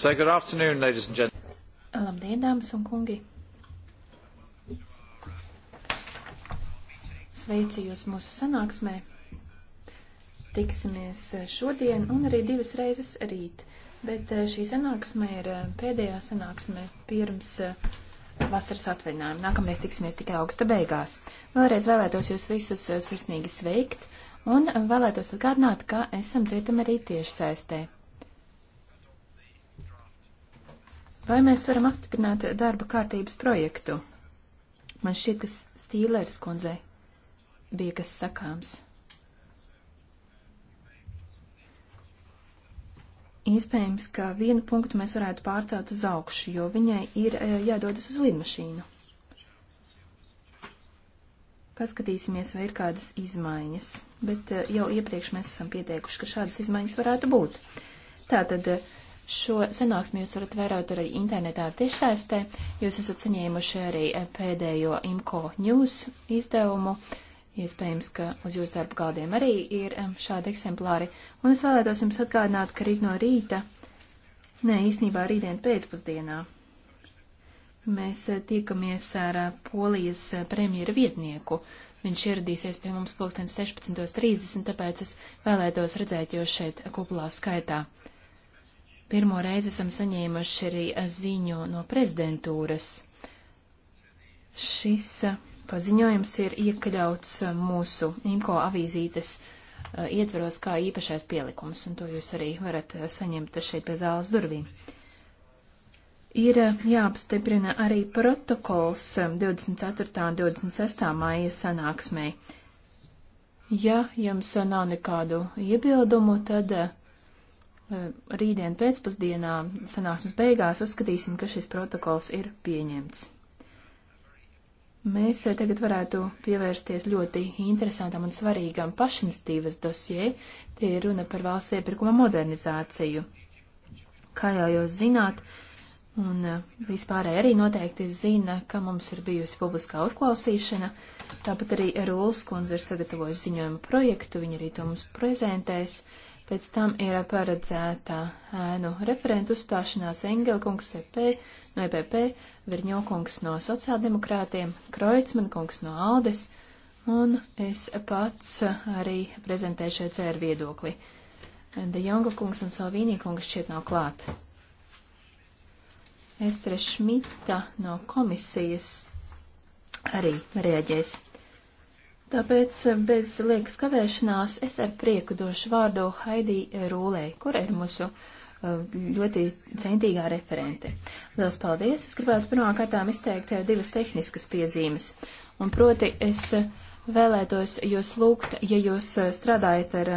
So good afternoon, ladies and gentlemen. Labdien, dāmas un kungi. Sveicu jūs mūsu sanāksmē. Tiksimies eh, šodien un arī divas reizes rīt, bet eh, šī sanāksme ir eh, pēdējā sanāksme pirms vasaras atvaļinājuma. Nākamreiz tiksimies tikai augusta beigās. Vēlreiz vēlētos jūs visus sirsnīgi sveikt un vēlētos atgādināt, ka esam dzirdami arī tieši saistē. Vai mēs varam apstiprināt darba kārtības projektu? Man šķiet, ka Stīlers kundzei bija kas sakāms. Iespējams, ka vienu punktu mēs varētu pārcelt uz augšu, jo viņai ir eh, jādodas uz lidmašīnu. Paskatīsimies, vai ir kādas izmaiņas, bet eh, jau iepriekš mēs esam pieteikuši, ka šādas izmaiņas varētu būt. Tātad uh, Šo sanāksmi jūs varat vērot arī internetā tiešsaistē. Jūs esat saņēmuši arī eh, pēdējo IMCO news izdevumu. Iespējams, ka uz jūsu darba galdiem arī ir šādi eksemplāri. Un es vēlētos jums atgādināt, ka rīt no rīta, nē, īsnībā rītdien pēcpusdienā, mēs eh, tiekamies ar eh, Polijas premjera vietnieku. Viņš ieradīsies pie mums pulkstens 16.30, tāpēc es vēlētos redzēt jūs šeit kuplā skaitā. Pirmo reizi esam saņēmuši arī eh, ziņu no prezidentūras. Šis eh, paziņojums ir iekļauts eh, mūsu IMCO avīzītes ietveros kā īpašais pielikums, un to jūs arī varat saņemt šeit pie zāles durvīm. Ir jāapstiprina arī protokols 24. un 26. māja sanāksmē. Ja jums nav nekādu iebildumu, tad Eh, rītdien pēcpusdienā, sanāksmes beigās, uzskatīsim, ka šis protokols ir pieņemts. Mēs eh, tagad varētu pievērsties ļoti interesantam un svarīgam pašinstīvas dosjē, tie ir runa par valsts iepirkuma modernizāciju. Kā jau jūs zināt, un eh, vispārēji arī noteikti zina, ka mums ir bijusi publiskā uzklausīšana, tāpat arī Rūlas kundze ir sagatavojusi ziņojumu projektu, viņa arī to mums prezentēs. Uh, Pēc tam ir paredzēta ēnu referentu uzstāšanās Engelkungs e no EPP, Virņokungs no sociāldemokrātiem, Kreutzmann kungs no Aldes, un es pats arī prezentēšu ECR viedokli. De Jonga kungs un Salvīnī kungs šķiet nav klāt. Estre Šmita no komisijas arī reaģēs. Tāpēc eh, bez liekas kavēšanās es ar prieku došu vārdu Haidī eh, Rūlei, kur ir mūsu eh, ļoti centīgā referente. Lielas paldies! Es gribētu pirmkārtām izteikt divas tehniskas piezīmes. Un proti es vēlētos jūs lūgt, ja jūs strādājat ar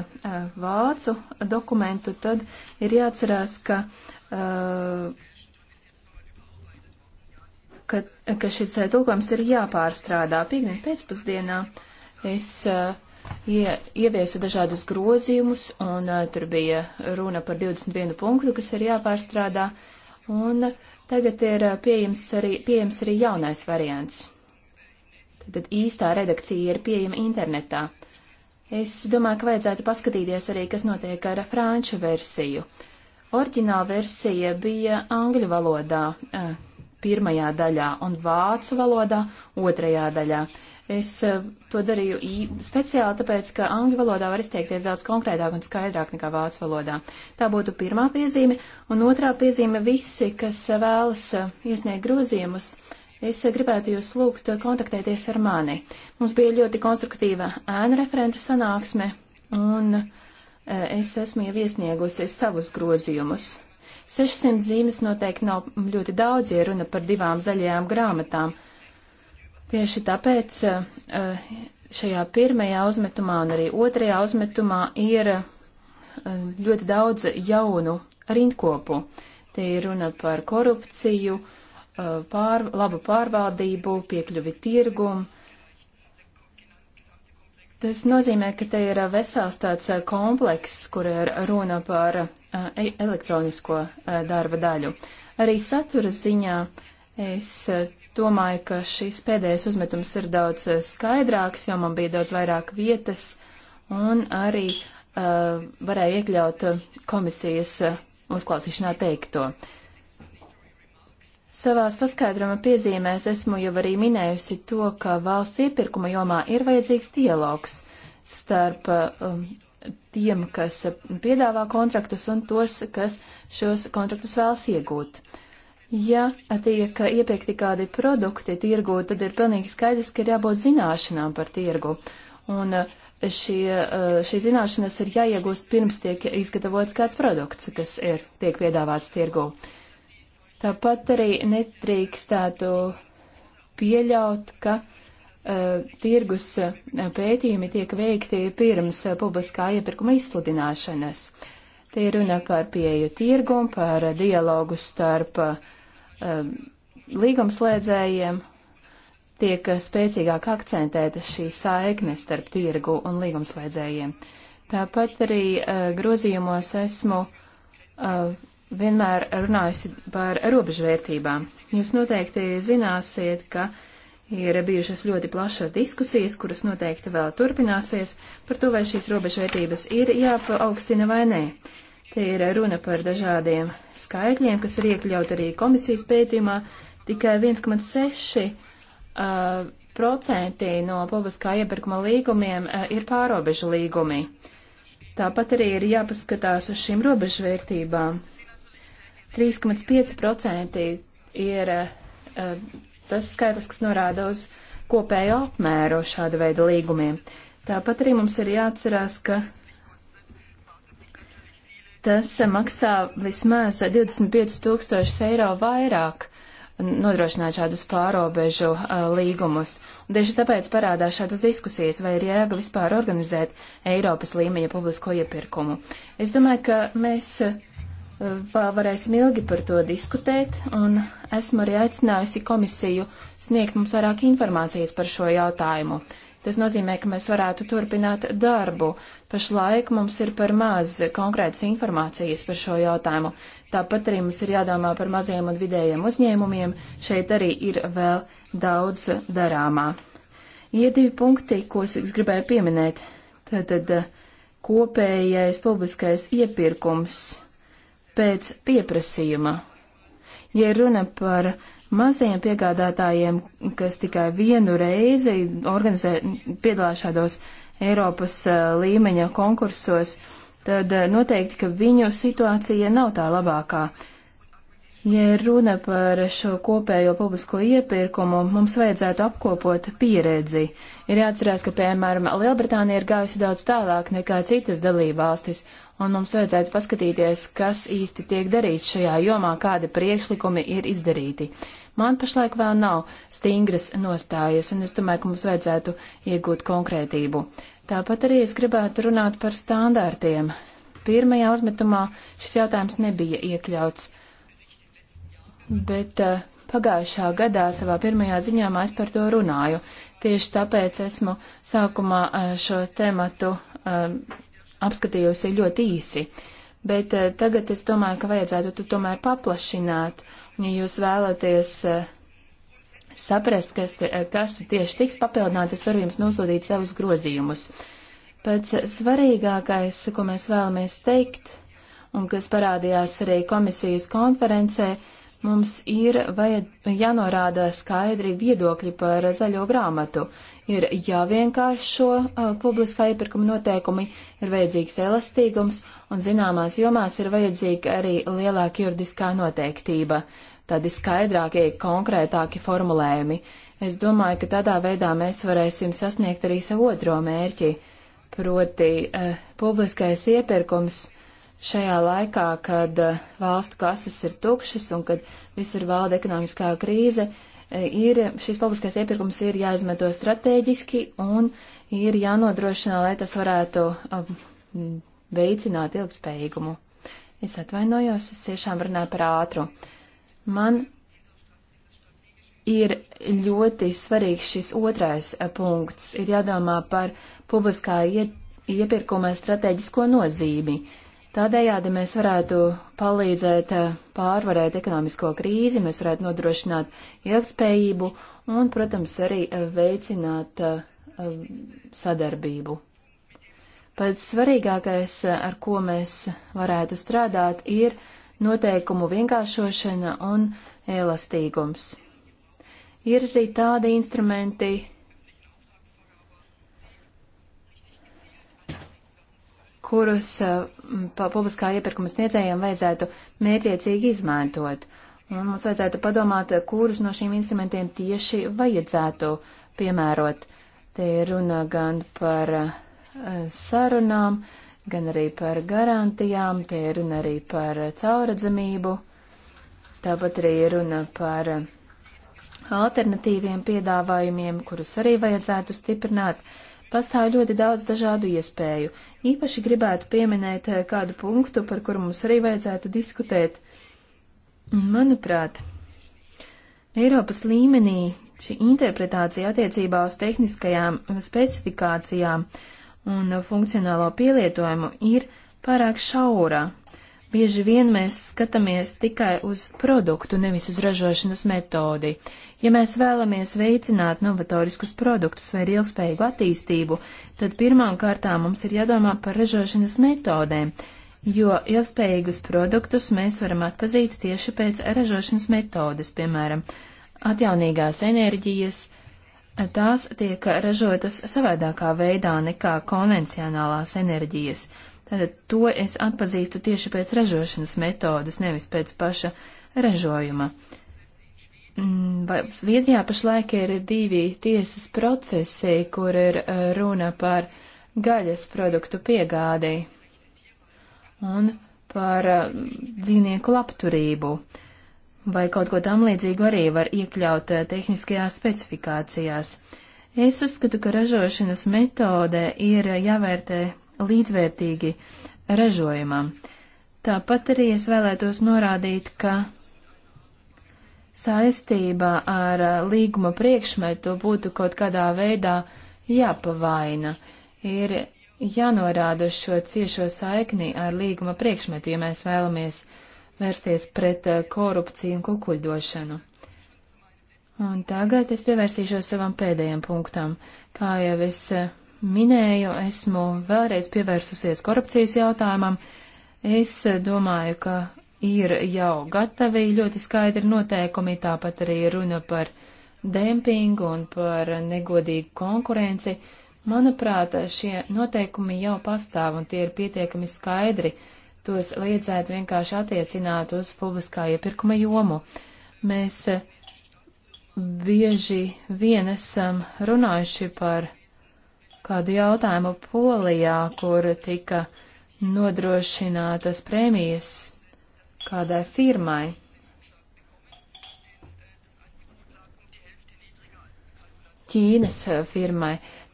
vācu dokumentu, tad ir jāatcerās, ka, ka, ka šis tulkojums ir jāpārstrādā piekdien pēcpusdienā. Uh, es uh, ie, ieviesu dažādus grozījumus, un uh, tur bija runa par 21 punktu, kas ir jāpārstrādā, un tagad ir uh, pieejams arī, pieejams arī jaunais variants. Tad īstā redakcija ir pieejama internetā. Es domāju, ka vajadzētu paskatīties arī, kas notiek ar franču versiju. Orģināla versija bija angļu valodā. Eh, pirmajā daļā un vācu valodā otrajā daļā. Es e, to darīju speciāli tāpēc, ka angļu valodā var izteikties daudz konkrētāk un skaidrāk nekā vācu valodā. Tā būtu pirmā piezīme, un otrā piezīme visi, kas e, vēlas e, iesniegt grozījumus. Es gribētu jūs lūgt kontaktēties ar mani. Mums bija ļoti konstruktīva ēnu referentu sanāksme, un es esmu jau iesniegusi savus grozījumus. 600 zīmes noteikti nav ļoti daudz, ja runa par divām zaļajām grāmatām. Tieši tāpēc eh, šajā pirmajā uzmetumā un arī otrajā uzmetumā ir eh, ļoti daudz jaunu rindkopu. Te ir runa par korupciju, eh, pār, labu pārvaldību, piekļuvi tirgumu Tas nozīmē, ka te ir vesels tāds eh, komplekss, kur ir runa par eh, e, elektronisko eh, darba daļu. Arī satura ziņā es domāju, ka šis pēdējais uzmetums ir daudz skaidrāks, jo man bija daudz vairāk vietas un arī uh, varēja iekļaut komisijas uzklausīšanā teikto. Uh, Savās paskaidrojuma piezīmēs esmu jau arī minējusi to, ka valsts iepirkuma jomā ir vajadzīgs dialogs starp um, tiem, kas piedāvā kontraktus un tos, kas šos kontraktus vēlas iegūt. Ja tiek iepirkti kādi produkti tirgū, tad ir pilnīgi skaidrs, ka ir jābūt zināšanām par tirgu. Un uh, šie, uh, šī zināšanas ir jāiegūst pirms tiek izgatavots kāds produkts, kas ir tiek piedāvāts tirgū. Uh, Tāpat arī netrīkstētu pieļaut, ka uh, tirgus e, pētījumi tiek veikti pirms e, publiskā iepirkuma izsludināšanas. Te ir runa par pieeju tirgumu, par dialogu starp uh, līgumslēdzējiem, tiek spēcīgāk akcentēta šī saikne starp tirgu un līgumslēdzējiem. Tāpat arī uh, grozījumos esmu uh, vienmēr runājusi par robežvērtībām. Jūs noteikti zināsiet, ka ir bijušas ļoti plašas diskusijas, kuras noteikti vēl turpināsies, par to, vai šīs robežvērtības ir jāpaaugstina vai nē. Te ir runa par dažādiem skaitļiem, kas ir iekļaut arī komisijas pētījumā. Tikai 1,6 uh, procenti no publiskā iepirkuma līgumiem uh, ir pārobežu līgumi. Tāpat arī ir jāpaskatās uz šīm robežvērtībām. 3,5% ir eh, tas skaitlis, kas norāda uz kopējo apmēru šāda veida līgumiem. Tāpat arī mums ir jāatcerās, ka tas maksā vismaz 25 tūkstošus eiro vairāk nodrošināt šādus pārobežu uh, līgumus. Un tieši tāpēc parādās šādas diskusijas, vai ir jēga vispār organizēt Eiropas līmeņa publisko iepirkumu. Es domāju, ka mēs uh, vēl varēsim ilgi par to diskutēt, un esmu arī aicinājusi komisiju sniegt mums vairāk informācijas par šo jautājumu. Tas nozīmē, ka mēs varētu turpināt darbu. Pašlaik mums ir par maz konkrētas informācijas par šo jautājumu. Tāpat arī mums ir jādomā par maziem un vidējiem uzņēmumiem. Šeit arī ir vēl daudz darāmā. Ir divi punkti, ko es gribēju pieminēt. Tātad eh, kopējais publiskais iepirkums pēc pieprasījuma. Ja runa par mazajiem piegādātājiem, kas tikai vienu reizi organizē, piedalās šādos Eiropas uh, līmeņa konkursos, tad uh, noteikti, ka viņu situācija nav tā labākā. Ja runa par šo kopējo publisko iepirkumu, mums vajadzētu apkopot pieredzi. Ir jāatcerās, ka, piemēram, Lielbritānija ir gājusi daudz tālāk nekā citas dalībvalstis, un mums vajadzētu paskatīties, kas īsti tiek darīts šajā jomā, kādi priekšlikumi ir izdarīti. Man pašlaik vēl nav stingras nostājas, un es domāju, ka mums vajadzētu iegūt konkrētību. Tāpat arī es gribētu runāt par standārtiem. Pirmajā uzmetumā šis jautājums nebija iekļauts, bet uh, pagājušā gadā savā pirmajā ziņāmā es par to runāju. Tieši tāpēc esmu sākumā eh, šo tematu um, apskatījusi ļoti īsi. Bet eh, tagad es domāju, ka vajadzētu to tomēr paplašināt. Un, ja jūs vēlaties eh, saprast, kas, eh, kas tieši tiks papildināts, es varu jums nosūtīt savus grozījumus. Pēc svarīgākais, ko mēs vēlamies teikt, un kas parādījās arī komisijas konferencē, mums ir vajad, jānorāda skaidri viedokļi par zaļo grāmatu ir jāvienkāršo uh, publiskā iepirkuma noteikumi, ir vajadzīgs elastīgums un zināmās jomās ir vajadzīga arī lielāka juridiskā noteiktība, tādi skaidrākie, konkrētāki formulējumi. Es domāju, ka tādā veidā mēs varēsim sasniegt arī savu otro mērķi, proti uh, publiskais iepirkums šajā laikā, kad uh, valstu kases ir tukšas un kad visur valda ekonomiskā krīze. Uh, ir, šis publiskais iepirkums ir jāizmanto strateģiski un ir jānodrošina, lai tas varētu um, veicināt ilgspējīgumu. Es atvainojos, es tiešām runāju par ātru. Man ir ļoti svarīgs šis otrais uh, punkts. Ir jādomā par publiskā iepirkuma strateģisko nozīmi. Uh, Tādējādi mēs varētu palīdzēt eh, pārvarēt ekonomisko krīzi, mēs varētu nodrošināt ilgspējību un, protams, arī eh, veicināt eh, sadarbību. Pats svarīgākais, ar ko mēs varētu strādāt, ir noteikumu vienkāršošana un elastīgums. Ir arī tādi instrumenti, kurus publiskā iepirkuma sniedzējiem vajadzētu mētiecīgi izmantot. Un mums vajadzētu padomāt, kurus no šiem instrumentiem tieši vajadzētu piemērot. Te ir runa gan par eh, sarunām, gan arī par garantijām, te ir runa arī par cauradzamību, tāpat arī runa par alternatīviem piedāvājumiem, kurus arī vajadzētu stiprināt. Uh, Pastāv ļoti daudz dažādu iespēju. Īpaši gribētu pieminēt eh, kādu punktu, par kuru mums arī vajadzētu diskutēt. Manuprāt, Eiropas līmenī šī interpretācija attiecībā uz tehniskajām specifikācijām un funkcionālo pielietojumu ir pārāk šaura. Bieži vien mēs skatāmies tikai uz produktu, nevis uz ražošanas metodi. Ja mēs vēlamies veicināt novatoriskus produktus vai ilgspējīgu attīstību, tad pirmām kārtām mums ir jādomā par ražošanas metodēm, jo ilgspējīgus produktus mēs varam atpazīt tieši pēc ražošanas metodes, piemēram, atjaunīgās enerģijas, tās tiek ražotas savādākā veidā nekā konvencionālās enerģijas. Tātad to es atpazīstu tieši pēc ražošanas metodas, nevis pēc paša ražojuma. Uh, Mm, vai Zviedrijā pašlaik ir divi tiesas procesi, kur ir eh, runa par gaļas produktu piegādi un par eh, dzīvnieku labturību. Vai kaut ko tam līdzīgu arī var iekļaut eh, tehniskajās specifikācijās. Es uzskatu, ka ražošanas metode ir jāvērtē līdzvērtīgi ražojumam. Tāpat arī es vēlētos norādīt, ka saistība ar uh, līguma priekšmetu būtu kaut kādā veidā jāpavaina. Ir jānorāda šo ciešo saikni ar līguma priekšmetu, ja mēs vēlamies vērsties pret uh, korupciju un kukuļdošanu. Un tagad es pievērsīšos savam pēdējam punktam. Kā jau es uh, minēju, esmu vēlreiz pievērsusies korupcijas jautājumam. Es domāju, ka ir jau gatavi, ļoti skaidri noteikumi, tāpat arī runa par dempingu un par negodīgu konkurenci. Manuprāt, šie noteikumi jau pastāv un tie ir pietiekami skaidri. Tos vajadzētu vienkārši attiecināt uz publiskā iepirkuma jomu. Mēs eh, bieži vien esam runājuši par kādu jautājumu Polijā, kur tika nodrošinātas prēmijas kādai firmai. Ķīnas eh, firmai.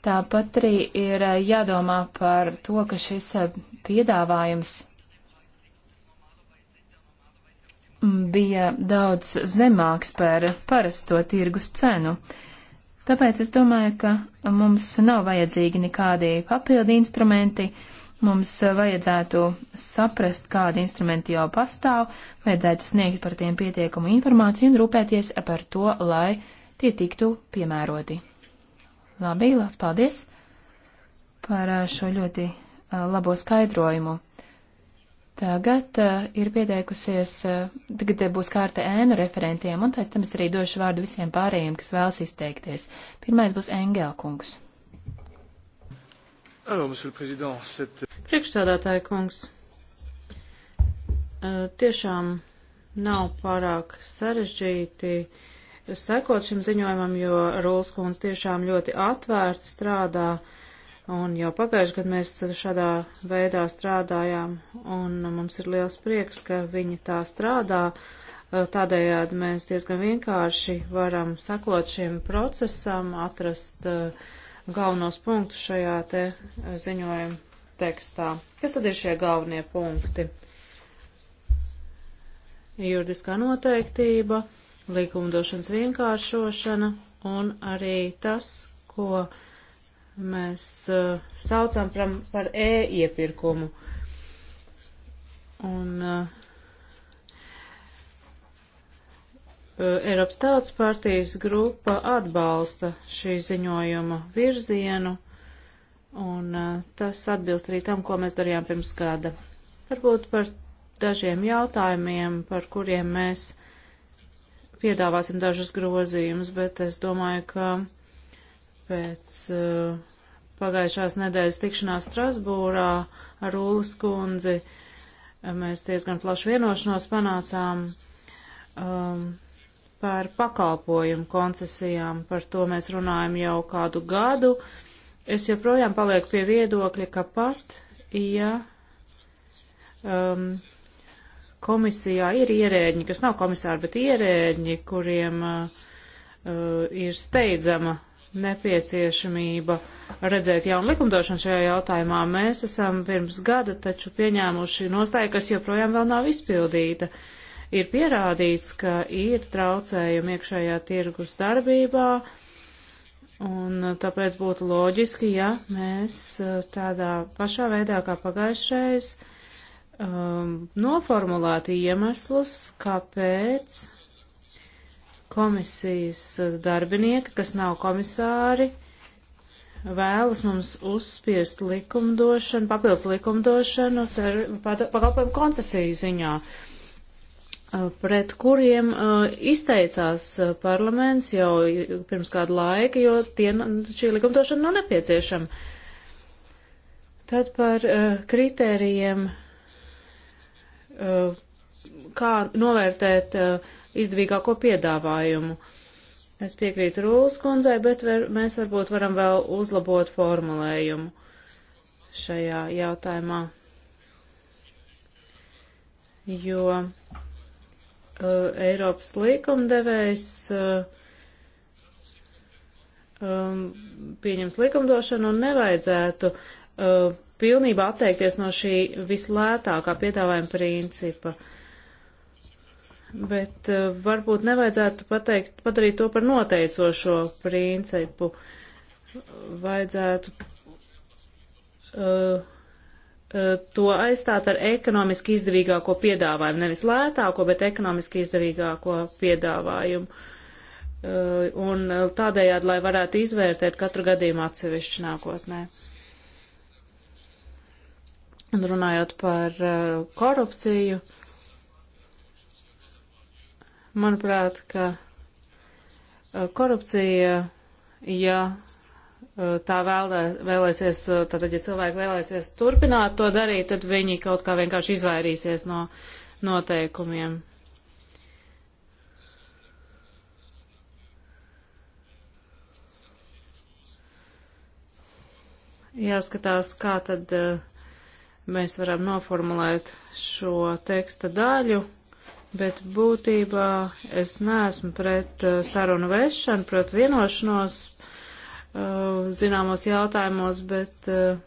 Tāpat arī ir eh, jādomā par to, ka šis eh, piedāvājums bija daudz zemāks par parasto tirgus cenu. Tāpēc es domāju, ka mums nav vajadzīgi nekādi papildi instrumenti, uh, Mums eh, vajadzētu saprast, kādi instrumenti jau pastāv, vajadzētu sniegt par tiem pietiekumu informāciju un rūpēties par to, lai tie tiktu piemēroti. Labi, lās paldies par eh, šo ļoti eh, labo skaidrojumu. Tagad uh, ir pieteikusies, uh, tagad būs kārta ēnu referentiem, un pēc tam es arī došu vārdu visiem pārējiem, kas vēlas izteikties. Pirmais būs Engela kungs. Priekšsādātāja kungs, eh, tiešām nav pārāk sarežģīti sekot šim ziņojumam, jo Rūls kungs tiešām ļoti atvērti strādā. Un jau pagājuši gadu mēs šādā veidā strādājām, un mums ir liels prieks, ka viņi tā strādā. Eh, tādējādi mēs diezgan vienkārši varam sakot šiem procesam, atrast uh, galvenos punktus šajā te eh, ziņojuma tekstā. Kas tad ir šie galvenie punkti? Juridiskā noteiktība, likumdošanas vienkāršošana un arī tas, ko mēs uh, saucam par, par e-iepirkumu. Un uh, Eiropas Tautas partijas grupa atbalsta šī ziņojuma virzienu, un tas atbilst arī tam, ko mēs darījām pirms gada. Varbūt par dažiem jautājumiem, par kuriem mēs piedāvāsim dažus grozījumus, bet es domāju, ka pēc uh, pagājušās nedēļas tikšanās Strasbūrā ar Rūlas kundzi mēs diezgan plašu vienošanos panācām. Um, par pakalpojumu koncesijām. Par to mēs runājam jau kādu gadu. Es joprojām palieku pie viedokļa, ka pat, ja um, komisijā ir ierēģi, kas nav komisāri, bet ierēģi, kuriem uh, uh ir steidzama nepieciešamība redzēt jaunu likumdošanu šajā jautājumā. Mēs esam pirms gada taču pieņēmuši nostāju, kas joprojām vēl nav izpildīta. Uh, ir pierādīts, ka ir traucējumi iekšējā tirgus darbībā, un tāpēc būtu loģiski, ja mēs uh, tādā pašā veidā kā pagājušreiz um, noformulētu iemeslus, kāpēc komisijas darbinieki, kas nav komisāri, vēlas mums uzspiest likumdošanu, papildus likumdošanu pakalpojumu koncesiju ziņā. Uh, pret kuriem izteicās parlaments jau pirms kādu laiku, jo tie, šī likumdošana nav nepieciešama. Tad par kritērijiem, kā novērtēt izdevīgāko piedāvājumu. Es piekrītu Rūlas kundzei, bet var, mēs varbūt varam vēl uzlabot formulējumu šajā jautājumā. Jo Uh, Eiropas likumdevējs uh, um, pieņems likumdošanu un nevajadzētu uh, pilnībā atteikties no šī vislētākā piedāvājuma principa. Bet uh, varbūt nevajadzētu pateikt, padarīt to par noteicošo principu. Vajadzētu uh, Eh, to aizstāt ar ekonomiski izdevīgāko piedāvājumu, nevis lētāko, bet ekonomiski izdevīgāko piedāvājumu. Eh, un eh, tādējādi, lai varētu izvērtēt katru gadījumu atsevišķi nākotnē. Un runājot par korupciju, manuprāt, ka korupcija, ja tā vēlē, vēlēsies, eh, tātad, ja cilvēki vēlēsies turpināt to darīt, tad viņi kaut kā vienkārši izvairīsies no noteikumiem. Jāskatās, kā tad eh, mēs varam noformulēt šo teksta daļu, bet būtībā es neesmu pret eh, sarunu vešanu, pret vienošanos Uh, zināmos jautājumos, bet uh,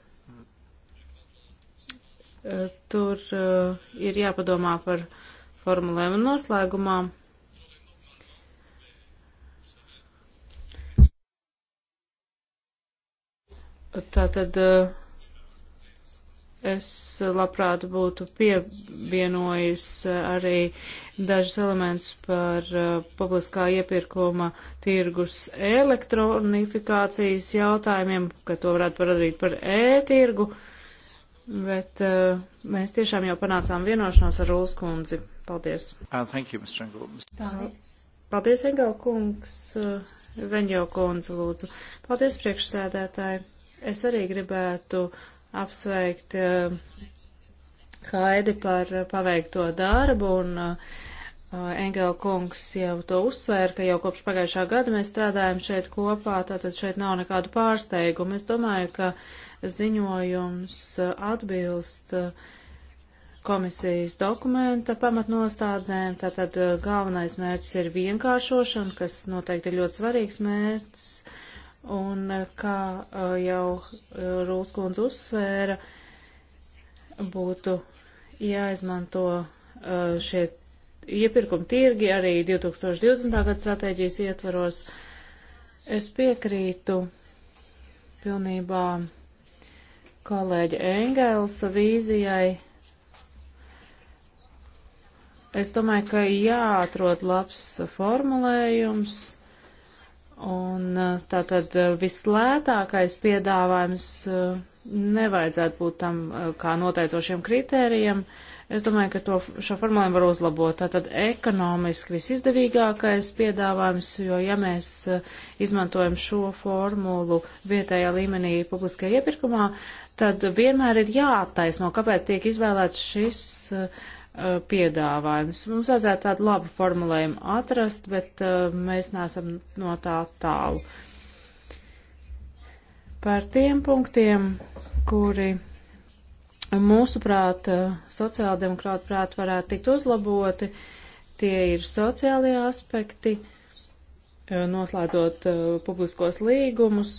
uh, tur ir jāpadomā par formulēm un noslēgumām. Tātad uh, es labprāt būtu pievienojis eh, arī dažus elementus par eh, publiskā iepirkuma tirgus elektronifikācijas jautājumiem, ka to varētu padarīt par e-tirgu, bet eh, mēs tiešām jau panācām vienošanos ar Rūlas kundzi. Paldies. Ah, thank you, Mr. Engel. Paldies, Engel kungs. Veņo kundze, lūdzu. Paldies, priekšsēdētāji. Es arī gribētu uh, apsveikt eh, Haidi par paveikto darbu un eh, Engela kungs jau to uzsvēra, ka jau kopš pagājušā gada mēs strādājam šeit kopā, tātad šeit nav nekādu pārsteigumu. Es domāju, ka ziņojums eh, atbilst komisijas dokumenta pamatnostādnēm. Tātad galvenais mērķis ir vienkāršošana, kas noteikti ir ļoti svarīgs mērķis. Uh, Un eh, kā eh, jau eh, Rūskundze uzsvēra, būtu jāizmanto šie iepirkuma tirgi arī 2020. gada stratēģijas ietvaros. Es piekrītu pilnībā kolēģa Engelsa vīzijai. Es domāju, ka jāatrod labs formulējums Un uh, tātad uh, vislētākais piedāvājums uh, nevajadzētu būt tam kā noteicošiem kritērijiem. Es domāju, ka to, šo formulējumu var uzlabot. Tātad ekonomiski visizdevīgākais piedāvājums, jo ja mēs izmantojam šo formulu vietējā līmenī publiskajā iepirkumā, tad vienmēr ir jāattaisno, kāpēc tiek izvēlēts šis uh, Uh, piedāvājumus. Mums vajadzētu tādu labu formulējumu atrast, bet uh, mēs neesam no tā tālu. Par tiem punktiem, kuri mūsuprāt, uh, sociāldemokrāta prāt varētu tikt uzlaboti, tie ir sociālie aspekti, uh, noslēdzot uh, publiskos līgumus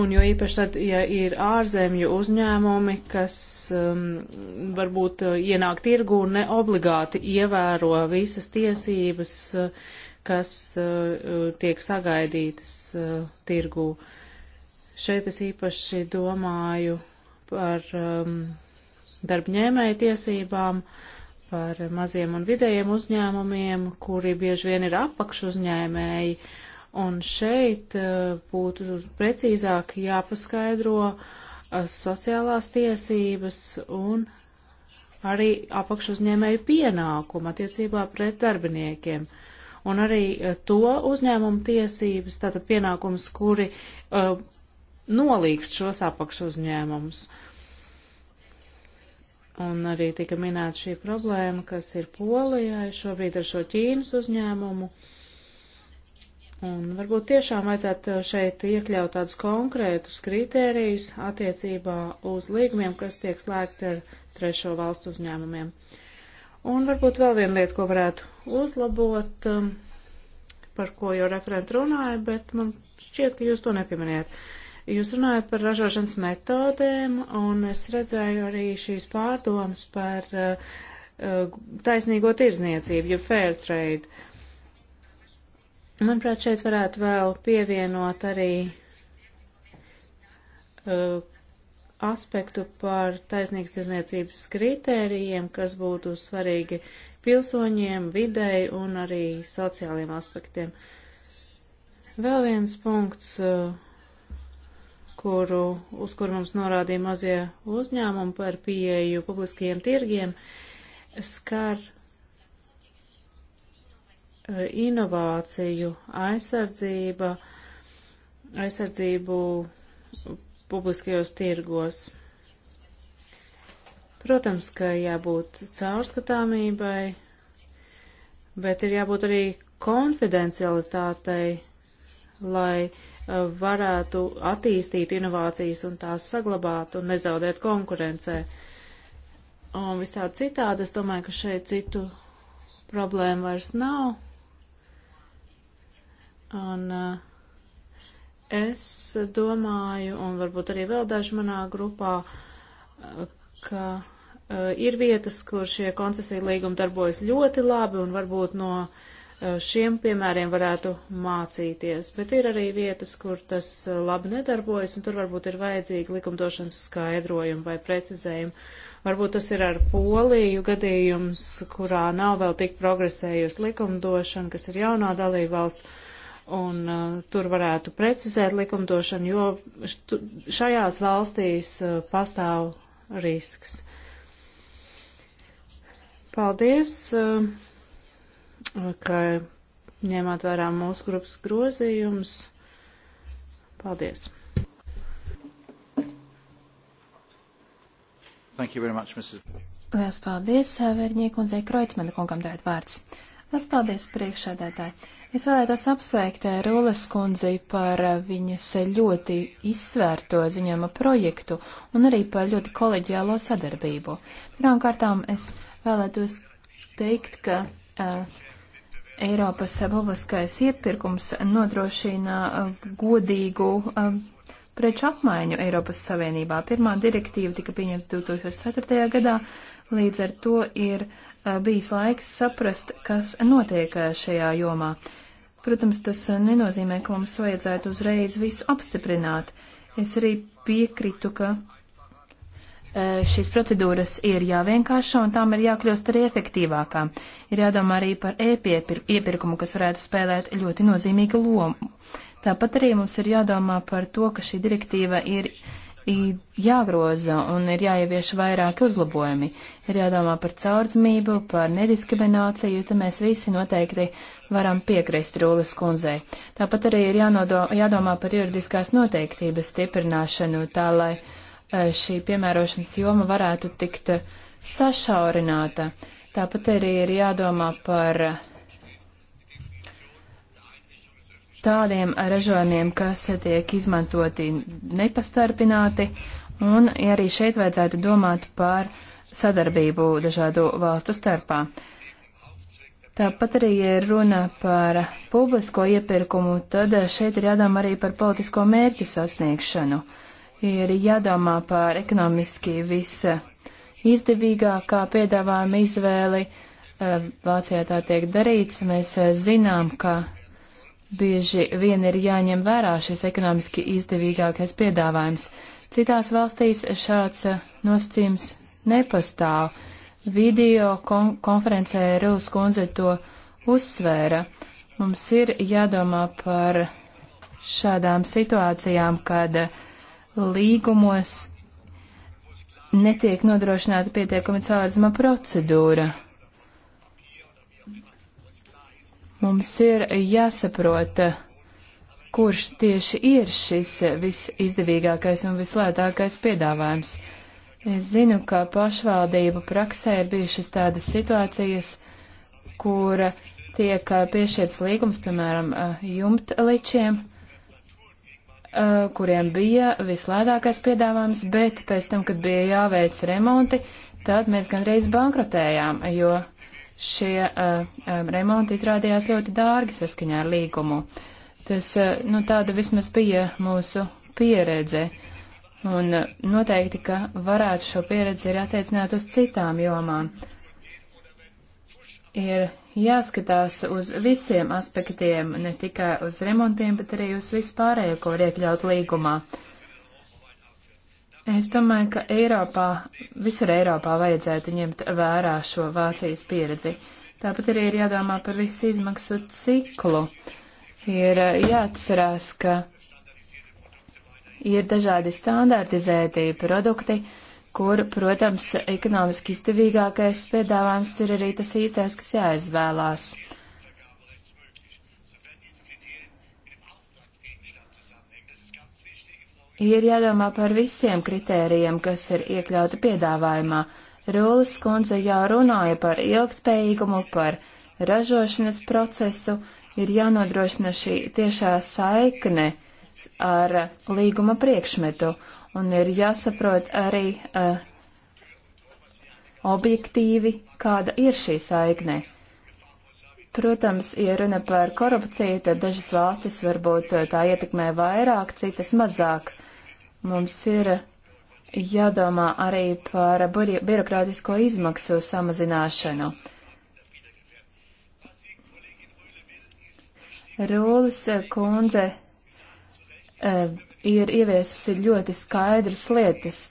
Un jo īpaši tad, ja ir ārzemju uzņēmumi, kas um, varbūt uh, ienāk tirgu un ne obligāti ievēro visas tiesības, uh, kas uh, uh, tiek sagaidītas uh, tirgu. Šeit es īpaši domāju par um, darbņēmēju tiesībām, par maziem un vidējiem uzņēmumiem, kuri bieži vien ir apakšuzņēmēji. Uh, Un šeit eh, būtu precīzāk jāpaskaidro eh, sociālās tiesības un arī apakšuzņēmēju pienākumu attiecībā pret darbiniekiem. Un arī eh, to uzņēmumu tiesības, tātad pienākums, kuri uh, nolīgst šos apakšuzņēmumus. Un arī tika minēta šī problēma, kas ir Polijai šobrīd ar šo Ķīnas uzņēmumu. Uh, Un varbūt tiešām vajadzētu šeit iekļaut tādus konkrētus kritērijus attiecībā uz līgumiem, kas tiek slēgti ar trešo valstu uzņēmumiem. Un varbūt vēl viena lieta, ko varētu uzlabot, um, par ko jau referenti runāja, bet man šķiet, ka jūs to nepieminējat. Jūs runājat par ražošanas metodēm, un es redzēju arī šīs pārdomas par uh, uh, taisnīgo tirzniecību, jeb fair trade. Manuprāt, šeit varētu vēl pievienot arī uh, aspektu par taisnīgas tirzniecības kritērijiem, kas būtu svarīgi pilsoņiem, videi un arī sociāliem aspektiem. Vēl viens punkts, uh, kuru, uz kuru mums norādīja mazie uzņēmumi par pieeju publiskajiem tirgiem, skar Eh, inovāciju aizsardzība, aizsardzību publiskajos tirgos. Protams, ka jābūt caurskatāmībai, bet ir jābūt arī konfidencialitātei, lai eh, varētu attīstīt inovācijas un tās saglabāt un nezaudēt konkurencē. Un visādi citādi, es domāju, ka šeit citu problēmu vairs nav. Un uh, es domāju, un varbūt arī vēl daži manā grupā, uh, ka uh, ir vietas, kur šie koncesiju līgumi darbojas ļoti labi un varbūt no uh, šiem piemēriem varētu mācīties, bet ir arī vietas, kur tas uh, labi nedarbojas, un tur varbūt ir vajadzīgi likumdošanas skaidrojumi vai precizējumi. Varbūt tas ir ar poliju gadījums, kurā nav vēl tik progresējusi likumdošana, kas ir jaunā dalībvalsts, un uh, tur varētu precizēt likumdošanu, jo šajās valstīs uh, pastāv risks. Paldies, uh, ka ņēmāt vērā mūsu grupas grozījumus. Paldies! Thank you very much, Mrs. Lielas paldies, Vērņiek un Zēkroicmena kungam dēt vārds. Lielas paldies, priekšsēdētāji. Es vēlētos apsveikt eh, Rūles kundzi par eh, viņas eh, ļoti izsvērto ziņojuma projektu un arī par ļoti koleģiālo sadarbību. Pirmkārtām es vēlētos teikt, ka uh, Eiropas publiskais iepirkums nodrošina godīgu um, preču apmaiņu Eiropas Savienībā. Pirmā direktīva tika pieņemta 2004. gadā, līdz ar to ir uh, bijis laiks saprast, kas notiek šajā jomā. Protams, tas eh, nenozīmē, ka mums vajadzētu uzreiz visu apstiprināt. Es arī piekrītu, ka eh, šīs procedūras ir jāvienkāršo un tām ir jākļūst arī efektīvākām. Ir jādomā arī par e-iepirkumu, kas varētu spēlēt ļoti nozīmīgu lomu. Tāpat arī mums ir jādomā par to, ka šī direktīva ir jāgroza un ir jāievieš vairāki uzlabojumi. Ir jādomā par caurdzmību, par nediskrimināciju, te mēs visi noteikti varam piekrist Rūles kundzei. Tāpat arī ir jānodo, jādomā par juridiskās noteiktības stiprināšanu, tā lai e, šī piemērošanas joma varētu tikt sašaurināta. Tāpat arī ir jādomā par tādiem ražojumiem, kas tiek izmantoti nepastarpināti, un arī šeit vajadzētu domāt par sadarbību dažādu valstu starpā. Tāpat arī, ja runa par publisko iepirkumu, tad šeit ir jādomā arī par politisko mērķu sasniegšanu. Ir jādomā par ekonomiski visa izdevīgākā piedāvājuma izvēli. Vācijā tā tiek darīts. Mēs zinām, ka Bieži vien ir jāņem vērā šis ekonomiski izdevīgākais piedāvājums. Citās valstīs šāds eh, nosacījums nepastāv. Video kon konferencē Rūs kundze to uzsvēra. Mums ir jādomā par šādām situācijām, kad eh, līgumos netiek nodrošināta pietiekami caurzma procedūra. Mums ir jāsaprot, kurš tieši ir šis visizdevīgākais un vislētākais piedāvājums. Es zinu, ka pašvaldību praksē ir bijušas tādas situācijas, kur tiek piešķirts līgums, piemēram, jumtličiem, kuriem bija vislētākais piedāvājums, bet pēc tam, kad bija jāveic remonti, tad mēs gandrīz bankrotējām, jo šie uh, remonti izrādījās ļoti dārgi saskaņā ar līgumu. Tas, uh, nu, tāda vismaz bija mūsu pieredze, un uh, noteikti, ka varētu šo pieredzi arī attiecināt uz citām jomām. Ir jāskatās uz visiem aspektiem, ne tikai uz remontiem, bet arī uz vispārējo, ko var iekļaut līgumā. Uh, Es domāju, ka Eiropā, visur Eiropā vajadzētu ņemt vērā šo Vācijas pieredzi. Tāpat arī ir jādomā par visu izmaksu ciklu. Ir eh, jāatcerās, ka ir dažādi standartizēti produkti, kur, protams, ekonomiski izdevīgākais piedāvājums ir arī tas īstais, kas jāizvēlās. ir jādomā par visiem kritērijiem, kas ir iekļauti piedāvājumā. Rūlis kundze jau runāja par ilgspējīgumu, par ražošanas procesu, ir jānodrošina šī tiešā saikne ar līguma priekšmetu un ir jāsaprot arī uh, objektīvi, kāda ir šī saikne. Protams, ja runa par korupciju, tad dažas valstis varbūt eh, tā ietekmē vairāk, citas mazāk. Mums ir jādomā arī par birokrātisko izmaksu samazināšanu. Rūlis kundze e, ir ieviesusi ļoti skaidras lietas.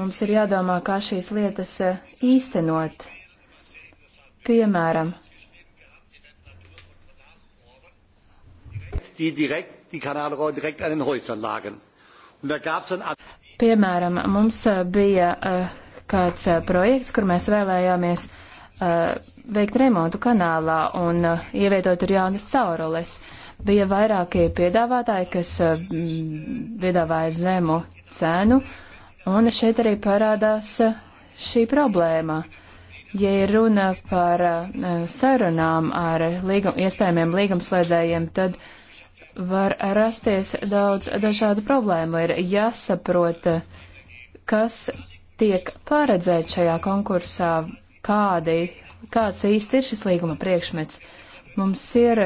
Mums ir jādomā, kā šīs lietas e, īstenot. Piemēram, die direkt, die Kanalrohre direkt an den Holzanlagen. Piemēram, mums uh, bija uh, kāds uh, projekts, kur mēs vēlējāmies veikt remontu kanālā un ievietot ir jaunas caurules. Bija vairākie piedāvātāji, kas piedāvāja zemu cenu, un šeit arī parādās šī problēma. Ja ir runa par sarunām ar līgum, iespējamiem līgumslēdējiem, tad uh, var rasties daudz dažādu problēmu. Ir jāsaprot, kas tiek paredzēts šajā konkursā, kādi, kāds īsti ir šis līguma priekšmets. Mums ir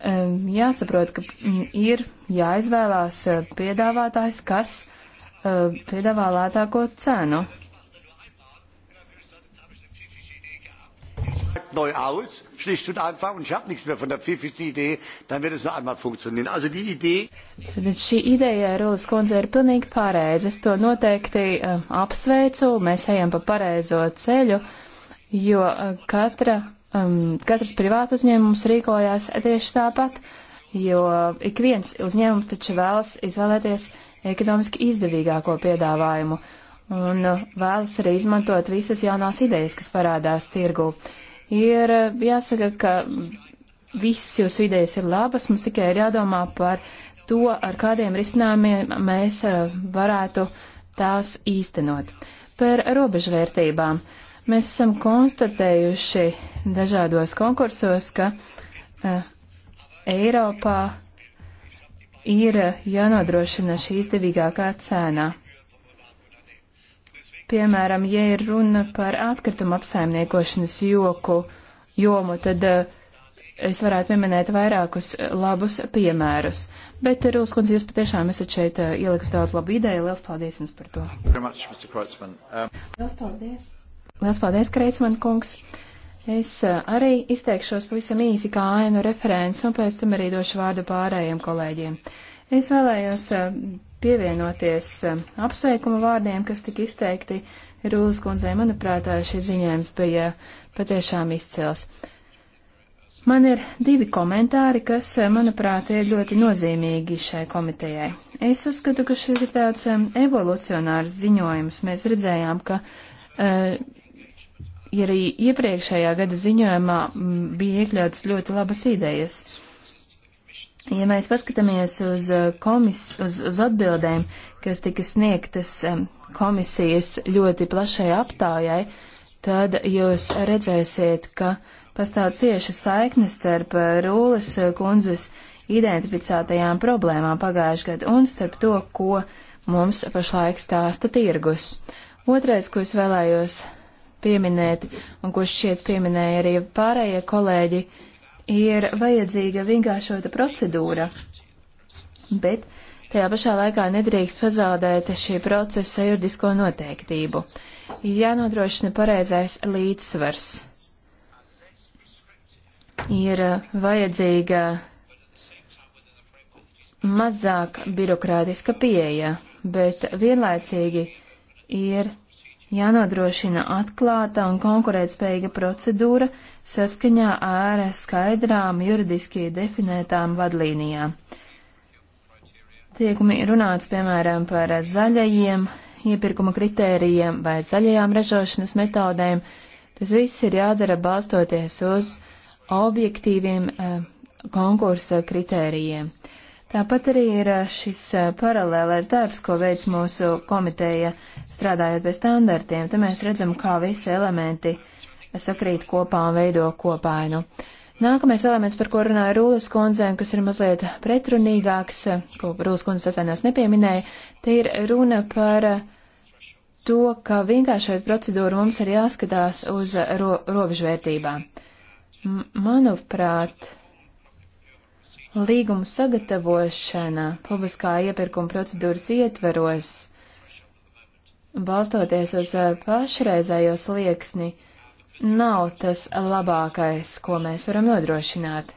jāsaprot, ka mm, ir jāizvēlās eh, piedāvātājs, kas eh, piedāvā lētāko cenu. neu aus, schlicht und einfach, und ich habe nichts mehr von der pfiffischen Idee, dann wird es nur einmal funktionieren. Also die Idee. Bet šī ideja, Rūlis kundze, ir pilnīgi pareiza. Es to noteikti uh, apsveicu, mēs ejam pa pareizo ceļu, jo uh, katra, um, katrs privātu uzņēmums rīkojās tieši tāpat, jo eh, ik viens uzņēmums taču vēlas izvēlēties ekonomiski izdevīgāko piedāvājumu un vēlas arī izmantot visas jaunās idejas, kas parādās tirgū ir eh, jāsaka, ka visas jūsu idejas ir labas, mums tikai ir jādomā par to, ar kādiem risinājumiem mēs eh, varētu tās īstenot. Par robežvērtībām. Mēs esam konstatējuši dažādos konkursos, ka uh, Eiropā ir jānodrošina šī izdevīgākā cēnā. Piemēram, ja ir runa par atkritumu apsaimniekošanas joku, jomu, tad eh, es varētu pieminēt vairākus eh, labus piemērus. Bet, eh, Rūs kundze, jūs patiešām esat šeit ieliks daudz labu ideju. Lielas paldies jums par to. Much, um... Lielas paldies. Lielas paldies, Kreitsman kungs. Es arī izteikšos pavisam īsi kā ainu referents un pēc tam arī došu vārdu pārējiem kolēģiem. Es vēlējos pievienoties um, apsveikuma vārdiem, kas tika izteikti Rūlas kundzei. Manuprāt, šis ziņojums bija patiešām izcils. Man ir divi komentāri, kas, manuprāt, ir ļoti nozīmīgi šai komitejai. Es uzskatu, ka šis ir tāds evolucionārs ziņojums. Mēs redzējām, ka uh, arī iepriekšējā gada ziņojumā bija iekļautas ļoti labas idejas. Uh, Ja mēs paskatāmies uz, eh, komis, uz, uz atbildēm, kas tika sniegtas eh, komisijas ļoti plašai aptājai, tad jūs redzēsiet, ka pastāv cieša saikne starp eh, Rūles kundzes identificētajām problēmām pagājušajā gadā un starp to, ko mums pašlaik stāsta tirgus. Otrais, ko es vēlējos pieminēt, un ko šķiet pieminēja arī pārējie kolēģi, ir ir vajadzīga vienkāršota procedūra, bet tajā pašā laikā nedrīkst pazaudēt šī procesa juridisko noteiktību. Ir jānodrošina pareizais līdzsvars. Ir vajadzīga mazāk birokrātiska pieeja, bet vienlaicīgi ir jānodrošina atklāta un konkurētspējīga procedūra saskaņā ar skaidrām juridiski definētām vadlīnijām. Tiek runāts, piemēram, par zaļajiem iepirkuma kritērijiem vai zaļajām ražošanas metodēm. Tas viss ir jādara balstoties uz objektīviem eh, konkursa kritērijiem. Tāpat arī ir eh, šis eh, paralēlais darbs, ko veids mūsu komiteja strādājot pie standartiem. Te mēs redzam, kā visi elementi sakrīt kopā un veido kopainu. Nākamais elements, par ko runāja Rūlas kundze, un kas ir mazliet pretrunīgāks, eh, ko Rūlas kundze atvainojos nepieminēja, te ir runa par to, ka vienkāršot procedūru mums ir jāskatās uz ro robežvērtībām. M manuprāt, Līgumu sagatavošana publiskā iepirkuma procedūras ietveros, balstoties uz eh, pašreizējo slieksni, nav tas labākais, ko mēs varam nodrošināt.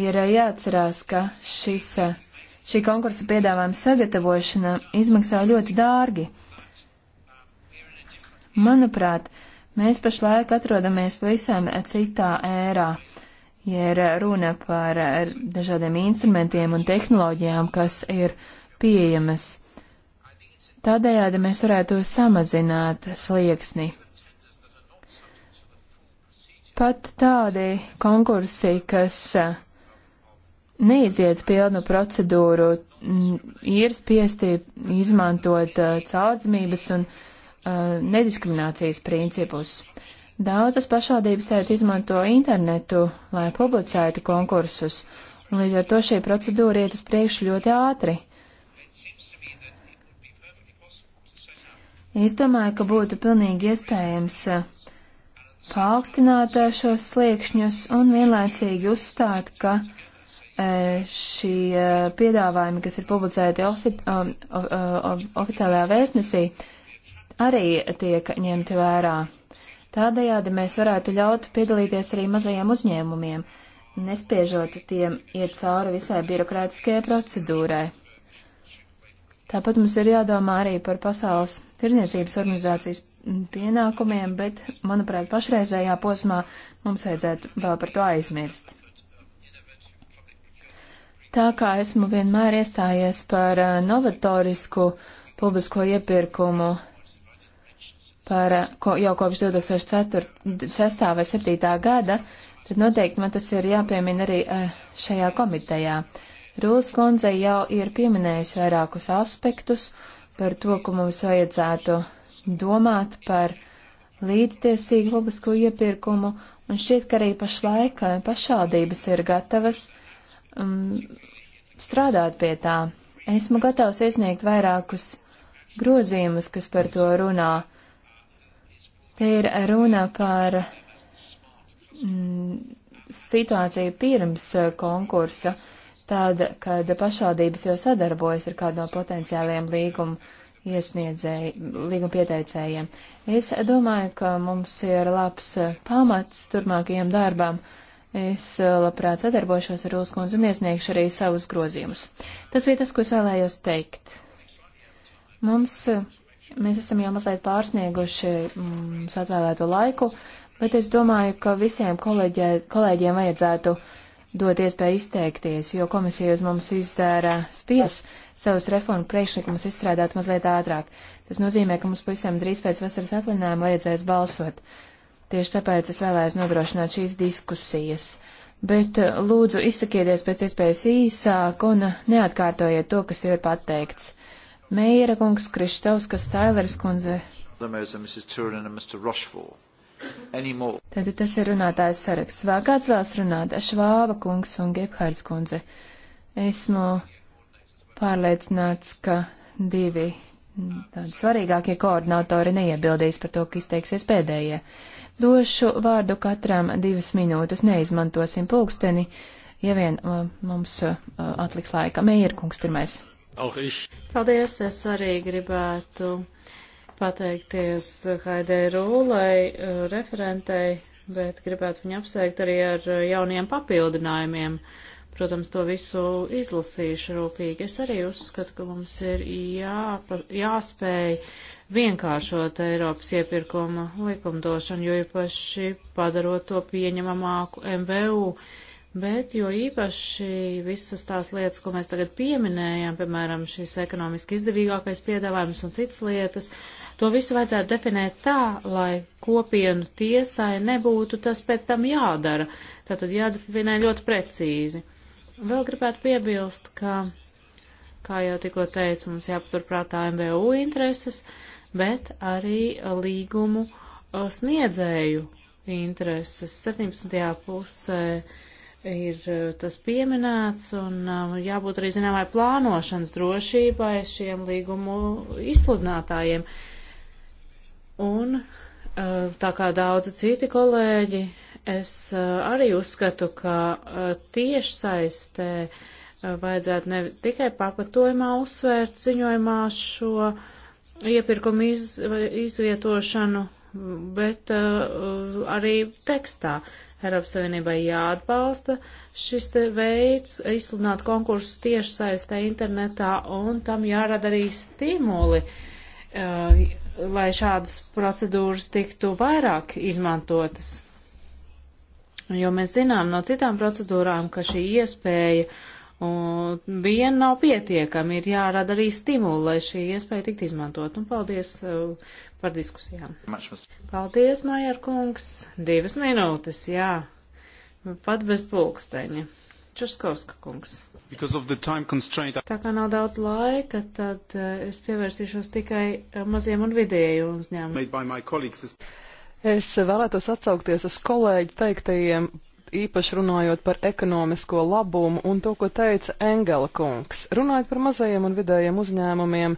Ir eh, jāatcerās, ka šis, eh, šī konkursa piedāvājuma sagatavošana izmaksā ļoti dārgi. Manuprāt, mēs pašlaik atrodamies pavisam citā ērā ja ir runa par dažādiem instrumentiem un tehnoloģijām, kas ir pieejamas. Tādējādi mēs varētu samazināt slieksni. Pat tādi konkursi, kas neiziet pilnu procedūru, ir spiesti izmantot caudzmības un nediskriminācijas principus. Daudzas pašvaldības tagad izmanto internetu, lai publicētu konkursus, un līdz ar to šī procedūra iet uz priekšu ļoti ātri. Es domāju, ka būtu pilnīgi iespējams eh, paaugstināt eh, šos sliekšņus un vienlaicīgi uzstāt, ka eh, šie piedāvājumi, kas ir publicēti ofi ofi ofi oficiālajā vēstnesī, arī tiek ņemti vērā. Tādējādi mēs varētu ļaut piedalīties arī mazajiem uzņēmumiem, nespiežot tiem iet cauri visai birokrātiskajai procedūrai. Tāpat mums ir jādomā arī par pasaules tirniecības organizācijas pienākumiem, bet, manuprāt, pašreizējā posmā mums vajadzētu vēl par to aizmirst. Tā kā esmu vienmēr iestājies par eh, novatorisku publisko iepirkumu par ko, jau kopš 2006. vai 2007. gada, tad noteikti man tas ir jāpiemina arī eh, šajā komitejā. Rūs kundze jau ir pieminējusi vairākus aspektus par to, ka mums vajadzētu domāt par līdztiesīgu publisko iepirkumu, un šķiet, ka arī pašlaik eh, pašvaldības ir gatavas um, strādāt pie tā. Esmu gatavs iesniegt vairākus grozījumus, kas par to runā. Te ir runa par mm, situāciju pirms e, konkursa, tad, kad pašvaldības jau sadarbojas ar kādu no potenciāliem līgumu iesniedzēji, līguma pieteicējiem. Es domāju, ka mums ir labs e, pamats turmākajam darbam. Es e, labprāt sadarbošos ar Ulskundzi un iesniegšu arī savus grozījumus. Tas bija tas, ko es vēlējos teikt. Mums Mēs esam jau mazliet pārsnieguši mums atvēlēto laiku, bet es domāju, ka visiem kolēģē, kolēģiem vajadzētu dot iespēju izteikties, jo komisija uz mums izdara spies savus reformu priekšlikumus izstrādāt mazliet ātrāk. Tas nozīmē, ka mums pavisam drīz pēc vasaras atvaļinājuma vajadzēs balsot. Tieši tāpēc es vēlējos nodrošināt šīs diskusijas. Bet eh, lūdzu izsakieties pēc iespējas īsāk un neatkārtojiet to, kas jau ir pateikts. Meira kungs, Krištauskas, Tailers kundze. Tātad tas ir runātājs saraksts. Vēl kāds vēlas runāt? Švāba kungs un Gebhards kundze. Esmu pārliecināts, ka divi tādi svarīgākie koordinātori neiebildīs par to, ka izteiksies pēdējie. Došu vārdu katram divas minūtes, neizmantosim pulksteni, ja vien uh, mums uh, atliks laika. Meierkungs pirmais. Paldies, es arī gribētu pateikties Haidai Rūlai, uh, referentei, bet gribētu viņu apsveikt arī ar uh, jauniem papildinājumiem. Protams, to visu izlasīšu rūpīgi. Es arī uzskatu, ka mums ir jāpa, jāspēj vienkāršot Eiropas iepirkuma likumdošanu, jo īpaši padarot to pieņemamāku MVU. Bet jo īpaši visas tās lietas, ko mēs tagad pieminējam, piemēram, šis ekonomiski izdevīgākais piedāvājums un citas lietas, to visu vajadzētu definēt tā, lai kopienu tiesai nebūtu tas pēc tam jādara. Tātad jādefinē ļoti precīzi. Vēl gribētu piebilst, ka, kā jau tikko teicu, mums jāpaturprātā MBU intereses, bet arī līgumu uh, sniedzēju intereses 17. pusē ir eh, tas pieminēts un eh, jābūt arī zināmai plānošanas drošībai šiem līgumu izsludinātājiem. Un eh, tā kā daudzi citi kolēģi, es arī uzskatu, ka tiešsaistē vajadzētu ne tikai papatojumā uzsvērt ziņojumā šo iepirkumu iz, izvietošanu, bet uh, arī tekstā. Eiropas Savienībai jāatbalsta šis te veids izsludināt konkursus tieši saistē internetā un tam jārada arī stimuli, uh, lai šādas procedūras tiktu vairāk izmantotas. Jo mēs zinām no citām procedūrām, ka šī iespēja uh, Un vien nav pietiekami, ir jārada arī stimuli, lai šī iespēja tikt izmantot. Un paldies uh, par diskusijām. Paldies, Maier kungs. Divas minūtes, jā. Pat bez pulksteņa. Čuskovska kungs. Tā kā nav daudz laika, tad uh, es pievērsīšos tikai uh, maziem un vidēju uzņēmumiem. Es vēlētos atsaukties uz kolēģi teiktajiem īpaši runājot par ekonomisko labumu un to, ko teica Engela kungs. Runājot par mazajiem un vidējiem uzņēmumiem,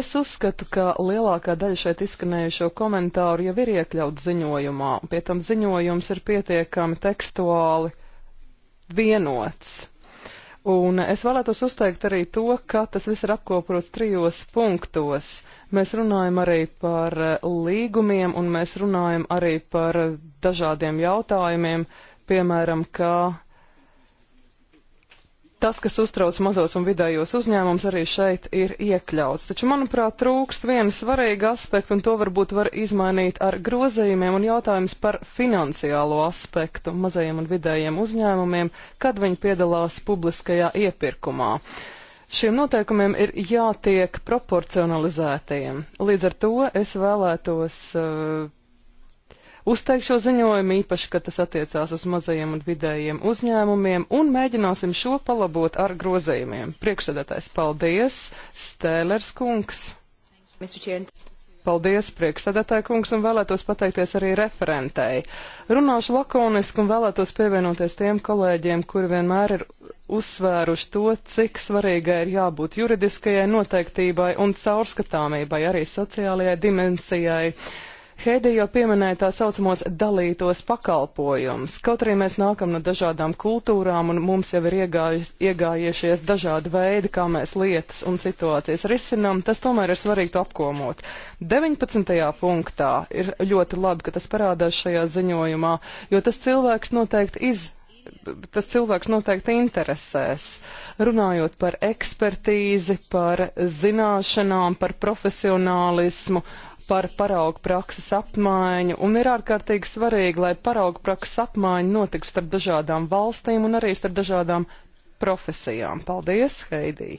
es uzskatu, ka lielākā daļa šeit izskanējušo komentāru jau ir iekļauts ziņojumā, un pie tam ziņojums ir pietiekami tekstuāli vienots. Un es vēlētos uzteikt arī to, ka tas viss ir apkoprots trijos punktos. Mēs runājam arī par līgumiem, un mēs runājam arī par dažādiem jautājumiem, uh, piemēram, ka tas, kas uztrauc mazos un vidējos uzņēmums, arī šeit ir iekļauts. Taču, manuprāt, trūkst viena svarīga aspekta, un to varbūt var izmainīt ar grozījumiem un jautājums par finansiālo aspektu mazajiem un vidējiem uzņēmumiem, kad viņi piedalās publiskajā iepirkumā. Šiem noteikumiem ir jātiek proporcionalizētiem. Līdz ar to es vēlētos uh, Uzteikšu ziņojumu īpaši, ka tas attiecās uz mazajiem un vidējiem uzņēmumiem un mēģināsim šo palabot ar grozējumiem. Priekšsēdētājs, paldies, Stēlers kungs. Paldies, priekšsēdētāja kungs, un vēlētos pateikties arī referentei. Runāšu lakoniski un vēlētos pievienoties tiem kolēģiem, kuri vienmēr ir uzsvēruši to, cik svarīgai ir jābūt juridiskajai noteiktībai un caurskatāmībai, arī sociālajai dimensijai. Uh, Heidi jau pieminēja tā saucamos dalītos pakalpojumus. Kaut arī mēs nākam no dažādām kultūrām un mums jau ir iegājies, iegājiešies dažādi veidi, kā mēs lietas un situācijas risinām, tas tomēr ir svarīgi to apkomot. 19. punktā ir ļoti labi, ka tas parādās šajā ziņojumā, jo tas cilvēks noteikti izdarīja tas cilvēks noteikti interesēs. Runājot par ekspertīzi, par zināšanām, par profesionālismu, par paraugu prakses apmaiņu, un ir ārkārtīgi svarīgi, lai paraugu prakses apmaiņa notiks starp dažādām valstīm un arī starp dažādām profesijām. Paldies, Heidī!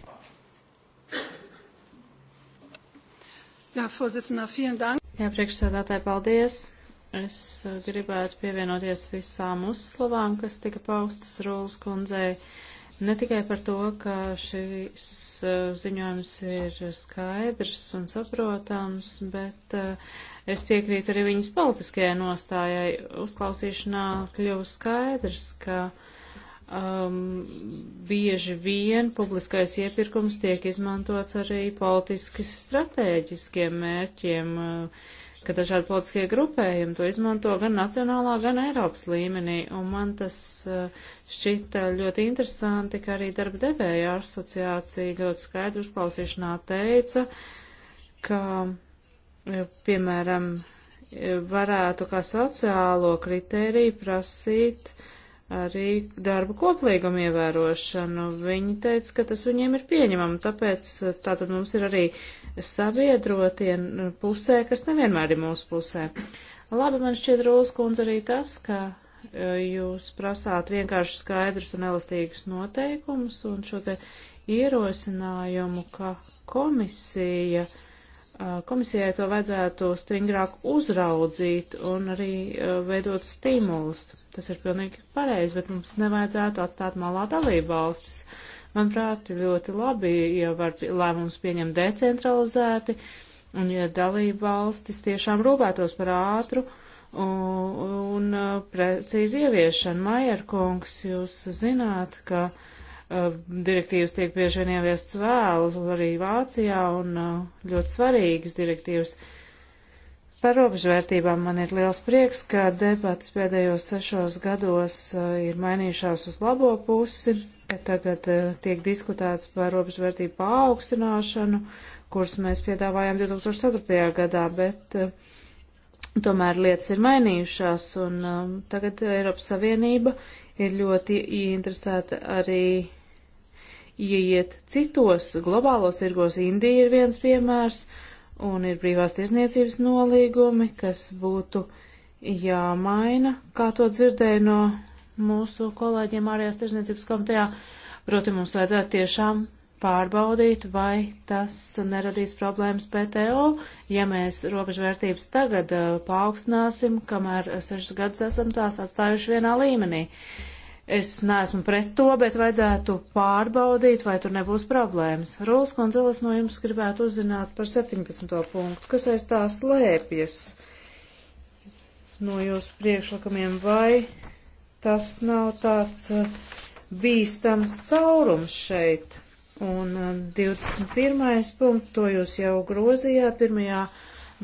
Jā, Jā priekšsēdētāji, paldies! Es eh, gribētu pievienoties visām uzslavām, kas tika paustas Rūlas kundzei. Ne tikai par to, ka šis eh, ziņojums ir skaidrs un saprotams, bet eh, es piekrītu arī viņas politiskajai nostājai. Uzklausīšanā kļuva skaidrs, ka um, bieži vien publiskais iepirkums tiek izmantots arī politiski stratēģiskiem mērķiem. Uh, ka dažādi politiskie grupējumi to izmanto gan nacionālā, gan Eiropas līmenī, un man tas eh, šķita ļoti interesanti, ka arī darba devēja asociācija ļoti skaidri uzklausīšanā teica, ka, eh, piemēram, eh, varētu kā sociālo kritēriju prasīt arī darba koplīgumu ievērošanu. Viņi teica, ka tas viņiem ir pieņemama, tāpēc tātad mums ir arī uh, sabiedrotiem pusē, kas nevienmēr ir mūsu pusē. Labi, man šķiet, Rūlas kundze, arī tas, ka e, jūs prasāt vienkārši skaidrus un elastīgus noteikumus un šo te ierosinājumu, ka komisija, e, komisijai to vajadzētu stingrāk uzraudzīt un arī e, veidot stimulus. Tas ir pilnīgi pareizi, bet mums nevajadzētu atstāt malā dalību valstis. Uh, Manuprāt, ļoti labi, ja var lēmums pieņem decentralizēti, un ja dalība valstis tiešām rūpētos par ātru un, un uh, precīzi ieviešanu. Majerkungs, jūs zināt, ka uh, direktīvas tiek bieži vien ieviests vēlu arī Vācijā un uh, ļoti svarīgas direktīvas. Par robežvērtībām man ir liels prieks, ka debats pēdējos sešos gados uh, ir mainījušās uz labo pusi tagad eh, tiek diskutēts par robežvērtību paaugstināšanu, kuras mēs piedāvājām 2004. gadā, bet eh, tomēr lietas ir mainījušās, un um, tagad Eiropas Savienība ir ļoti ieinteresēta arī ieiet citos globālos tirgos. Indija ir viens piemērs, un ir brīvās tiesniecības nolīgumi, kas būtu jāmaina, kā to dzirdēju no mūsu kolēģiem ārējās tirzniecības komitejā. Proti, mums vajadzētu tiešām pārbaudīt, vai tas neradīs problēmas PTO, ja mēs robežvērtības tagad uh, paaugstināsim, kamēr sešas gadus esam tās atstājuši vienā līmenī. Es neesmu pret to, bet vajadzētu pārbaudīt, vai tur nebūs problēmas. Rūlas konzeles no jums gribētu uzzināt par 17. punktu, kas aiz tā slēpjas no jūsu priekšlikumiem, vai tas nav tāds uh, bīstams caurums šeit. Un 21. Uh, punkts, to jūs jau grozījāt, pirmajā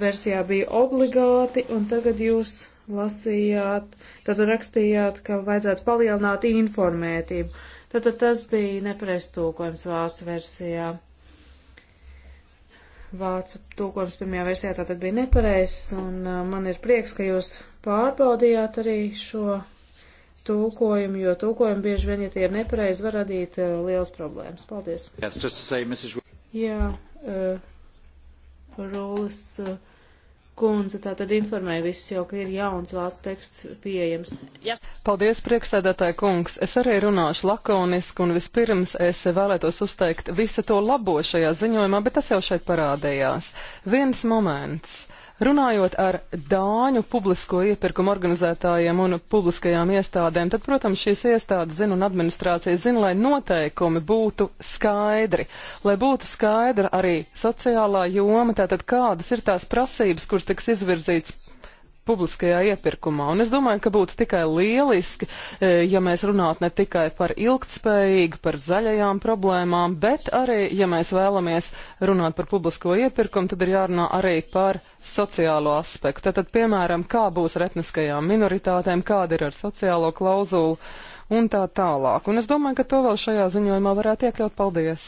versijā bija obligāti, un tagad jūs lasījāt, tad rakstījāt, ka vajadzētu palielināt informētību. Tad tas bija nepareizs tūkojums vācu versijā. Vācu tūkojums pirmajā versijā tātad bija nepareizs, un uh, man ir prieks, ka jūs pārbaudījāt arī šo tulkojumu, jo tulkojumi bieži vien, ja tie ir nepareizi, var radīt uh, eh, liels problēmas. Paldies. Yes, say, Mrs. Jā, uh, eh, Rūlis uh, eh, kundze tā tad informēja visus jau, ka ir jauns vācu teksts pieejams. Yes. Paldies, priekšsēdētāja kungs. Es arī runāšu lakoniski un vispirms es vēlētos uzteikt visu to labo šajā ziņojumā, bet tas jau šeit parādījās. Viens moments. Uh, Runājot ar Dāņu publisko iepirkumu organizētājiem un publiskajām iestādēm, tad, protams, šīs iestādes zina un administrācija zina, lai noteikumi būtu skaidri, lai būtu skaidra arī sociālā joma, tātad kādas ir tās prasības, kuras tiks izvirzīts publiskajā iepirkumā. Un es domāju, ka būtu tikai lieliski, e, ja mēs runātu ne tikai par ilgtspējīgu, par zaļajām problēmām, bet arī, ja mēs vēlamies runāt par publisko iepirkumu, tad ir jārunā arī par sociālo aspektu. Tātad, piemēram, kā būs ar etniskajām minoritātēm, kāda ir ar sociālo klauzulu un tā tālāk. Un es domāju, ka to vēl šajā ziņojumā varētu iekļaut. Paldies!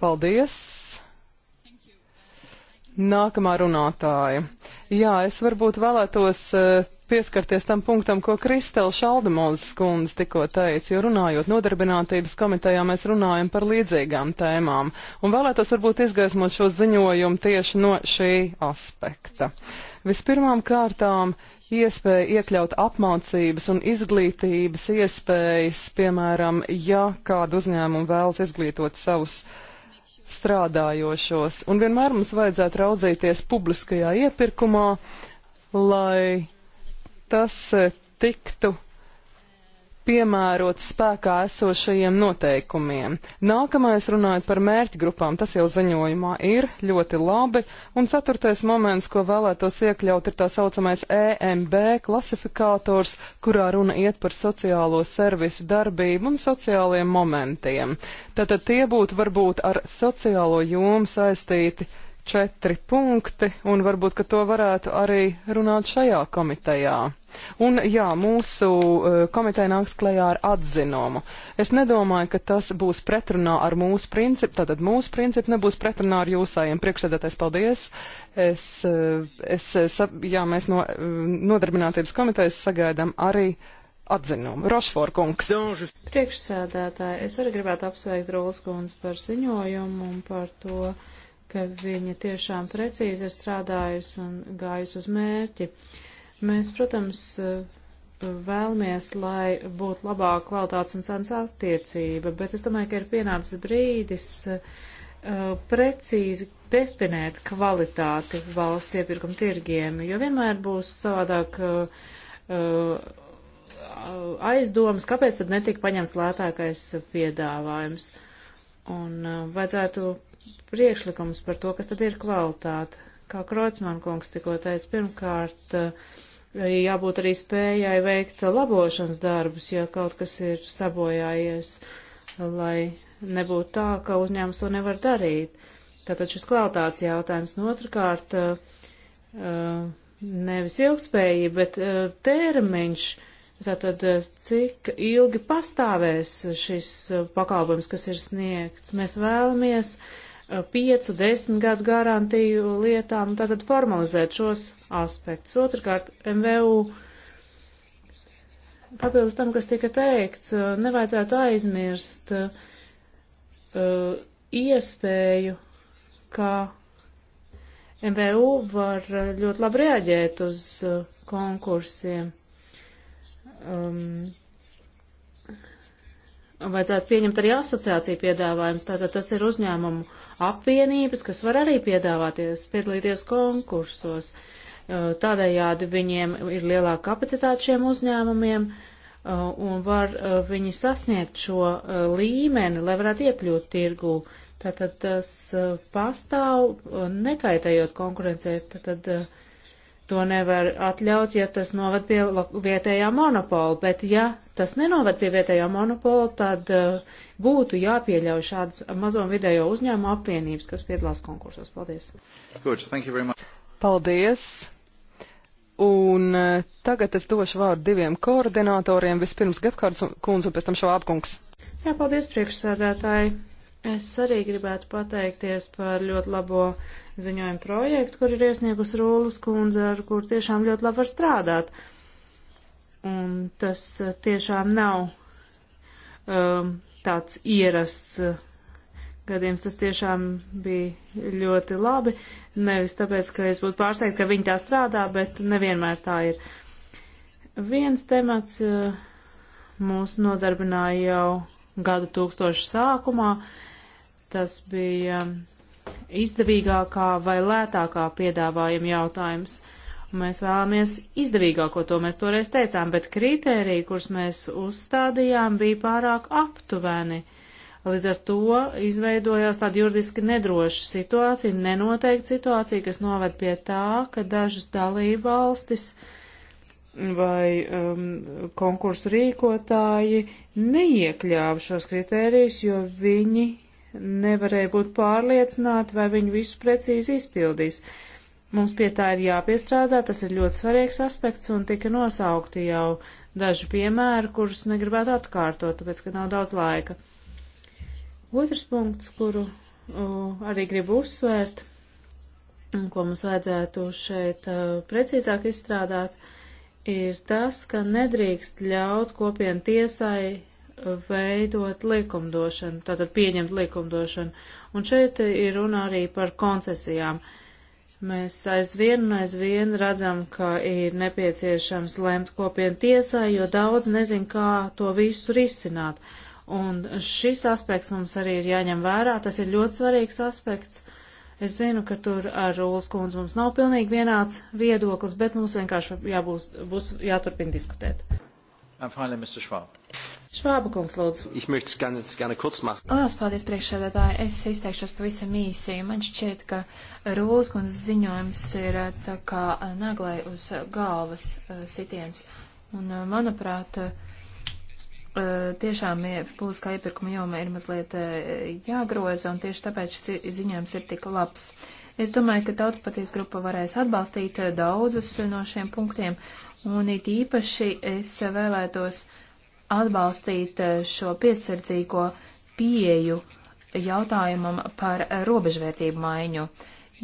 Paldies! Nākamā runātāja. Jā, es varbūt vēlētos eh, pieskarties tam punktam, ko Kristela Šaldemozes kundze tikko teica, jo runājot nodarbinātības komitejā mēs runājam par līdzīgām tēmām, un vēlētos varbūt izgaismot šo ziņojumu tieši no šī aspekta. Vispirmām kārtām iespēja iekļaut apmācības un izglītības iespējas, piemēram, ja kāda uzņēmuma vēlas izglītot savus uh, strādājošos, un vienmēr mums vajadzētu raudzīties publiskajā iepirkumā, lai tas eh, tiktu piemērot spēkā esošajiem noteikumiem. Nākamais runājot par mērķu grupām, tas jau ziņojumā ir ļoti labi, un ceturtais moments, ko vēlētos iekļaut, ir tā saucamais EMB klasifikators, kurā runa iet par sociālo servisu darbību un sociālajiem momentiem. Tātad tie būtu varbūt ar sociālo jomu saistīti četri punkti, un varbūt, ka to varētu arī runāt šajā komitejā. Un jā, mūsu e, komiteja nāks klajā ar atzinumu. Es nedomāju, ka tas būs pretrunā ar mūsu principu, tātad mūsu principu nebūs pretrunā ar jūsējiem. Priekšsēdētais, paldies. Es, e, es, e, jā, mēs no nodarbinātības komitejas sagaidām arī atzinumu. Rošfor kungs. Priekšsēdētāji, es arī gribētu apsveikt Rolas kundzi par ziņojumu un par to ka viņa tiešām precīzi ir strādājusi un gājusi uz mērķi. Mēs, protams, vēlamies, lai būtu labāka kvalitātes un cenas attiecība, bet es domāju, ka ir pienācis brīdis uh, precīzi definēt kvalitāti valsts iepirkuma tirgiem, jo vienmēr būs savādāk uh, uh, aizdomas, kāpēc tad netika paņemts lētākais piedāvājums. Un vajadzētu priekšlikums par to, kas tad ir kvalitāte. Kā Krocman kungs tikko teica, pirmkārt, eh, jābūt arī spējai veikt labošanas darbus, ja kaut kas ir sabojājies, lai nebūtu tā, ka uzņēmums to nevar darīt. Tātad šis kvalitātes jautājums. Un otrkārt, eh, nevis ilgspējība, bet eh, termiņš. Tātad, cik ilgi pastāvēs šis pakalpojums, kas ir sniegts? Mēs vēlamies piecu, desmit gadu garantiju lietām, tātad formalizēt šos aspektus. Otrakārt, MVU papildus tam, kas tika teikts, nevajadzētu aizmirst uh, iespēju, ka MVU var ļoti labi reaģēt uz uh, konkursiem. Um, vajadzētu pieņemt arī asociāciju piedāvājums. Tātad tas ir uzņēmumu apvienības, kas var arī piedāvāties, piedalīties konkursos. Tādējādi viņiem ir lielāka kapacitāte šiem uzņēmumiem un var viņi sasniegt šo līmeni, lai varētu iekļūt tirgū. Tātad tas pastāv nekaitējot konkurencēs. Tātad, uh, To nevar atļaut, ja tas novad pie vietējā monopola, bet ja tas nenovad pie vietējā monopola, tad uh, būtu jāpieļauj šādas mazo un vidējo uzņēmumu apvienības, kas piedalās konkursos. Paldies! Good, Paldies! Un uh, tagad es došu vārdu diviem koordinatoriem, vispirms Gepkārds kundze un pēc tam Švābkungs. Jā, paldies priekšsēdētāji! Es arī gribētu pateikties par ļoti labo ziņojumu projektu, kur ir iesniegus Rūlas kundze, ar kur tiešām ļoti labi var strādāt. Un tas eh, tiešām nav um, tāds ierasts eh, gadījums. Tas tiešām bija ļoti labi. Nevis tāpēc, ka es būtu pārsteigta, ka viņi tā strādā, bet nevienmēr tā ir. Viens temats eh, mūs nodarbināja jau gadu tūkstošu sākumā. Tas bija izdevīgākā vai lētākā piedāvājuma jautājums. Mēs vēlamies izdevīgāko, to mēs toreiz teicām, bet kritērija, kurus mēs uzstādījām, bija pārāk aptuveni. Līdz ar to izveidojās tāda juridiski nedroša situācija, nenoteikta situācija, kas noved pie tā, ka dažas dalība valstis vai um, konkursu rīkotāji neiekļāva šos kritērijus, jo viņi nevarēja būt pārliecināti, vai viņi visu precīzi izpildīs. Mums pie tā ir jāpiestrādā, tas ir ļoti svarīgs aspekts, un tika nosaukti jau daži piemēri, kurus negribētu atkārtot, tāpēc, ka nav daudz laika. Otrs punkts, kuru uh, arī gribu uzsvērt, un ko mums vajadzētu šeit uh, precīzāk izstrādāt, ir tas, ka nedrīkst ļaut kopienu tiesai veidot likumdošanu, tātad pieņemt likumdošanu. Un šeit ir runa arī par koncesijām. Mēs aizvien un aizvien redzam, ka ir nepieciešams lemt kopienu tiesā, jo daudz nezin, kā to visu risināt. Un šis aspekts mums arī ir jāņem vērā, tas ir ļoti svarīgs aspekts. Es zinu, ka tur ar Rūlas kundzi mums nav pilnīgi vienāds viedoklis, bet mums vienkārši jābūs, būs jāturpina diskutēt. Finally, Mr. Schwab. Švāba kungs, lūdzu. Lielas paldies priekšsēdētāji. Es izteikšos pavisam īsi. Man šķiet, ka Rūlas kundzes ziņojums ir eh, tā kā eh, naglai uz eh, galvas sitiens. Un, manuprāt, tiešām publiskā iepirkuma joma ir mazliet jāgroza, un tieši tāpēc šis ziņojums ir tik labs. Es domāju, ka tautspaties grupa varēs atbalstīt daudzus no šiem punktiem, un it īpaši es vēlētos uh, atbalstīt eh, šo piesardzīgo pieeju jautājumam par eh, robežvērtību maiņu,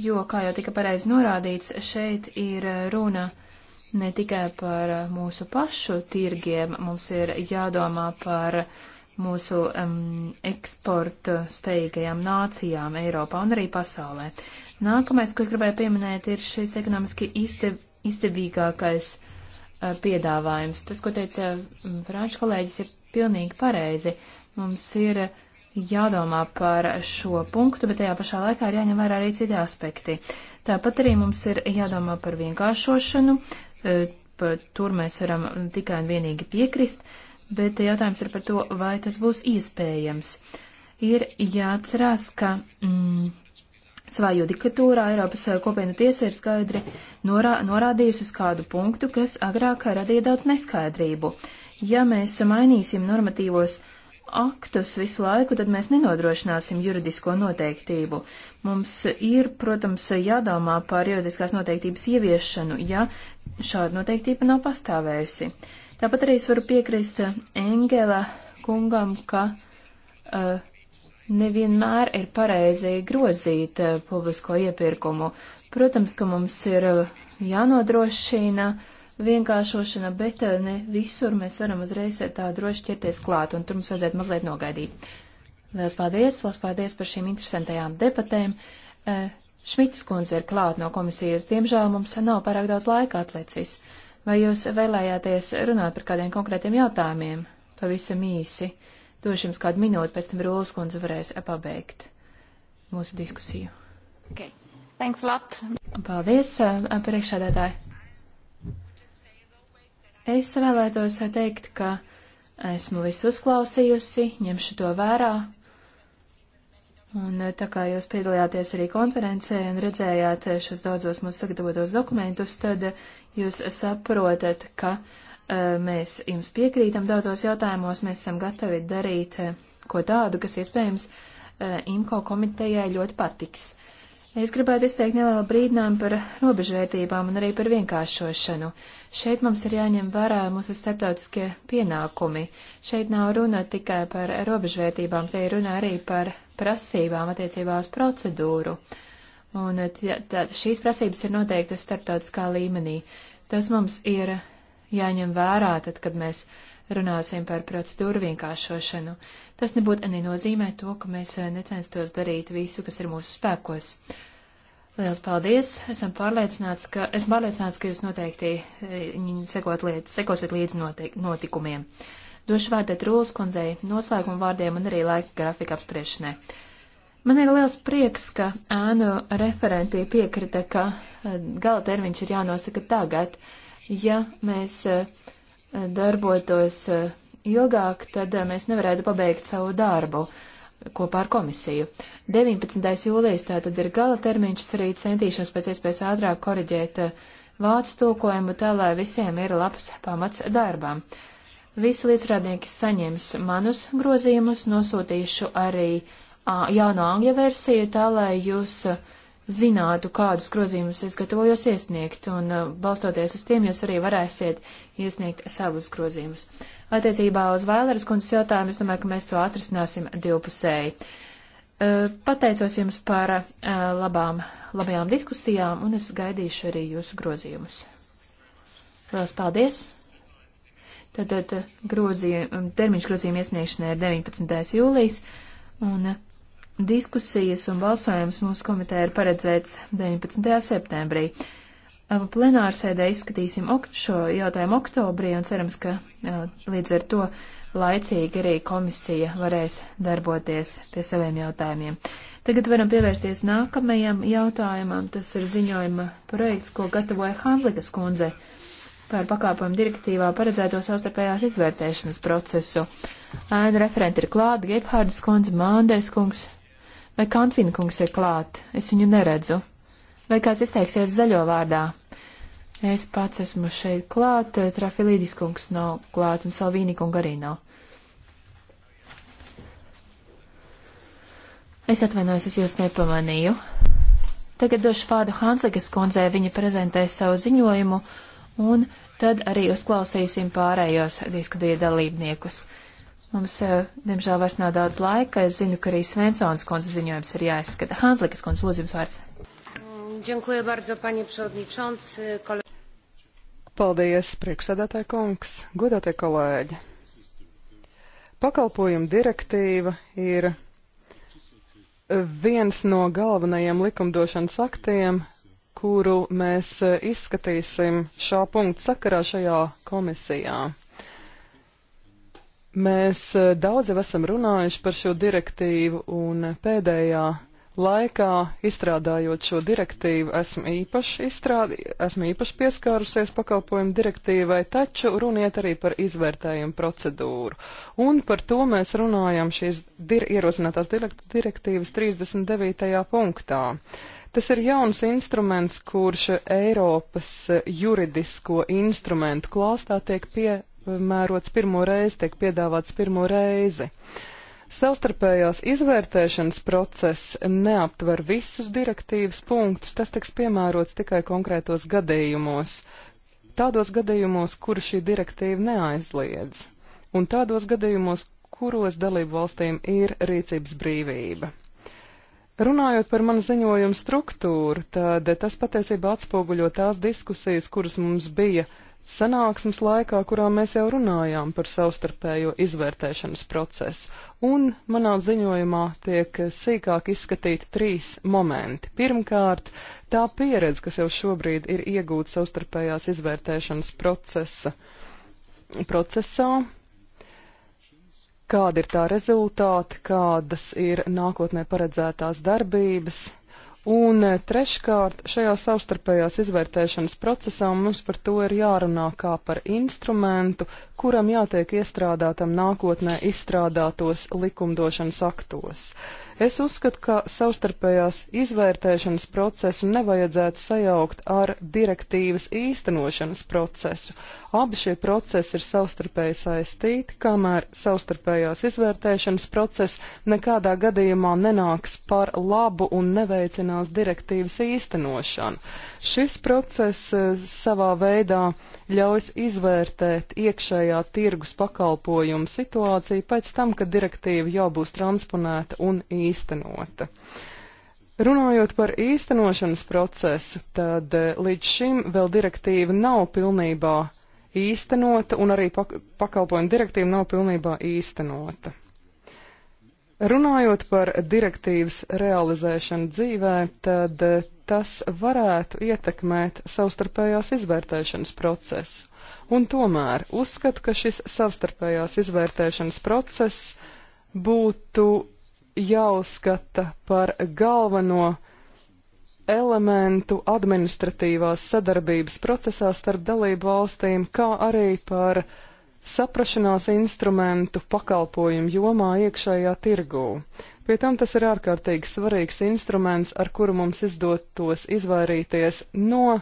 jo, kā jau tika pareizi norādīts, šeit ir eh, runa ne tikai par mūsu pašu tirgiem, mums ir jādomā par mūsu um, eksporta spējīgajām nācijām Eiropā un arī pasaulē. Nākamais, ko es gribēju pieminēt, ir šis ekonomiski izdev, izdevīgākais uh, Eh, piedāvājums. Tas, ko teica eh, franču kolēģis, ir pilnīgi pareizi. Mums ir jādomā par šo punktu, bet tajā pašā laikā ir jāņem vērā arī citi aspekti. Tāpat arī mums ir jādomā par vienkāršošanu, eh, par tur mēs varam tikai un vienīgi piekrist, bet jautājums ir par to, vai tas būs iespējams. Ir jāatcerās, ka mm, Savā judikatūrā Eiropas eh, kopienu tiesa ir skaidri norā, norādījusi uz kādu punktu, kas agrāk radīja daudz neskaidrību. Ja mēs mainīsim normatīvos aktus visu laiku, tad mēs nenodrošināsim juridisko noteiktību. Mums ir, protams, jādomā par juridiskās noteiktības ieviešanu, ja šāda noteiktība nav pastāvējusi. Tāpat arī es varu piekrist Engela kungam, ka uh, nevienmēr ir pareizi grozīt eh, publisko iepirkumu. Protams, ka mums ir eh, jānodrošina vienkāršošana, bet eh, ne visur mēs varam uzreiz tā droši ķerties klāt, un tur mums vajadzētu mazliet nogaidīt. Lielas paldies, lielas paldies par šīm interesantajām debatēm. Šmits kundze ir klāt no komisijas. Diemžēl mums nav pārāk daudz laika atlicis. Vai jūs vēlējāties runāt par kādiem konkrētiem jautājumiem? Pavisam īsi. Uh, Došu jums kādu minūti, pēc tam Rūlas kundze varēs eh, pabeigt mūsu diskusiju. Okay. Thanks a lot. Paldies, eh, priekšādātāji. Es vēlētos eh, teikt, ka esmu visu uzklausījusi, ņemšu to vērā. Un tā kā jūs piedalījāties arī konferencē un redzējāt šos daudzos mūsu sagatavotos dokumentus, tad jūs saprotat, ka uh, Eh, mēs jums piekrītam daudzos jautājumos, mēs esam gatavi darīt eh, ko tādu, kas iespējams eh, IMCO komitejai ļoti patiks. Es gribētu izteikt nelielu brīdinājumu par robežvērtībām un arī par vienkāršošanu. Šeit mums ir jāņem vērā mūsu starptautiskie pienākumi. Šeit nav runa tikai par robežvērtībām, te ir runa arī par prasībām attiecībā uz procedūru. Un tā, tā, šīs prasības ir noteiktas starptautiskā līmenī. Tas mums ir jāņem vērā, tad, kad mēs runāsim par procedūru vienkāršošanu. Tas nebūtu nenozīmē to, ka mēs eh, necenstos darīt visu, kas ir mūsu spēkos. Liels paldies! Esam pārliecināts, ka, esmu pārliecināts, ka jūs noteikti eh, sekot liet, sekosiet līdz notik, notikumiem. Došu vārdu Trūlas kundzei noslēguma vārdiem un arī laika grafika apspriešanai. Man ir liels prieks, ka ēnu referentī piekrita, ka eh, gala termiņš ir jānosaka tagad. Uh, ja mēs eh, darbotos eh, ilgāk, tad eh, mēs nevarētu pabeigt savu darbu kopā ar komisiju. 19. jūlijas tā tad ir gala termiņš, arī centīšos pēc iespējas ātrāk koriģēt vācu tulkojumu tā, lai visiem ir labs pamats darbām. Visi līdzrādnieki saņems manus grozījumus, nosūtīšu arī jauno angļu versiju, tā lai jūs uh, zinātu, kādus grozījumus es gatavojos iesniegt, un uh, balstoties uz tiem jūs arī varēsiet iesniegt savus grozījumus. Attiecībā uz Vaileras kundzes jautājumu es domāju, ka mēs to atrisināsim divpusēji. Uh, pateicos jums par uh, labām, labajām diskusijām, un es gaidīšu arī jūsu grozījumus. Lielas paldies! Tātad grozījum, termiņš grozījuma iesniegšanai ir 19. jūlijas, un diskusijas un balsojums mūsu komitē ir paredzēts 19. septembrī. Plenārsēdē izskatīsim šo jautājumu oktobrī un cerams, ka līdz ar to laicīgi arī komisija varēs darboties pie saviem jautājumiem. Tagad varam pievērsties nākamajam jautājumam. Tas ir ziņojuma projekts, ko gatavoja Hanzlikas kundze par pakāpojumu direktīvā paredzēto savstarpējās izvērtēšanas procesu. Ēna referenti ir klāta, Gebhārdas kundze, Māndēs kungs, Vai Kantvina kungs ir klāt? Es viņu neredzu. Vai kāds izteiksies zaļo vārdā? Es pats esmu šeit klāt, Trafilīdis kungs nav klāt un Salvīni kunga arī nav. Es atvainojos, es jūs nepamanīju. Tagad došu vārdu Hanslikas kundzē, viņa prezentēs savu ziņojumu, un tad arī uzklausīsim pārējos diskutiju dalībniekus. Mums, eh, diemžēl, vairs nav daudz laika. Es zinu, ka arī Svensons kundze ziņojums ir jāizskata. Hanslikas kundze, lūdzu jums vārds. Dziękuję bardzo, panie przewodniczący. Kole... Paldies, priekšsēdētāji kungs, godātie kolēģi. Pakalpojuma direktīva ir viens no galvenajiem likumdošanas aktiem, kuru mēs eh, izskatīsim šā punkta sakarā šajā komisijā. Mēs e, daudz jau esam runājuši par šo direktīvu, un pēdējā laikā, izstrādājot šo direktīvu, esmu īpaši, izstrādi, esmu īpaši pieskārusies pakalpojumu direktīvai, taču runiet arī par izvērtējumu procedūru. Un par to mēs runājam šīs dir ierosinātās direktīvas 39. punktā. Tas ir jauns instruments, kurš Eiropas juridisko instrumentu klāstā tiek pie piemērots pirmo reizi, tiek piedāvāts pirmo reizi. Savstarpējās izvērtēšanas process neaptver visus direktīvas punktus, tas tiks piemērots tikai konkrētos gadījumos, tādos gadījumos, kur šī direktīva neaizliedz, un tādos gadījumos, kuros dalību valstīm ir rīcības brīvība. Runājot par manu ziņojumu struktūru, tad tas patiesībā atspoguļo tās diskusijas, kuras mums bija sanāksmes laikā, kurā mēs jau runājām par savstarpējo izvērtēšanas procesu, un manā ziņojumā tiek sīkāk izskatīti trīs momenti. Pirmkārt, tā pieredze, kas jau šobrīd ir iegūta savstarpējās izvērtēšanas procesa, procesā, kāda ir tā rezultāti, kādas ir nākotnē paredzētās darbības, Un eh, treškārt, šajā savstarpējās izvērtēšanas procesā mums par to ir jārunā kā par instrumentu, kuram jātiek iestrādātam nākotnē izstrādātos likumdošanas aktos. Es uzskatu, ka savstarpējās izvērtēšanas procesu nevajadzētu sajaukt ar direktīvas īstenošanas procesu. Abi šie procesi ir savstarpēji saistīti, kamēr savstarpējās izvērtēšanas process nekādā gadījumā nenāks par labu un neveicinās veterinārs direktīvas īstenošanu. Šis process e, savā veidā ļaus izvērtēt iekšējā tirgus pakalpojumu situāciju pēc tam, kad direktīva jau būs transponēta un īstenota. Runājot par īstenošanas procesu, tad e, līdz šim vēl direktīva nav pilnībā īstenota un arī pakalpojumu direktīva nav pilnībā īstenota. Runājot par direktīvas realizēšanu dzīvē, tad tas varētu ietekmēt savstarpējās izvērtēšanas procesu. Un tomēr uzskatu, ka šis savstarpējās izvērtēšanas process būtu jāuzskata par galveno elementu administratīvās sadarbības procesā starp dalību valstīm, kā arī par uh, saprašanās instrumentu pakalpojumu jomā iekšējā tirgū. Pie tam tas ir ārkārtīgi svarīgs instruments, ar kuru mums izdotos izvairīties no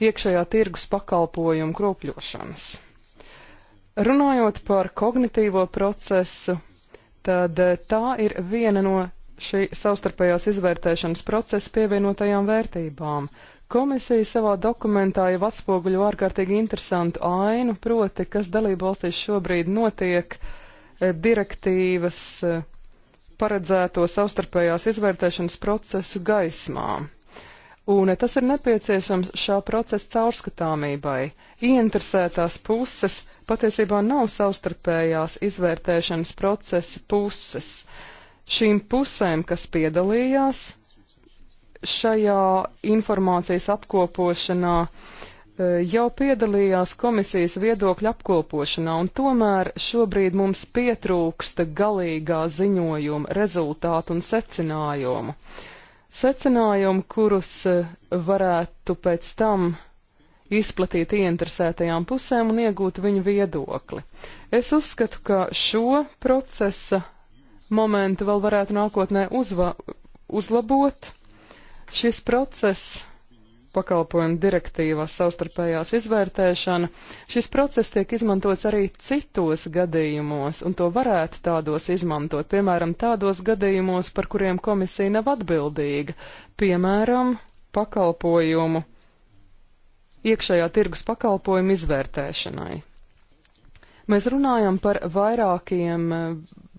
iekšējā tirgus pakalpojumu kropļošanas. Runājot par kognitīvo procesu, tad eh, tā ir viena no šī savstarpējās izvērtēšanas procesa pievienotajām vērtībām. Komisija savā dokumentā jau atspoguļo ārkārtīgi interesantu ainu, proti, kas dalību valstīs šobrīd notiek eh, direktīvas eh, paredzēto savstarpējās izvērtēšanas procesu gaismā. Un eh, tas ir nepieciešams šā procesa caurskatāmībai. Ieinteresētās puses patiesībā nav savstarpējās izvērtēšanas procesa puses. Šīm pusēm, kas piedalījās, šajā informācijas apkopošanā e, jau piedalījās komisijas viedokļa apkopošanā, un tomēr šobrīd mums pietrūksta galīgā ziņojuma rezultātu un secinājumu. Secinājumu, kurus e, varētu pēc tam izplatīt ieinteresētajām pusēm un iegūt viņu viedokli. Es uzskatu, ka šo procesa momentu vēl varētu nākotnē uzva, uzlabot, Šis process pakalpojumu direktīvas savstarpējās izvērtēšana, šis process tiek izmantots arī citos gadījumos, un to varētu tādos izmantot, piemēram, tādos gadījumos, par kuriem komisija nav atbildīga, piemēram, pakalpojumu, iekšējā tirgus pakalpojumu izvērtēšanai. Mēs runājam par vairākiem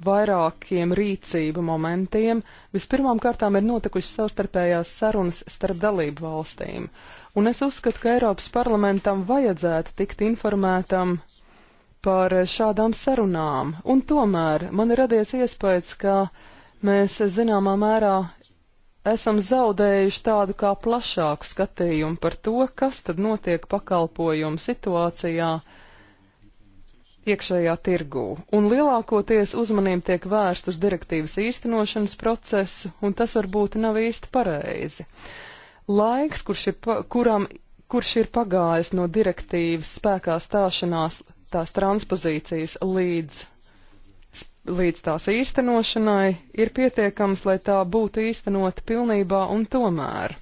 vairākiem rīcību momentiem. Vispirmām kārtām ir notikušas savstarpējās sarunas starp dalību valstīm, un es uzskatu, ka Eiropas parlamentam vajadzētu tikt informētam par šādām sarunām, un tomēr man ir radies iespējas, ka mēs zināmā mērā esam zaudējuši tādu kā plašāku skatījumu par to, kas tad notiek pakalpojumu situācijā, uh, iekšējā tirgū, un lielākoties uzmanība tiek vērst uz direktīvas īstenošanas procesu, un tas varbūt nav īsti pareizi. Laiks, kurš ir, pa, kuram, kurš ir pagājis no direktīvas spēkā stāšanās tās transpozīcijas līdz līdz tās īstenošanai ir pietiekams, lai tā būtu īstenota pilnībā un tomēr.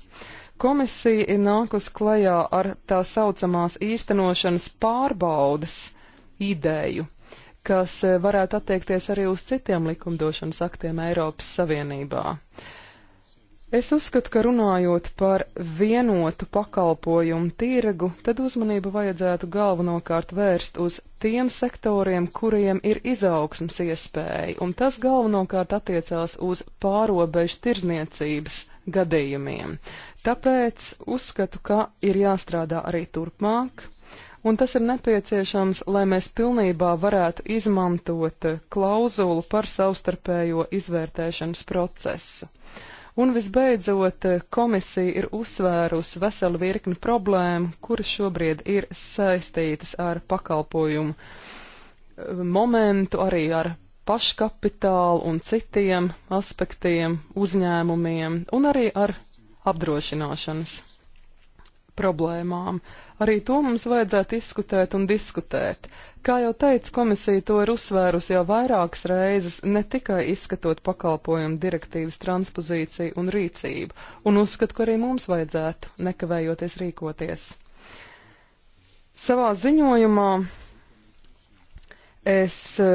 Komisija ir nākus klajā ar tā saucamās īstenošanas pārbaudas ideju, kas eh, varētu attiekties arī uz citiem likumdošanas aktiem Eiropas Savienībā. Es uzskatu, ka runājot par vienotu pakalpojumu tirgu, tad uzmanību vajadzētu galvenokārt vērst uz tiem sektoriem, kuriem ir izaugsmas iespēja, un tas galvenokārt attiecās uz pārobežu tirzniecības gadījumiem. Tāpēc uzskatu, ka ir jāstrādā arī turpmāk un tas ir nepieciešams, lai mēs pilnībā varētu izmantot klauzulu par savstarpējo izvērtēšanas procesu. Un visbeidzot, komisija ir uzsvērusi veselu virkni problēmu, kuras šobrīd ir saistītas ar pakalpojumu eh, momentu, arī ar paškapitālu un citiem aspektiem, uzņēmumiem un arī ar apdrošināšanas problēmām. Arī to mums vajadzētu izskutēt un diskutēt. Kā jau teicu, komisija to ir uzsvērusi jau vairākas reizes, ne tikai izskatot pakalpojumu direktīvas transpozīciju un rīcību, un uzskatu, ka arī mums vajadzētu nekavējoties rīkoties. Savā ziņojumā es e,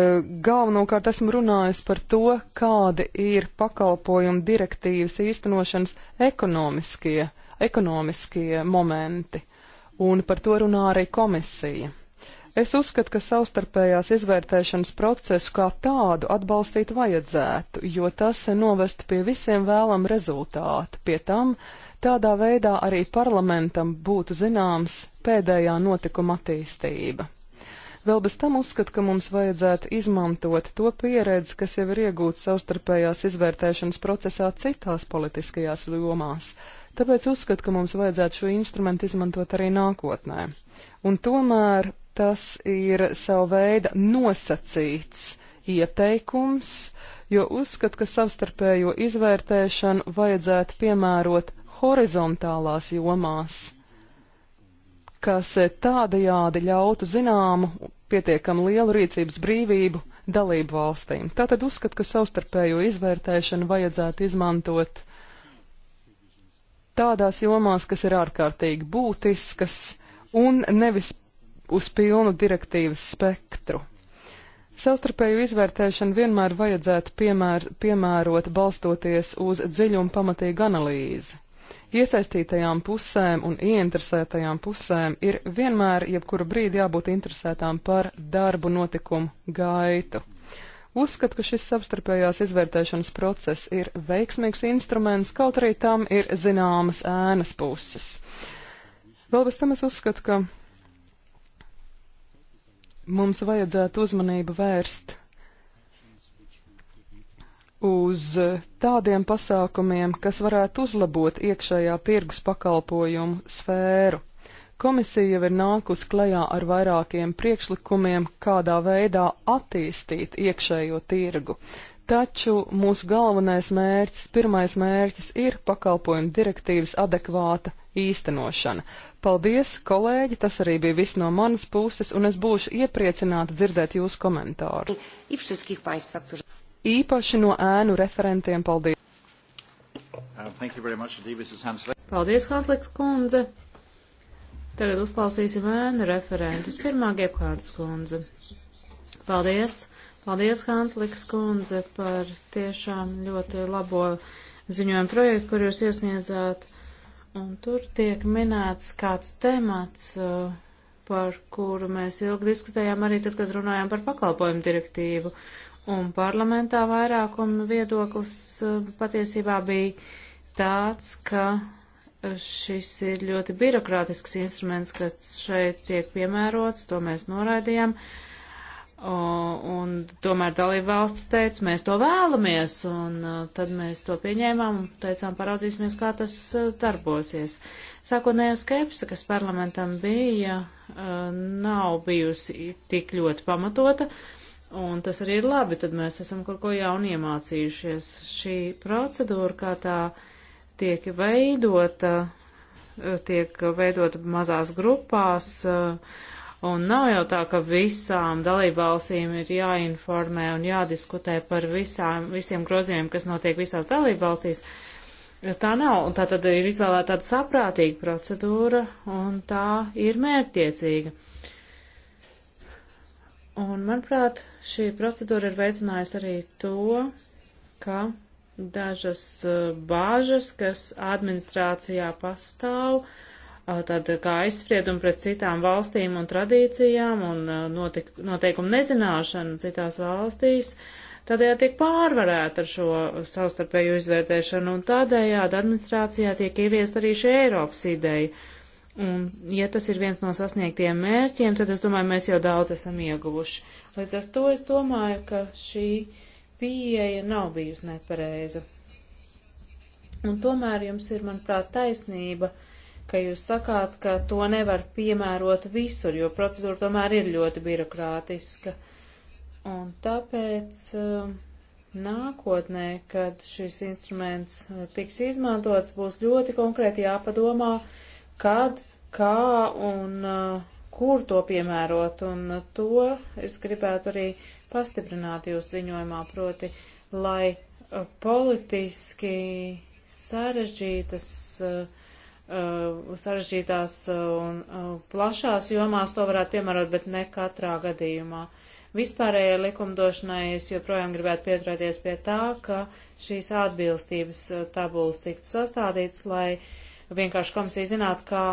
galvenokārt esmu runājis par to, kādi ir pakalpojumu direktīvas īstenošanas ekonomiskie, ekonomiskie momenti un par to runā arī komisija. Es uzskatu, ka savstarpējās izvērtēšanas procesu kā tādu atbalstīt vajadzētu, jo tas novestu pie visiem vēlam rezultātu. Pie tam tādā veidā arī parlamentam būtu zināms pēdējā notikuma attīstība. Vēl bez tam uzskatu, ka mums vajadzētu izmantot to pieredzi, kas jau ir iegūta savstarpējās izvērtēšanas procesā citās politiskajās jomās, Tāpēc uzskatu, ka mums vajadzētu šo instrumentu izmantot arī nākotnē. Un tomēr tas ir savu veidu nosacīts ieteikums, jo uzskatu, ka savstarpējo izvērtēšanu vajadzētu piemērot horizontālās jomās, kas tādajādi ļautu zināmu pietiekam lielu rīcības brīvību dalību valstīm. Tātad uzskatu, ka savstarpējo izvērtēšanu vajadzētu izmantot tādās jomās, kas ir ārkārtīgi būtiskas un nevis uz pilnu direktīvas spektru. Savstarpēju izvērtēšanu vienmēr vajadzētu piemēr, piemērot balstoties uz dziļu un pamatīgu analīzi. Iesaistītajām pusēm un ieinteresētajām pusēm ir vienmēr jebkuru brīdi jābūt interesētām par darbu notikumu gaitu. Uzskatu, ka šis savstarpējās izvērtēšanas process ir veiksmīgs instruments, kaut arī tam ir zināmas ēnas puses. Vēl bez tam es uzskatu, ka mums vajadzētu uzmanību vērst uz tādiem pasākumiem, kas varētu uzlabot iekšējā tirgus pakalpojumu sfēru. Komisija jau ir nākus klajā ar vairākiem priekšlikumiem, kādā veidā attīstīt iekšējo tirgu. Taču mūsu galvenais mērķis, pirmais mērķis ir pakalpojumu direktīvas adekvāta īstenošana. Paldies, kolēģi, tas arī bija viss no manas puses, un es būšu iepriecināta dzirdēt jūsu komentāru. Īpaši no ēnu referentiem paldies. Uh, paldies, Hansleks kundze. Tagad uzklausīsim ēnu referentus. Pirmā Gebhārdas kundze. Paldies! Paldies, Hanslikas kundze, par tiešām ļoti labo ziņojumu projektu, kur jūs iesniedzāt. Un tur tiek minēts kāds temats, uh, par kuru mēs ilgi diskutējām arī tad, kad runājām par pakalpojumu direktīvu. Un parlamentā vairākuma viedoklis uh, patiesībā bija tāds, ka šis ir ļoti birokrātisks instruments, kas šeit tiek piemērots, to mēs noraidījām. Un tomēr dalība valsts teica, mēs to vēlamies, un tad mēs to pieņēmām un teicām, paraudzīsimies, kā tas darbosies. Sākotnējā skepse, kas parlamentam bija, nav bijusi tik ļoti pamatota, un tas arī ir labi, tad mēs esam kaut ko jaunu iemācījušies. Šī procedūra, kā tā uh, tiek veidota, tiek veidota mazās grupās, un nav jau tā, ka visām dalībvalstīm ir jāinformē un jādiskutē par visām, visiem grozījumiem, kas notiek visās dalībvalstīs. Tā nav, un tā tad ir izvēlēta tāda saprātīga procedūra, un tā ir mērķtiecīga. Un, manuprāt, šī procedūra ir veicinājusi arī to, ka dažas e, bāžas, kas administrācijā pastāv, tad kā aizspriedumi pret citām valstīm un tradīcijām un notik, noteikumu nezināšanu citās valstīs, tādējādi tiek pārvarēta ar šo savstarpēju izvērtēšanu un tādējādi administrācijā tiek ieviest arī šī Eiropas ideja. Un, ja tas ir viens no sasniegtiem mērķiem, tad es domāju, mēs jau daudz esam ieguvuši. Līdz ar to es domāju, ka šī uh, pieeja nav bijusi nepareiza. Un tomēr jums ir, manuprāt, taisnība, ka jūs sakāt, ka to nevar piemērot visur, jo procedūra tomēr ir ļoti birokrātiska. Un tāpēc um, nākotnē, kad šis instruments uh, tiks izmantots, būs ļoti konkrēti jāpadomā, kad, kā un uh, kur to piemērot. Un uh, to es gribētu arī pastiprināt jūs ziņojumā, proti, lai uh, politiski sarežģītas, uh, uh, sarežģītās un plašās jomās to varētu piemērot, bet ne katrā gadījumā. Vispārējai likumdošanai es joprojām gribētu pieturēties pie tā, ka šīs atbilstības tabulas tiktu sastādītas, lai vienkārši komisija zinātu, kā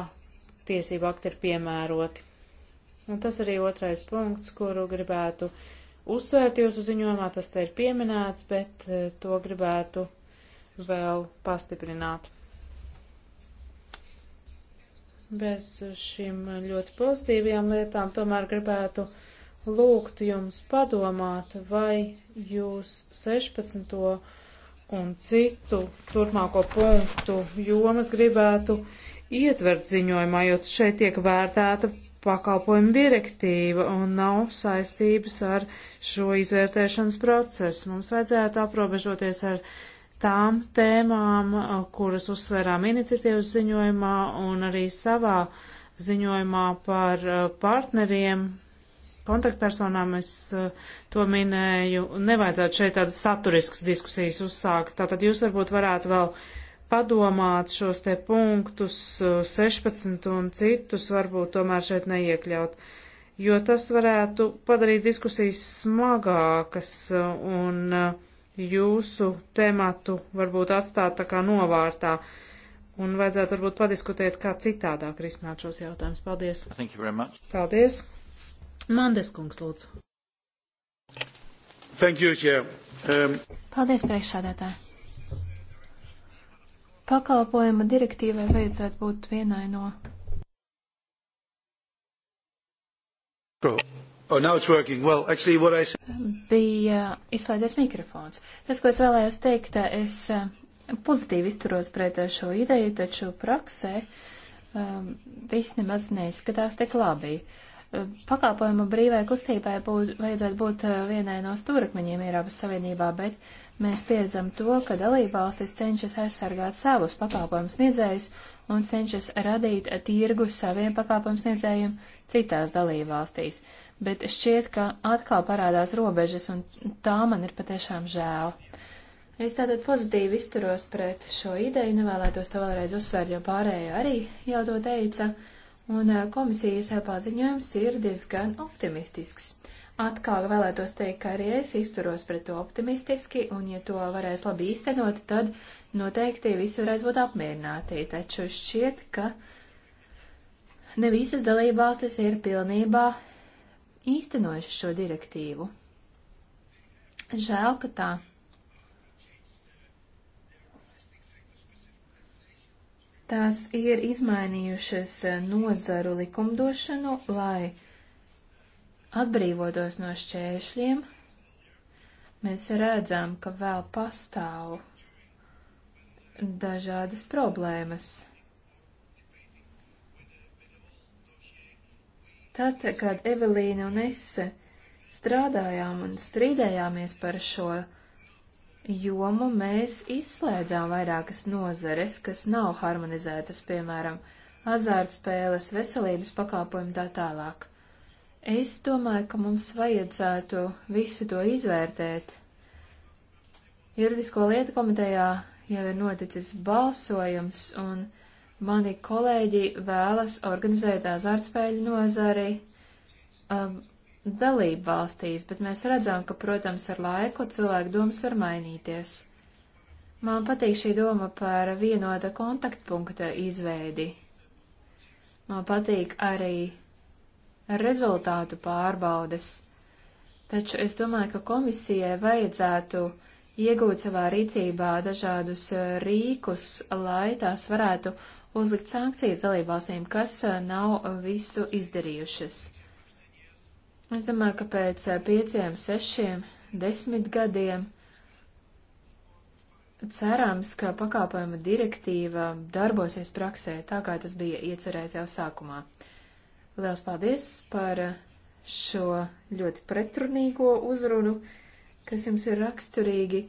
tiesību akti ir piemēroti. Un tas arī otrais punkts, kuru gribētu uh, uzsvērt jūsu ziņojumā, tas te ir pieminēts, bet eh, to gribētu vēl pastiprināt. Bez šīm ļoti pozitīvajām lietām tomēr gribētu lūgt jums padomāt, vai jūs 16. un citu turpmāko punktu jomas gribētu ietvert ziņojumā, jo šeit tiek vērtēta pakalpojumu direktīva un nav saistības ar šo izvērtēšanas procesu. Mums vajadzētu aprobežoties ar tām tēmām, kuras uzsverām iniciatīvas ziņojumā un arī savā ziņojumā par partneriem. Kontaktpersonām es to minēju, nevajadzētu šeit tādas saturiskas diskusijas uzsākt. Tātad jūs varbūt varētu vēl padomāt šos te punktus 16 eh, un citus varbūt tomēr šeit neiekļaut, jo tas varētu padarīt diskusijas smagākas eh, un eh, jūsu tematu varbūt atstāt tā kā novārtā. Un vajadzētu varbūt padiskutēt, kā citādāk risināt šos jautājumus. Paldies. Paldies. Mandes kungs, lūdzu. Thank you, Chair. Um... Paldies, priekšsādātāji pakalpojuma direktīvai vajadzētu būt vienai no. Oh, now it's working. Well, actually, what I said... Bija izslēdzies mikrofons. Tas, ko es vēlējos teikt, es eh, pozitīvi izturos pret eh, šo ideju, taču praksē um, viss nemaz neizskatās tik labi. Eh, Pakāpojumu brīvai kustībai būt, vajadzētu būt vienai no stūrakmeņiem Eiropas Savienībā, bet uh, Mēs piedzam to, ka dalībvalstis cenšas aizsargāt savus pakalpojumu sniedzējus un cenšas radīt tirgu saviem pakalpojumu sniedzējiem citās dalībvalstīs. Bet šķiet, ka atkal parādās robežas, un tā man ir patiešām žēl. Es tātad pozitīvi izturos pret šo ideju, nevēlētos to vēlreiz uzsvērt, jo pārējie arī jau to teica, un eh, komisijas paziņojums ir diezgan optimistisks. Atkal vēlētos teikt, ka arī es izturos pret to optimistiski, un ja to varēs labi īstenot, tad noteikti visi varēs būt apmierināti. Taču šķiet, ka ne visas dalībvalstis ir pilnībā īstenojušas šo direktīvu. Žēl, ka tā. Tās ir izmainījušas nozaru likumdošanu, lai atbrīvotos no šķēršļiem, mēs redzam, ka vēl pastāv dažādas problēmas. Tad, kad Evelīna un es strādājām un strīdējāmies par šo jomu, mēs izslēdzām vairākas nozares, kas nav harmonizētas, piemēram, azārtspēles, veselības pakāpojumi tā tālāk. Es domāju, ka mums vajadzētu visu to izvērtēt. Juridisko lietu komitejā jau ir noticis balsojums, un mani kolēģi vēlas organizēt azartspēļu nozari um, dalību valstīs, bet mēs redzam, ka, protams, ar laiku cilvēku domas var mainīties. Man patīk šī doma par vienota kontaktpunkta izveidi. Man patīk arī rezultātu pārbaudes. Taču es domāju, ka komisijai vajadzētu iegūt savā rīcībā dažādus eh, rīkus, lai tās varētu uzlikt sankcijas dalībvalstīm, kas eh, nav visu izdarījušas. Es domāju, ka pēc eh, pieciem, sešiem, desmit gadiem cerams, ka pakāpojuma direktīva darbosies praksē tā, kā tas bija iecerēts jau sākumā. Liels paldies par šo ļoti pretrunīgo uzrunu, kas jums ir raksturīgi.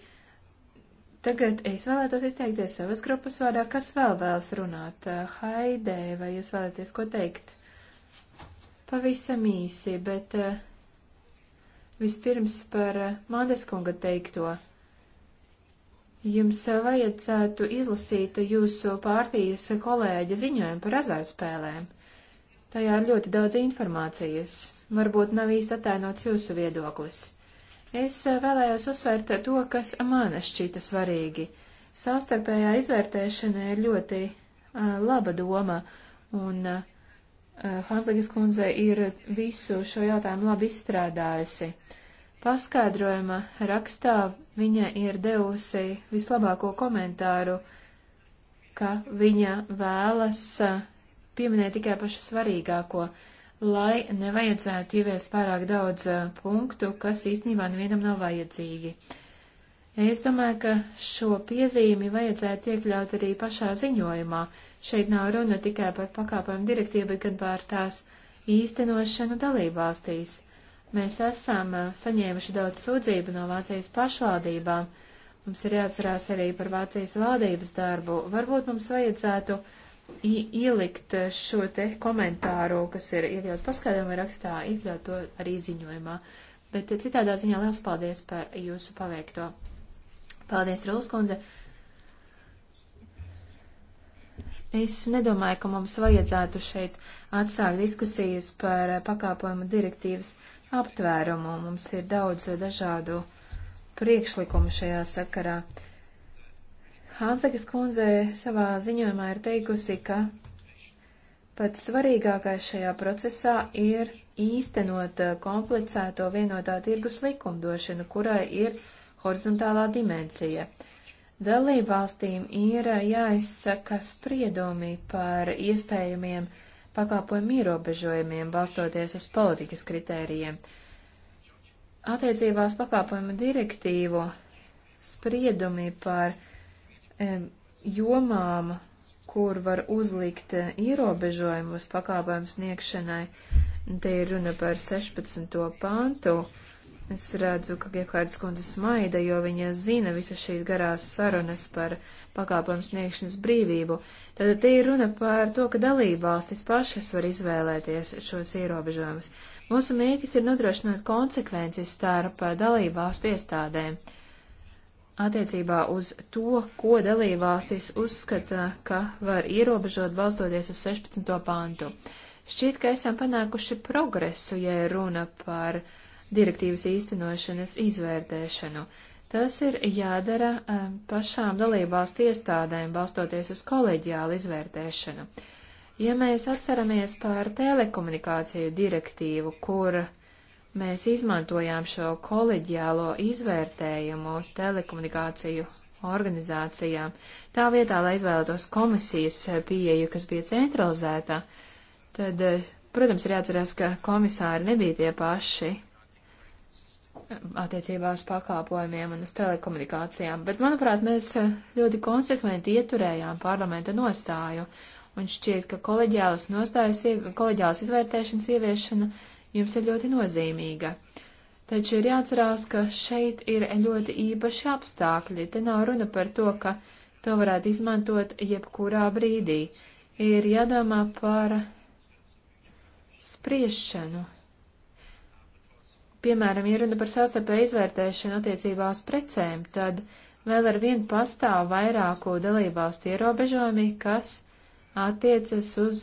Tagad es vēlētos izteikties savas grupas vārdā, kas vēl vēlas runāt. Haidē, vai jūs vēlaties ko teikt? Pavisam īsi, bet eh, vispirms par eh, Māndeskunga teikto. Jums vajadzētu izlasīt jūsu pārtījas kolēģa ziņojumu par azartspēlēm. Tajā ir ļoti daudz informācijas. Varbūt nav īsti atainots jūsu viedoklis. Es eh, vēlējos uzsvērt to, kas man šķita svarīgi. Savstarpējā izvērtēšana ir ļoti uh, laba doma, un uh, eh, Hanslīgas kundze ir visu šo jautājumu labi izstrādājusi. Paskaidrojuma rakstā viņa ir devusi vislabāko komentāru, ka viņa vēlas uh, pieminēju tikai pašu svarīgāko, lai nevajadzētu ieviest pārāk daudz punktu, kas īstenībā nevienam nav vajadzīgi. Es domāju, ka šo piezīmi vajadzētu iekļaut arī pašā ziņojumā. Šeit nav runa tikai par pakāpojumu direktīvu, bet gan par tās īstenošanu dalībvalstīs. Mēs esam saņēmuši daudz sūdzību no Vācijas pašvaldībām. Mums ir jāatcerās arī par Vācijas valdības darbu. Varbūt mums vajadzētu uh, ielikt eh, šo te komentāru, kas ir iekļauts paskaidrojuma rakstā, iekļaut to arī ziņojumā. Bet eh, citādā ziņā liels paldies par jūsu paveikto. Paldies, Rūskundze. Es nedomāju, ka mums vajadzētu šeit atsākt diskusijas par eh, pakāpojumu direktīvas aptvērumu. Mums ir daudz dažādu priekšlikumu šajā sakarā. Uh, Hansekas kundze savā ziņojumā ir teikusi, ka pats svarīgākais šajā procesā ir īstenot uh, komplicēto vienotā tirgus likumdošanu, kurai ir horizontālā dimensija. Dalībvalstīm ir uh, jāizsaka spriedumi par iespējamiem pakāpojumu ierobežojumiem, balstoties uz politikas kritērijiem. Attiecībās pakāpojumu direktīvu spriedumi par jomām, kur var uzlikt eh, ierobežojumus pakāpojumu sniegšanai, te ir runa par 16. pāntu. Es redzu, ka Gebhārdas kundze smaida, jo viņa zina visas šīs garās sarunas par pakāpojumu sniegšanas brīvību. Tad te ir runa par to, ka dalībvalstis pašas var izvēlēties šos ierobežojumus. Mūsu mērķis ir nodrošināt konsekvences starp dalībvalstu iestādēm. Uh, attiecībā uz to, ko dalībvalstis uzskata, ka var ierobežot balstoties uz 16. pantu. Šķiet, ka esam panākuši progresu, ja runa par direktīvas īstenošanas izvērtēšanu. Tas ir jādara eh, pašām dalībvalstu iestādēm, balstoties uz koleģiālu izvērtēšanu. Ja mēs atceramies par telekomunikāciju direktīvu, kur uh, Mēs izmantojām šo koleģiālo izvērtējumu telekomunikāciju organizācijām. Tā vietā, lai izvēlētos komisijas pieeju, kas bija centralizētā, tad, eh, protams, ir jāatcerās, ka komisāri nebija tie paši eh, attiecībā uz pakalpojumiem un uz telekomunikācijām, bet, manuprāt, mēs eh, ļoti konsekventi ieturējām parlamenta nostāju, un šķiet, ka koleģiālas nostājas, koleģiālas izvērtēšanas ieviešana jums ir ļoti nozīmīga. Taču ir jāatcerās, ka šeit ir ļoti īpaši apstākļi. Te nav runa par to, ka to varētu izmantot jebkurā brīdī. Ir jādomā par spriešanu. Piemēram, ja runa par sastarpēju izvērtēšanu attiecībā uz precēm, tad vēl ar vienu pastāv vairāku dalībvalstu ierobežojumi, kas attiecas uz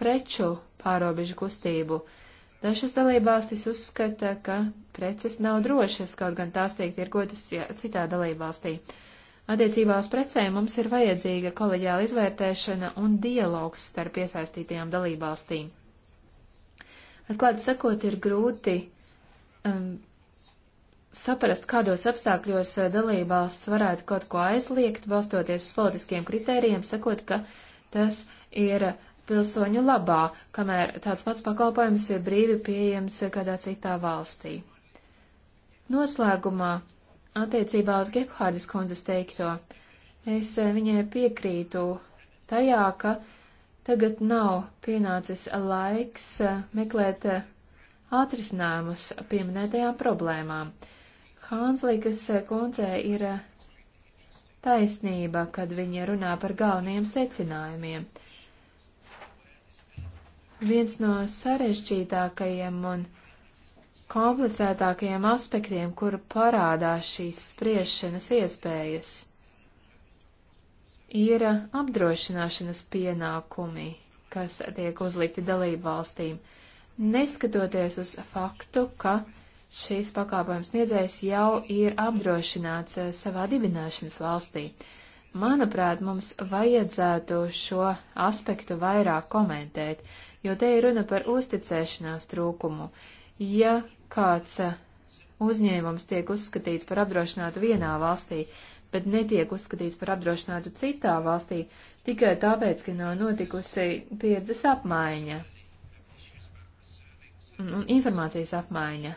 preču pārobežu kustību. Uh, Dažas dalībvalstis uzskata, ka preces nav drošas, kaut gan tās tiek tirgotas citā dalībvalstī. Attiecībā uz precēm mums ir vajadzīga kolēģiāla izvērtēšana un dialogs starp iesaistītajām dalībvalstīm. Atklāti sakot, ir grūti um, saprast, kādos apstākļos uh, dalībvalsts varētu kaut ko aizliegt, balstoties uz politiskiem kritērijiem, sakot, ka tas ir pilsoņu labā, kamēr tāds pats pakalpojums ir brīvi pieejams kādā citā valstī. Noslēgumā, attiecībā uz Gebhārdas kundzes teikto, es eh, viņai piekrītu tajā, ka tagad nav pienācis laiks eh, meklēt eh, atrisinājumus pieminētajām problēmām. Hānslīkas kundzē ir taisnība, kad viņa runā par galvenajiem secinājumiem. Viens no sarežģītākajiem un komplicētākajiem aspektiem, kuru parādās šīs spriešanas iespējas, ir apdrošināšanas pienākumi, kas tiek uzlikti dalību valstīm, neskatoties uz faktu, ka šīs pakāpojums sniedzējs jau ir apdrošināts eh, savā dibināšanas valstī. Manuprāt, mums vajadzētu šo aspektu vairāk komentēt jo te ir runa par uzticēšanās trūkumu. Ja kāds eh, uzņēmums tiek uzskatīts par apdrošinātu vienā valstī, bet netiek uzskatīts par apdrošinātu citā valstī, tikai tāpēc, ka nav notikusi pieredzes apmaiņa un informācijas apmaiņa.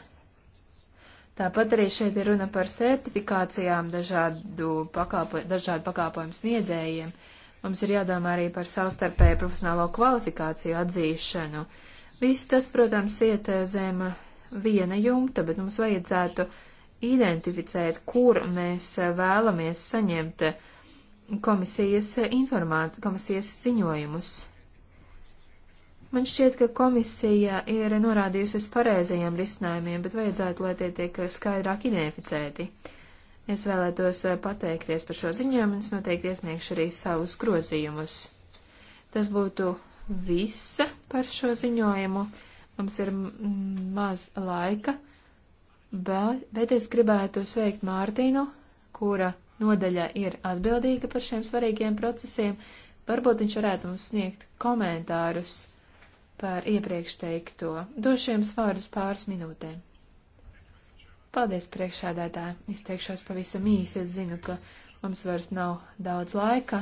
Tāpat arī šeit ir runa par certifikācijām dažādu, pakāpo, dažādu pakāpojumu sniedzējiem. Uh, Mums ir jādomā arī par savstarpēju profesionālo kvalifikāciju atzīšanu. Viss tas, protams, iet eh, zem viena jumta, bet mums vajadzētu identificēt, kur mēs eh, vēlamies saņemt eh, komisijas informāciju, komisijas ziņojumus. Man šķiet, ka komisija ir norādījusi uz pareizajiem risinājumiem, bet vajadzētu, lai tie tiek skaidrāk identificēti. Uh, Es vēlētos eh, pateikties par šo ziņojumu, un es noteikti iesniegšu arī savus grozījumus. Tas būtu viss par šo ziņojumu. Mums ir maz laika, bet es gribētu sveikt Mārtīnu, kura nodaļa ir atbildīga par šiem svarīgiem procesiem. Varbūt viņš varētu mums sniegt komentārus par iepriekš teikto. Došu jums vārdus pāris minūtēm. Paldies, priekšādētāji. Izteikšos pavisam īsi. Es zinu, ka mums vairs nav daudz laika.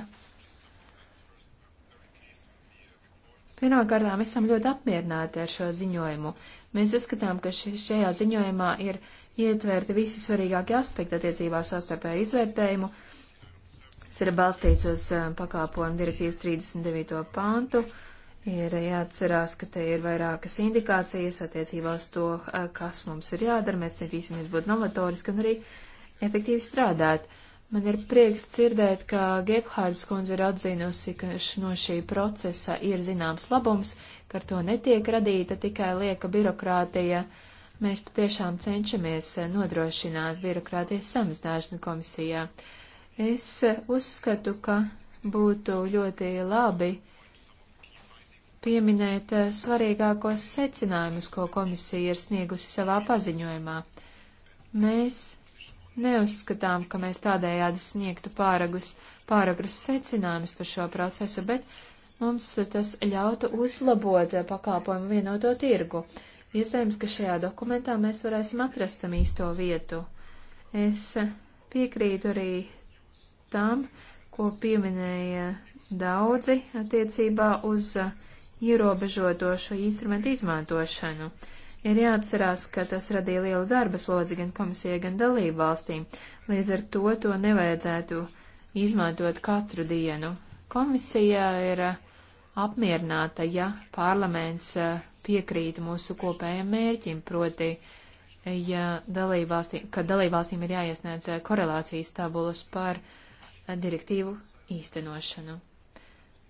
Pirmkārt, mēs esam ļoti apmierināti ar šo ziņojumu. Mēs uzskatām, ka šajā ziņojumā ir ietverti visi svarīgākie aspekti attiecībā sastarpēju izvērtējumu. Tas ir balstīts uz uh, pakāpojumu direktīvas 39. pāntu. Uh, Ir jāatcerās, ka te ir vairākas indikācijas attiecībā uz to, kas mums ir jādara. Mēs centīsimies būt novatoriski un arī efektīvi strādāt. Man ir prieks dzirdēt, ka Gebhārds kundze ir atzinusi, ka no šī procesa ir zināms labums, ka ar to netiek radīta tikai lieka birokrātija. Mēs patiešām cenšamies nodrošināt birokrātijas samazināšanu komisijā. Es uzskatu, ka būtu ļoti labi pieminēt eh, svarīgākos secinājumus, ko komisija ir sniegusi savā paziņojumā. Mēs neuzskatām, ka mēs tādējādi sniegtu pāragus, pāragrus secinājumus par šo procesu, bet mums tas ļautu uzlabot eh, pakāpojumu vienoto tirgu. Iespējams, ka šajā dokumentā mēs varēsim atrast tam īsto vietu. Es piekrītu arī tam, ko pieminēja daudzi attiecībā uz uh, ierobežoto šo instrumentu izmantošanu. Ir jāatcerās, ka tas radīja lielu darba slodzi gan komisijai, gan dalību valstīm, līdz ar to to nevajadzētu izmantot katru dienu. Komisija ir apmierināta, ja parlaments eh, piekrīt mūsu kopējam mērķim, proti, ja dalībvalstīm, ka dalībvalstīm ir jāiesniedz eh, korelācijas tabulas par eh, direktīvu īstenošanu.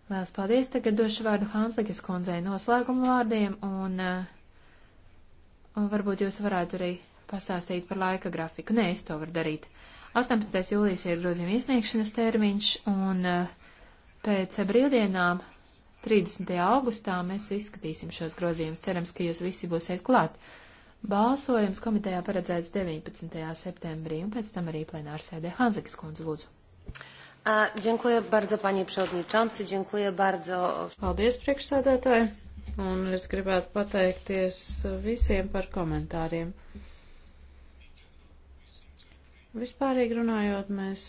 Lielas paldies. Tagad došu vārdu Hanslikas kundzei noslēguma vārdiem, un, uh, un varbūt jūs varētu arī pastāstīt par laika grafiku. Nē, es to varu darīt. 18. jūlijas ir grozījuma iesniegšanas termiņš, un uh, pēc brīvdienām 30. augustā mēs izskatīsim šos grozījumus. Cerams, ka jūs visi būsiet klāt. Balsojums komitejā paredzēts 19. septembrī, un pēc tam arī plenārsēdē Hanslikas kundze lūdzu. A, dziękuję bardzo, panie przewodniczący, dziękuję bardzo. Paldies, priekšsēdētāji, un es gribētu pateikties visiem par komentāriem. Vispārīgi runājot, mēs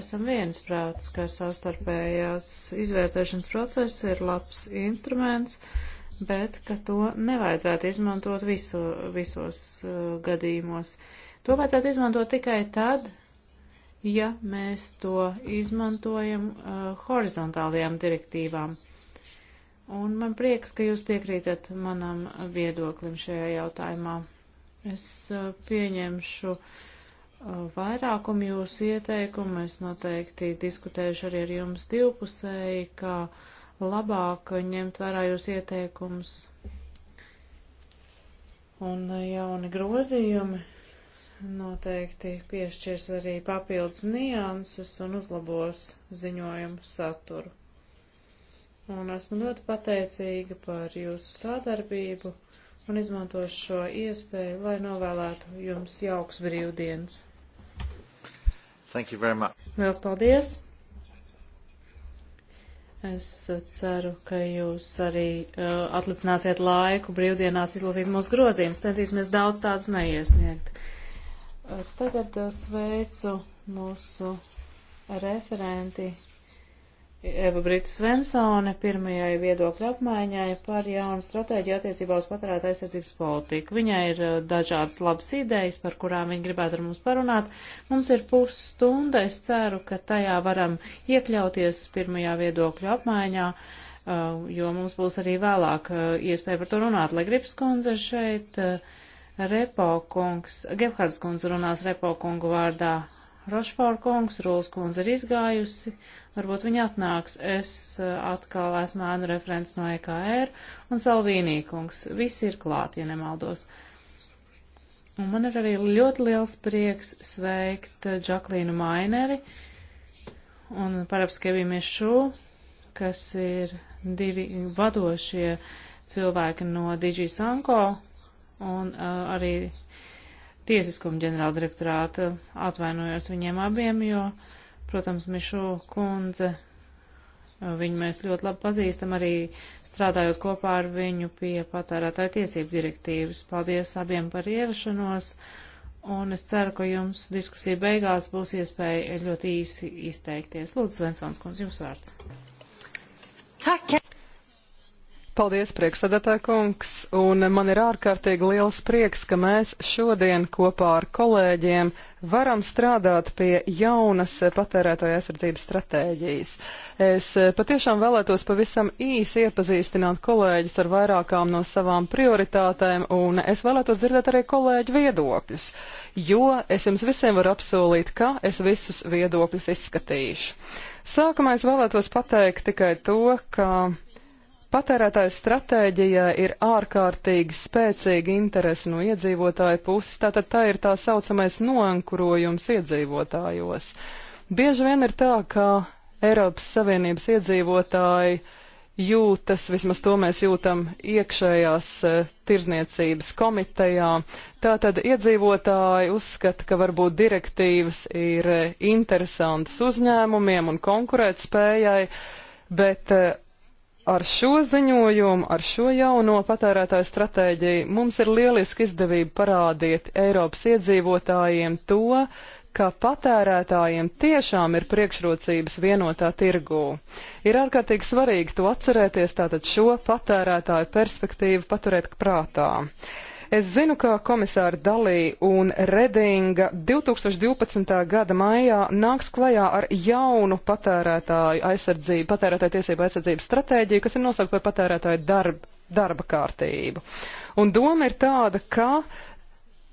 esam viensprāts, ka savstarpējās izvērtēšanas process ir labs instruments, bet ka to nevajadzētu izmantot viso, visos uh, gadījumos. To vajadzētu izmantot tikai tad, ja mēs to izmantojam uh, horizontālajām direktīvām. Un man prieks, ka jūs piekrītat manam viedoklim šajā jautājumā. Es uh, pieņemšu uh, vairākumu jūsu ieteikumu. Es noteikti diskutēšu arī ar jums divpusēji, kā labāk ņemt vērā jūsu ieteikumus un uh, jauni grozījumi noteikti piešķirs arī papildus nianses un uzlabos ziņojumu saturu. Un esmu ļoti pateicīga par jūsu sadarbību un izmantošu šo iespēju, lai novēlētu jums jauks brīvdienas. Thank you very much. Vēls paldies! Es ceru, ka jūs arī uh, atlicināsiet laiku brīvdienās izlasīt mūsu grozījumus. Centīsimies daudz tādus neiesniegt. Eh, tagad eh, sveicu mūsu referenti Eva Britu Svensone pirmajai viedokļa apmaiņai par jaunu stratēģiju attiecībā uz patērēta aizsardzības politiku. Viņai ir eh, dažādas labas idejas, par kurām viņa gribētu ar mums parunāt. Mums ir pusstunda, es ceru, ka tajā varam iekļauties pirmajā viedokļa apmaiņā, jo mums būs arī vēlāk iespēja par to runāt. Legribs kundze šeit. Uh, Repo kungs, Gebhards kundze runās Repo kungu vārdā. Rošfor kungs, Rūls kundze ir izgājusi, varbūt viņa atnāks. Es eh, atkal esmu ēnu referents no EKR un Salvīnī kungs. Visi ir klāt, ja nemaldos. Un man ir arī ļoti liels prieks sveikt eh, Džaklīnu Maineri un Parapskevī Mišu, kas ir divi vadošie cilvēki no Digi Sanko un uh, arī tiesiskuma ģenerāldirektorāta atvainojos viņiem abiem, jo, protams, Mišu kundze, viņu mēs ļoti labi pazīstam, arī strādājot kopā ar viņu pie patērētāju tiesību direktīvas. Paldies abiem par ierašanos, un es ceru, ka jums diskusija beigās būs iespēja ļoti īsi izteikties. Lūdzu, Svensons kundze, jums vārds. Tak, Paldies, priekšsēdētāj kungs, un man ir ārkārtīgi liels prieks, ka mēs šodien kopā ar kolēģiem varam strādāt pie jaunas patērētāja aizsardzības stratēģijas. Es eh, patiešām vēlētos pavisam īsi iepazīstināt kolēģis ar vairākām no savām prioritātēm, un es vēlētos dzirdēt arī kolēģu viedokļus, jo es jums visiem varu apsolīt, ka es visus viedokļus izskatīšu. Sākumā es vēlētos pateikt tikai to, ka Patērētājs stratēģijā ir ārkārtīgi spēcīga interese no iedzīvotāja puses, tātad tā ir tā saucamais noankurojums iedzīvotājos. Bieži vien ir tā, ka Eiropas Savienības iedzīvotāji jūtas, vismaz to mēs jūtam iekšējās e, tirzniecības komitejā, tātad iedzīvotāji uzskata, ka varbūt direktīvas ir eh, interesantas uzņēmumiem un konkurētspējai, bet e, Ar šo ziņojumu, ar šo jauno patērētāju stratēģiju mums ir lieliski izdevība parādīt Eiropas iedzīvotājiem to, ka patērētājiem tiešām ir priekšrocības vienotā tirgū. Ir ārkārtīgi svarīgi to atcerēties, tātad šo patērētāju perspektīvu paturēt prātā. Uh, Es zinu, ka komisāri Dalī un Redinga 2012. gada maijā nāks klajā ar jaunu patērētāju aizsardzību, patērētāju tiesību aizsardzību stratēģiju, kas ir nosaukt par patērētāju darbu darba kārtību. Un doma ir tāda, ka uh,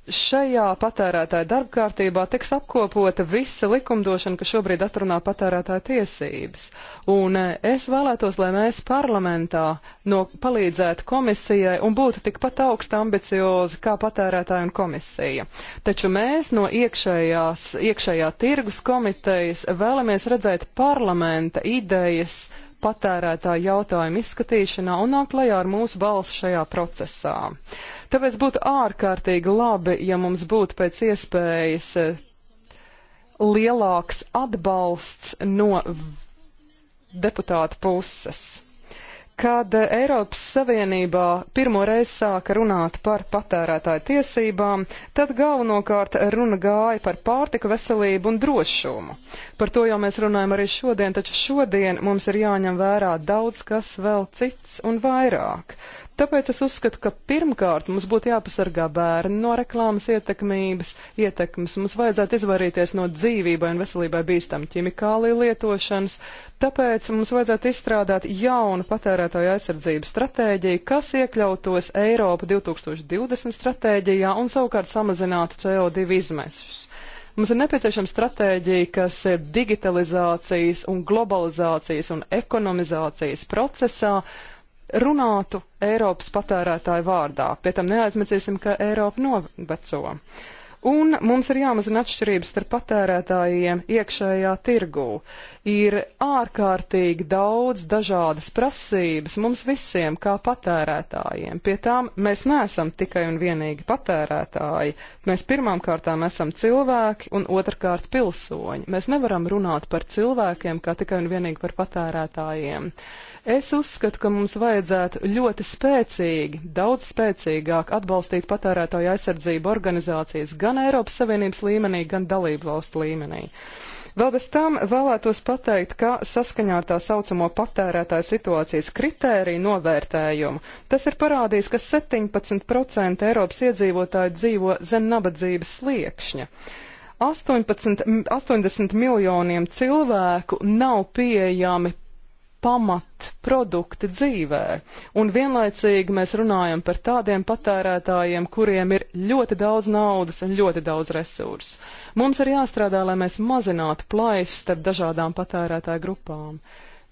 Šajā patērētāja darba kārtībā tiks apkopota visa likumdošana, kas šobrīd atrunā patērētāja tiesības. Un e, es vēlētos, lai mēs parlamentā no palīdzētu komisijai un būtu tikpat augsta ambiciozi kā patērētāja un komisija. Taču mēs no iekšējās, iekšējā tirgus komitejas vēlamies redzēt parlamenta idejas patērētāju jautājumu izskatīšanā un nāk klajā ar mūsu balsi šajā procesā. Tāpēc būtu ārkārtīgi labi, ja mums būtu pēc iespējas eh, lielāks atbalsts no deputāta puses. Kad Eiropas Savienībā pirmo reizi sāka runāt par patērētāju tiesībām, tad galvenokārt runa gāja par pārtiku, veselību un drošumu. Par to jau mēs runājam arī šodien, taču šodien mums ir jāņem vērā daudz kas vēl cits un vairāk. Tāpēc es uzskatu, ka pirmkārt mums būtu jāpasargā bērni no reklāmas ietekmības, ietekmes. Mums vajadzētu izvairīties no dzīvībai un veselībai bīstam ķimikāliju lietošanas. Tāpēc mums vajadzētu izstrādāt jaunu patērētāju aizsardzību stratēģiju, kas iekļautos Eiropa 2020 stratēģijā un savukārt samazinātu CO2 izmešus. Mums ir nepieciešama stratēģija, kas ir digitalizācijas un globalizācijas un ekonomizācijas procesā runātu Eiropas patērētāju vārdā. Pie tam neaizmirsīsim, ka Eiropa noveco un mums ir jāmazina atšķirības starp patērētājiem iekšējā tirgū. Ir ārkārtīgi daudz dažādas prasības mums visiem kā patērētājiem. Pie tām mēs neesam tikai un vienīgi patērētāji. Mēs pirmām kārtām esam cilvēki un otrkārt pilsoņi. Mēs nevaram runāt par cilvēkiem kā tikai un vienīgi par patērētājiem. Es uzskatu, ka mums vajadzētu ļoti spēcīgi, daudz spēcīgāk atbalstīt patērētāju aizsardzību organizācijas gan gan Eiropas Savienības līmenī, gan dalību valstu līmenī. Vēl bez tam vēlētos pateikt, ka saskaņā ar tā saucamo patērētāju situācijas kritēriju novērtējumu tas ir parādījis, ka 17% Eiropas iedzīvotāju dzīvo zem nabadzības sliekšņa. 18, 80 miljoniem cilvēku nav pieejami pamatprodukti dzīvē. Un vienlaicīgi mēs runājam par tādiem patērētājiem, kuriem ir ļoti daudz naudas un ļoti daudz resursu. Mums ir jāstrādā, lai mēs mazinātu plaisu starp dažādām patērētāju grupām.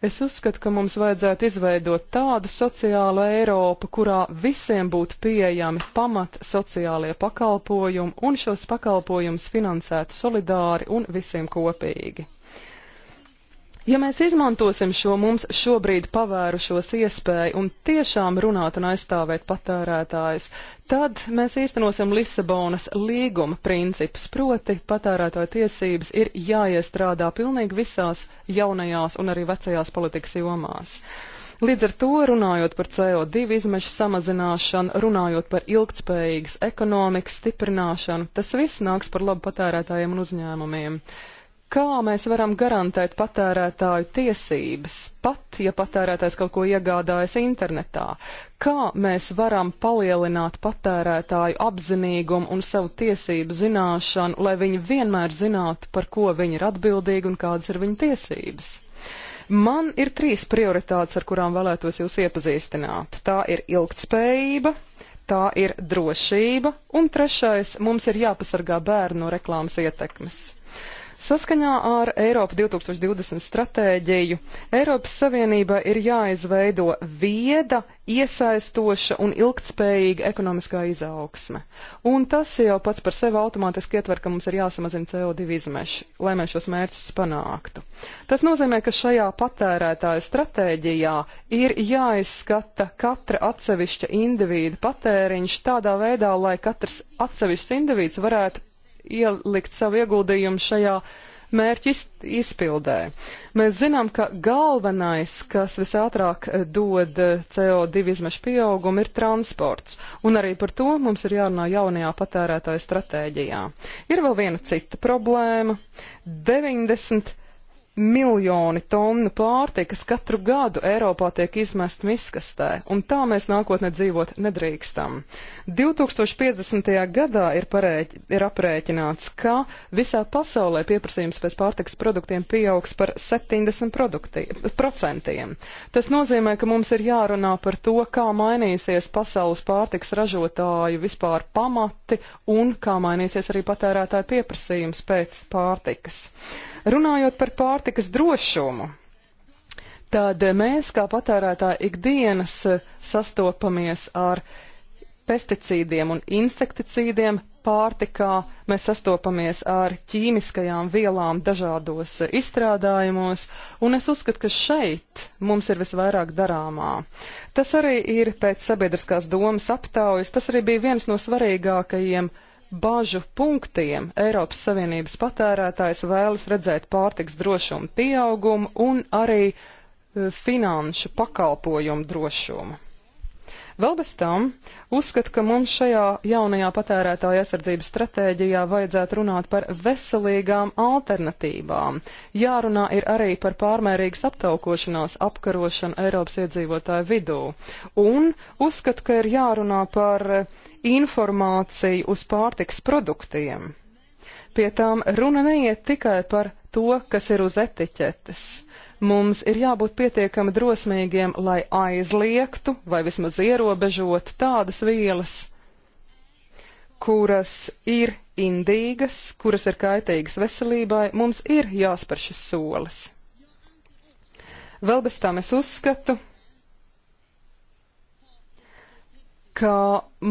Es uzskatu, ka mums vajadzētu izveidot tādu sociālu Eiropu, kurā visiem būtu pieejami pamat sociālie pakalpojumi un šos pakalpojumus finansētu solidāri un visiem kopīgi. Ja mēs izmantosim šo mums šobrīd pavērušos iespēju un tiešām runāt un aizstāvēt patērētājus, tad mēs īstenosim Lisabonas līguma principus, proti patērētāju tiesības ir jāiestrādā pilnīgi visās jaunajās un arī vecajās politikas jomās. Līdz ar to runājot par CO2 izmešu samazināšanu, runājot par ilgtspējīgas ekonomikas stiprināšanu, tas viss nāks par labu patērētājiem un uzņēmumiem. Kā mēs varam garantēt patērētāju tiesības, pat ja patērētājs kaut ko iegādājas internetā? Kā mēs varam palielināt patērētāju apzinīgumu un savu tiesību zināšanu, lai viņi vienmēr zinātu, par ko viņi ir atbildīgi un kādas ir viņu tiesības? Man ir trīs prioritātes, ar kurām vēlētos jūs iepazīstināt. Tā ir ilgtspējība, tā ir drošība, un trešais - mums ir jāpasargā bērnu no reklāmas ietekmes. Saskaņā ar Eiropa 2020 stratēģiju Eiropas Savienība ir jāizveido vieda, iesaistoša un ilgtspējīga ekonomiskā izaugsme. Un tas jau pats par sevi automātiski ietver, ka mums ir jāsamazina CO2 izmeši, lai mēs šos mērķus panāktu. Tas nozīmē, ka šajā patērētāju stratēģijā ir jāizskata katra atsevišķa individu patēriņš tādā veidā, lai katrs atsevišķs individs varētu ielikt savu ieguldījumu šajā mērķu izpildē. Mēs zinām, ka galvenais, kas visātrāk eh, dod eh, CO2 izmešu pieaugumu, ir transports, un arī par to mums ir jārunā jaunajā patērētāja stratēģijā. Ir vēl viena cita problēma - 90 miljoni tonu pārtikas katru gadu Eiropā tiek izmest miskastē, un tā mēs nākotnē dzīvot nedrīkstam. 2050. gadā ir, parēķi, ir aprēķināts, ka visā pasaulē pieprasījums pēc pārtikas produktiem pieaugs par 70%. Tas nozīmē, ka mums ir jārunā par to, kā mainīsies pasaules pārtikas ražotāju vispār pamati un kā mainīsies arī patērētāju pieprasījums pēc pārtikas. Runājot par pārtikas drošumu, tad mēs kā patērētāji ikdienas sastopamies ar pesticīdiem un insekticīdiem pārtikā, mēs sastopamies ar ķīmiskajām vielām dažādos izstrādājumos, un es uzskatu, ka šeit mums ir visvairāk darāmā. Tas arī ir pēc sabiedriskās domas aptaujas, tas arī bija viens no svarīgākajiem uh, bāžu punktiem Eiropas Savienības patērētājs vēlas redzēt pārtiks drošumu pieaugumu un arī eh, finanšu pakalpojumu drošumu. Vēl bez tam uzskatu, ka mums šajā jaunajā patērētāja aizsardzības stratēģijā vajadzētu runāt par veselīgām alternatīvām. Jārunā ir arī par pārmērīgas aptaukošanās apkarošanu Eiropas iedzīvotāju vidū. Un uzskatu, ka ir jārunā par informāciju uz pārtiks produktiem. Pie tām runa neiet tikai par to, kas ir uz etiķetes Mums ir jābūt pietiekami drosmīgiem, lai aizliegtu vai vismaz ierobežotu tādas vielas, kuras ir indīgas, kuras ir kaitīgas veselībai. Mums ir jāspēr šis solis. Vēl bez tām es uzskatu, ka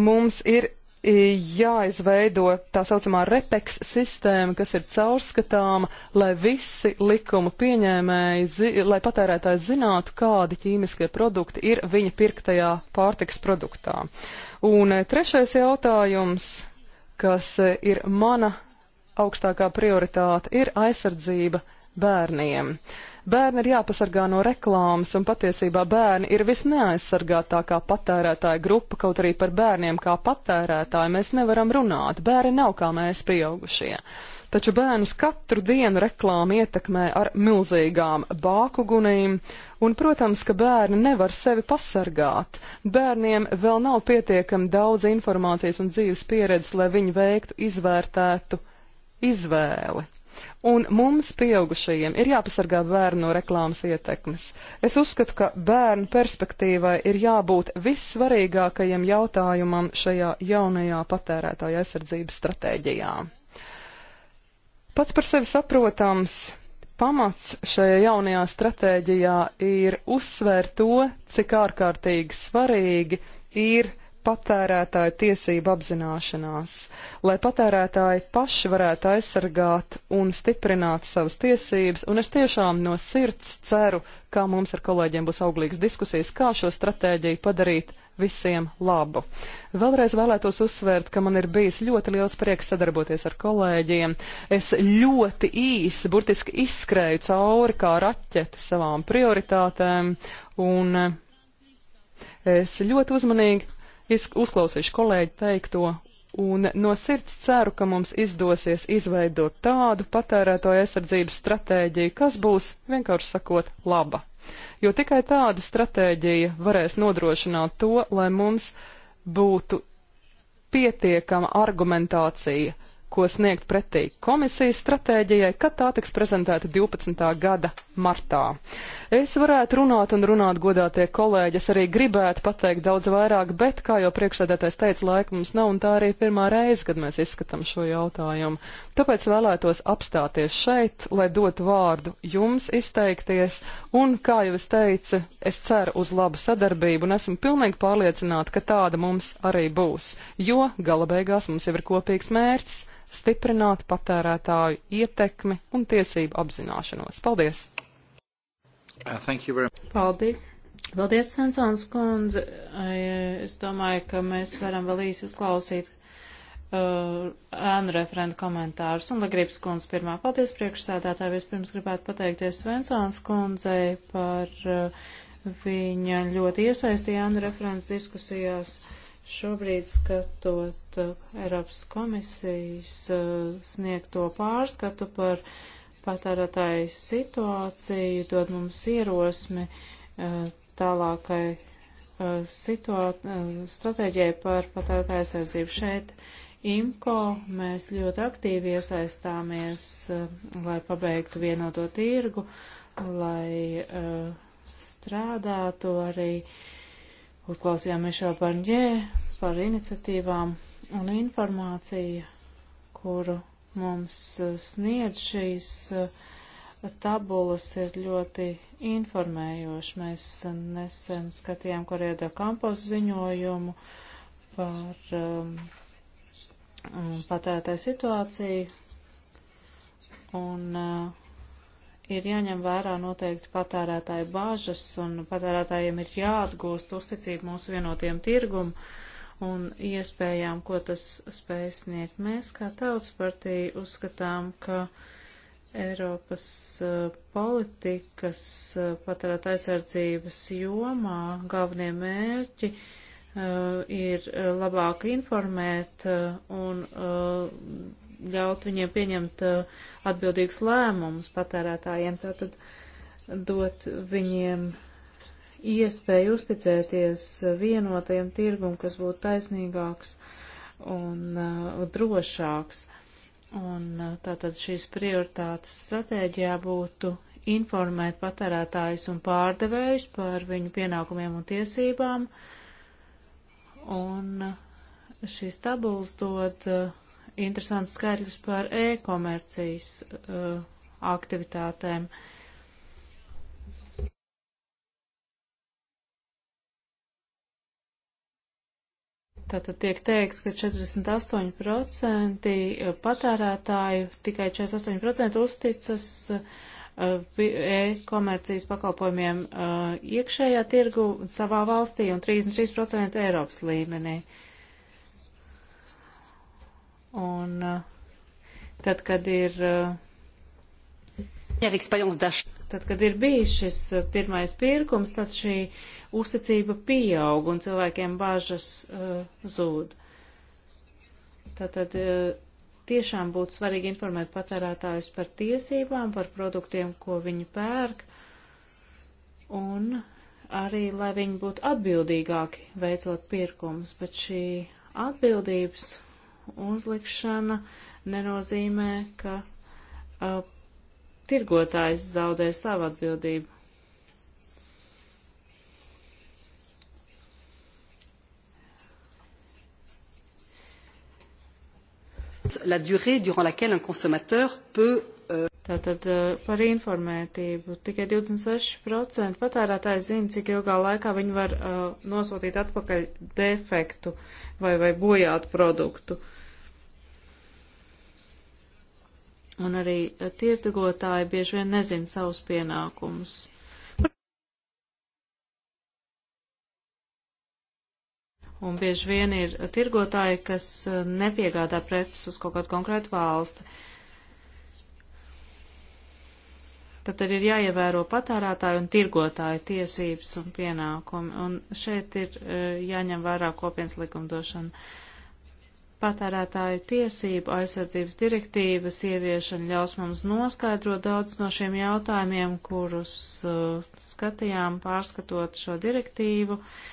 mums ir jāizveido tā saucamā repeks sistēma, kas ir caurskatāma, lai visi likuma pieņēmēji, zi, lai patērētāji zinātu, kādi ķīmiskie produkti ir viņa pirktajā pārtiks produktā. Un e, trešais jautājums, kas e, ir mana augstākā prioritāte, ir aizsardzība bērniem. Bērni ir jāpasargā no reklāmas, un patiesībā bērni ir visneaizsargātākā patērētāja grupa, kaut arī par bērniem kā patērētāju mēs nevaram runāt. Bērni nav kā mēs pieaugušie. Taču bērnus katru dienu reklāma ietekmē ar milzīgām bākugunīm, un, protams, ka bērni nevar sevi pasargāt. Bērniem vēl nav pietiekami daudz informācijas un dzīves pieredzes, lai viņi veiktu izvērtētu izvēli. Un mums, pieaugušajiem, ir jāpasargā bērni no reklāmas ietekmes. Es uzskatu, ka bērnu perspektīvai ir jābūt vissvarīgākajam jautājumam šajā jaunajā patērētāja aizsardzības stratēģijā. Pats par sevi saprotams, pamats šajā jaunajā stratēģijā ir uzsvērt to, cik ārkārtīgi svarīgi ir patērētāju tiesību apzināšanās, lai patērētāji paši varētu aizsargāt un stiprināt savas tiesības, un es tiešām no sirds ceru, kā mums ar kolēģiem būs auglīgas diskusijas, kā šo stratēģiju padarīt visiem labu. Vēlreiz vēlētos uzsvērt, ka man ir bijis ļoti liels prieks sadarboties ar kolēģiem. Es ļoti īsi, burtiski izskrēju cauri kā raķete savām prioritātēm, un es ļoti uzmanīgi Es uzklausīšu kolēģi teikto un no sirds ceru, ka mums izdosies izveidot tādu patērētāju aizsardzības stratēģiju, kas būs, vienkārši sakot, laba. Jo tikai tāda stratēģija varēs nodrošināt to, lai mums būtu pietiekama argumentācija ko sniegt pretī komisijas stratēģijai, kad tā tiks prezentēta 12. gada martā. Es varētu runāt un runāt, godātie kolēģi, es arī gribētu pateikt daudz vairāk, bet, kā jau priekšsēdētājs teica, laika mums nav, un tā arī pirmā reize, kad mēs izskatām šo jautājumu. Tāpēc vēlētos apstāties šeit, lai dotu vārdu jums izteikties, un, kā jau es teicu, es ceru uz labu sadarbību, un esmu pilnīgi pārliecināta, ka tāda mums arī būs, jo gala beigās mums jau ir kopīgs mērķis - stiprināt patērētāju ietekmi un tiesību apzināšanos. Paldies! Uh, Paldies! Paldies, Svensons kundze. Es domāju, ka mēs varam vēl īsi uzklausīt Uh, ēnu uh, referendu komentārus. Un Lagrības kundze pirmā paldies priekšsēdētāji. Vispirms gribētu pateikties Svensons kundzei par uh, viņa ļoti iesaistīja ēnu referents diskusijās. Šobrīd skatot uh, Eiropas komisijas uh, sniegto pārskatu par patērētāju situāciju, dod mums ierosmi uh, tālākai uh, situā, uh, stratēģijai par patērētāju aizsardzību šeit. Uh, IMCO mēs ļoti aktīvi iesaistāmies, eh, lai pabeigtu vienoto tirgu, lai uh, strādātu arī uzklausījām Mišo Barņē par iniciatīvām un informāciju, kuru mums eh, sniedz šīs tabulas ir ļoti informējoši. Mēs nesen skatījām Koriedo Kampos ziņojumu par um, patērētāju situāciju, un uh, ir jāņem vērā noteikti patērētāju bāžas, un patērētājiem ir jāatgūst uzticību mūsu vienotiem tirgumu un iespējām, ko tas spēj sniegt. Mēs kā tautas partija uzskatām, ka Eiropas uh, politikas uh, patērētāju aizsardzības jomā galvenie mērķi uh, Eh, ir eh, labāk informēt eh, un ļaut viņiem pieņemt atbildīgus lēmumus patērētājiem, tātad dot viņiem iespēju uzticēties vienotajam tirgum, kas būtu taisnīgāks un uh, drošāks. Un uh, tātad šīs prioritātes stratēģijā būtu informēt patērētājus un pārdevējus par viņu pienākumiem un tiesībām, uh, Un šīs tabulas dod eh, interesantus skaidrus par e-komercijas eh, aktivitātēm. Tātad tiek teikts, ka 48% eh, patērētāju, tikai 48% uzticas uh, Uh, e-komercijas pakalpojumiem uh, iekšējā tirgu savā valstī un 33% Eiropas līmenī. Un uh, tad, kad ir. Tad, kad ir bijis šis pirmais pirkums, tad šī uzticība pieaug un cilvēkiem bažas uh, zūd. Tātad uh, tiešām būtu svarīgi informēt patērētājus par tiesībām, par produktiem, ko viņi pērk, un arī, lai viņi būtu atbildīgāki veicot pirkumus, bet šī atbildības uzlikšana nenozīmē, ka uh, tirgotājs zaudē savu atbildību. La durée durant laquelle un consommateur peut euh, Tātad eh, par informētību. Tikai 26% patērētāji zina, cik ilgā laikā viņi var uh, nosūtīt atpakaļ defektu vai, vai bojātu produktu. Un arī eh, tirgotāji bieži vien nezina savus pienākumus. Un bieži vien ir tirgotāji, kas eh, nepiegādā preces uz kaut kādu konkrētu valsti. Tad arī ir jāievēro patērētāju un tirgotāju tiesības un pienākumi. Un šeit ir eh, jāņem vērā kopienas likumdošana. Patērētāju tiesību aizsardzības direktīvas ieviešana ļaus mums noskaidrot daudz no šiem jautājumiem, kurus uh, skatījām pārskatot šo direktīvu. Uh,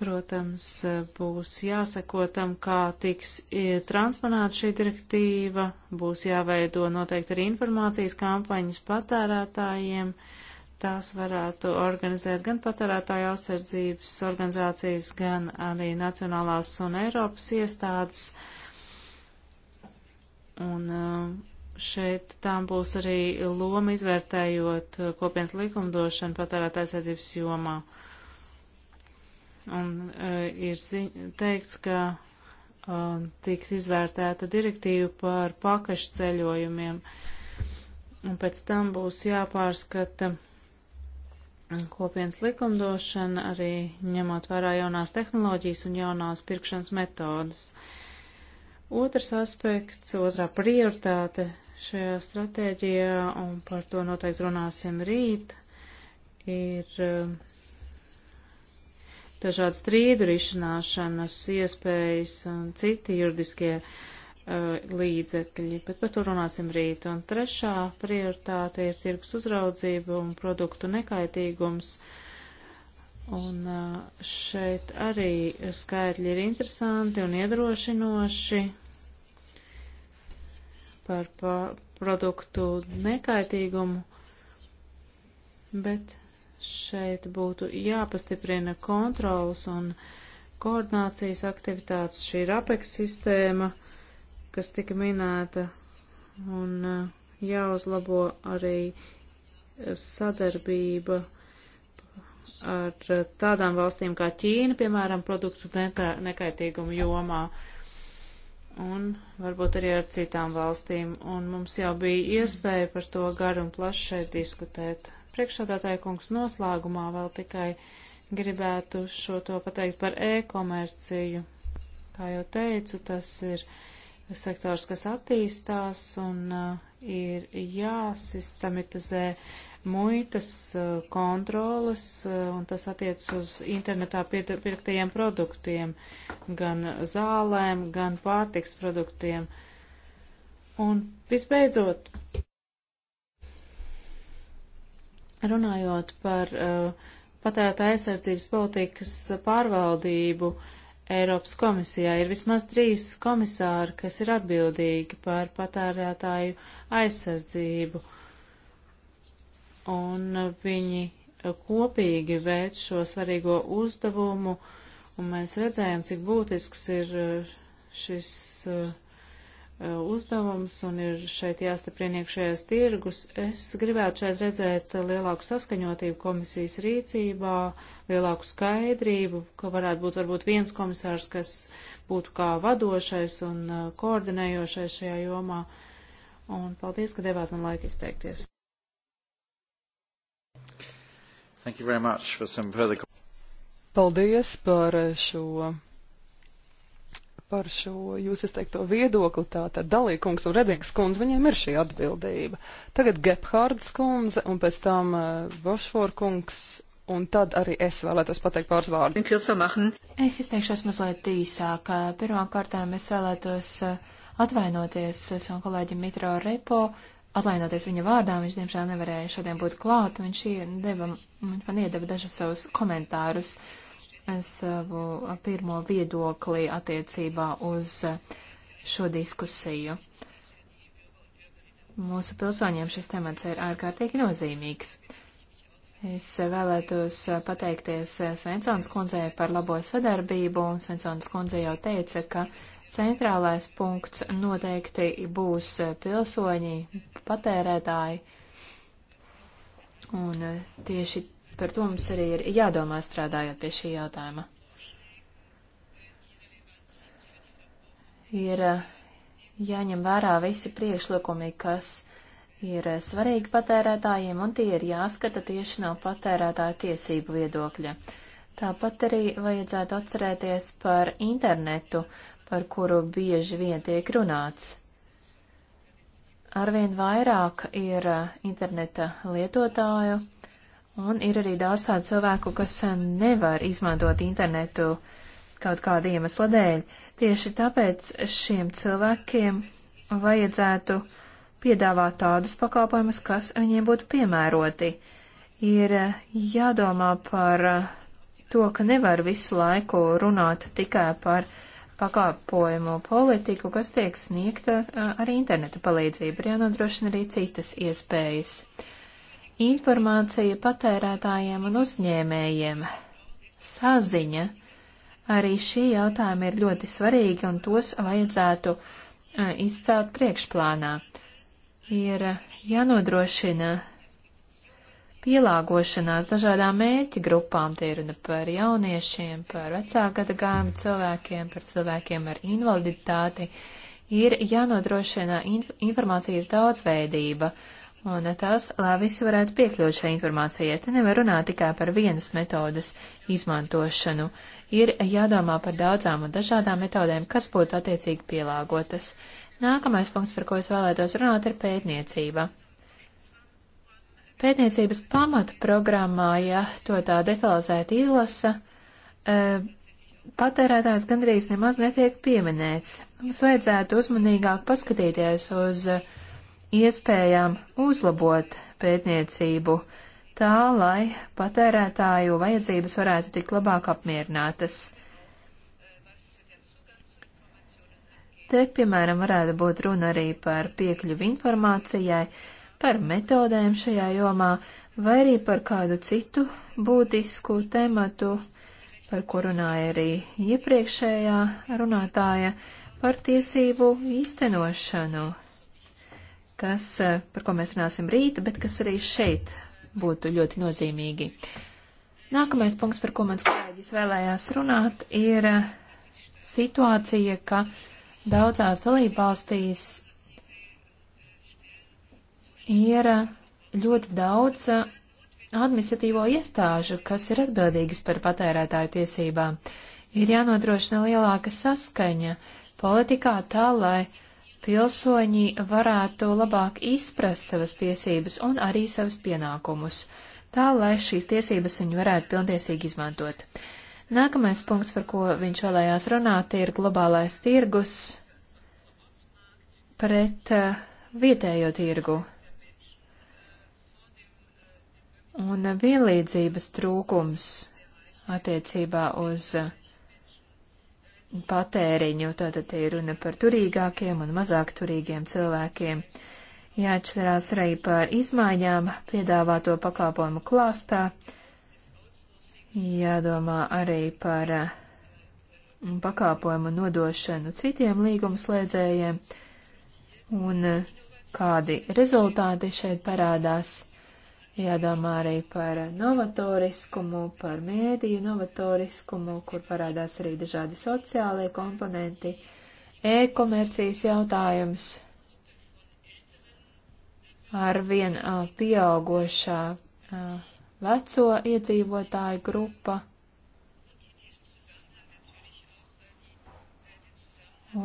Protams, būs jāsako tam, kā tiks e, transponēta šī direktīva, būs jāveido noteikti arī informācijas kampaņas patērētājiem. Tās varētu organizēt gan patērētāju aizsardzības organizācijas, gan arī nacionālās un Eiropas iestādes. Un e, šeit tām būs arī loma izvērtējot e, kopienas likumdošanu patērētāju aizsardzības jomā un uh, ir teikts, ka uh, tiks izvērtēta direktīva par pakašu ceļojumiem, un pēc tam būs jāpārskata kopienas likumdošana, arī ņemot vērā jaunās tehnoloģijas un jaunās pirkšanas metodas. Otrs aspekts, otrā prioritāte šajā stratēģijā, un par to noteikti runāsim rīt, ir uh, dažādu strīdu rišanāšanas iespējas un citi juridiskie uh, līdzekļi, bet par to runāsim rīt. Un trešā prioritāte ir tirgus uzraudzība un produktu nekaitīgums. Un uh, šeit arī skaitļi ir interesanti un iedrošinoši par produktu nekaitīgumu, bet Šeit būtu jāpastiprina kontrols un koordinācijas aktivitātes. Šī ir APEX sistēma, kas tika minēta, un uh, jāuzlabo arī sadarbība ar uh, tādām valstīm kā Ķīna, piemēram, produktu nekaitīgumu jomā, un varbūt arī ar citām valstīm. Un mums jau bija iespēja par to garu un plaši šeit diskutēt. Priekšsādātāja kungs noslēgumā vēl tikai gribētu šo to pateikt par e-komerciju. Kā jau teicu, tas ir sektors, kas attīstās un uh, ir jāsistematizē muitas uh, kontrolas, uh, un tas attiec uz internetā pirktajiem produktiem, gan zālēm, gan pārtiks produktiem. Un visbeidzot, Runājot par uh, patērētā aizsardzības politikas pārvaldību Eiropas komisijā, ir vismaz trīs komisāri, kas ir atbildīgi par patērētāju aizsardzību. Un uh, viņi kopīgi veic šo svarīgo uzdevumu, un mēs redzējām, cik būtisks ir eh, šis uh, Eh, uzdevums un ir šeit jāstiprina iekšējais tirgus. Es gribētu šeit redzēt lielāku saskaņotību komisijas rīcībā, lielāku skaidrību, ka varētu būt varbūt viens komisārs, kas būtu kā vadošais un eh, koordinējošais šajā jomā. Un paldies, ka devāt man laiku izteikties. Thank you very much for some further... Paldies par šo par šo jūs izteikto viedokli, tātad Dalīkungs un Redings kundze, viņiem ir šī atbildība. Tagad Gebhards kundze un pēc tam Bošfor eh, kungs. Un tad arī es vēlētos pateikt pāris vārdus. Es izteikšos mazliet īsāk. Pirmkārtām es vēlētos eh, atvainoties eh, savam kolēģim Mitro Repo, atvainoties viņa vārdā, viņš diemžēl nevarēja šodien būt klāt, un viņš deva, man iedeva dažus savus komentārus. Uh, savu pirmo viedokli attiecībā uz šo diskusiju. Mūsu pilsoņiem šis temats ir ārkārtīgi nozīmīgs. Es vēlētos pateikties Svensons kundzei par labo sadarbību. Svensons kundze jau teica, ka centrālais punkts noteikti būs pilsoņi, patērētāji. Un tieši par to mums arī ir jādomā strādājot pie šī jautājuma. Ir eh, jāņem vērā visi priekšlikumi, kas ir eh, svarīgi patērētājiem, un tie ir jāskata tieši no patērētāja tiesību viedokļa. Tāpat arī vajadzētu atcerēties par internetu, par kuru bieži vien tiek runāts. Arvien vairāk ir eh, interneta lietotāju, Un ir arī daudz tādu cilvēku, kas nevar izmantot internetu kaut kāda iemesla dēļ. Tieši tāpēc šiem cilvēkiem vajadzētu piedāvāt tādus pakalpojumus, kas viņiem būtu piemēroti. Ir eh, jādomā par eh, to, ka nevar visu laiku runāt tikai par pakāpojumu politiku, kas tiek sniegta eh, arī interneta palīdzību, ir jānodrošina arī citas iespējas. Uh, Informācija patērētājiem un uzņēmējiem, saziņa, arī šī jautājuma ir ļoti svarīga un tos vajadzētu e, izcelt priekšplānā. Ir jānodrošina pielāgošanās dažādām mēķi grupām. Tie ir par jauniešiem, par vecāku gadagājumu cilvēkiem, par cilvēkiem ar invaliditāti. Ir jānodrošina inf informācijas daudzveidība, un tas, lai visi varētu piekļūt šai informācijai. Te nevar runāt tikai par vienas metodas izmantošanu. Ir jādomā par daudzām un dažādām metodēm, kas būtu attiecīgi pielāgotas. Nākamais punkts, par ko es vēlētos runāt, ir pētniecība. Pētniecības pamata programmā, ja to tā detalizēti izlasa, e, patērētājs gandrīz nemaz netiek pieminēts. Mums vajadzētu uzmanīgāk paskatīties uz uh, iespējām uzlabot pētniecību tā, lai patērētāju vajadzības varētu tikt labāk apmierinātas. Te, piemēram, varētu būt runa arī par piekļuvi informācijai, par metodēm šajā jomā, vai arī par kādu citu būtisku tematu, par ko runāja arī iepriekšējā runātāja, par tiesību īstenošanu kas, eh, par ko mēs runāsim rīta, bet kas arī šeit būtu ļoti nozīmīgi. Nākamais punkts, par ko mans kolēģis vēlējās runāt, ir eh, situācija, ka daudzās dalībvalstīs ir eh, ļoti daudz administratīvo iestāžu, kas ir atbildīgas par patērētāju tiesībām. Ir jānodrošina lielāka saskaņa politikā tā, lai pilsoņi varētu labāk izprast savas tiesības un arī savus pienākumus, tā lai šīs tiesības viņi varētu pilntiesīgi izmantot. Nākamais punkts, par ko viņš vēlējās runāt, ir globālais tirgus pret uh, vietējo tirgu un vienlīdzības trūkums attiecībā uz uh, patēriņu, tātad te ir runa par turīgākiem un mazāk turīgiem cilvēkiem. Jāatcerās arī par izmaiņām piedāvāto pakāpojumu klāstā, jādomā arī par mm, pakāpojumu nodošanu citiem līgumslēdzējiem un eh, kādi rezultāti šeit parādās. Jādomā arī par novatoriskumu, par mēdīju novatoriskumu, kur parādās arī dažādi sociālie komponenti, e-komercijas jautājums, arvien pieaugošā a, veco iedzīvotāju grupa.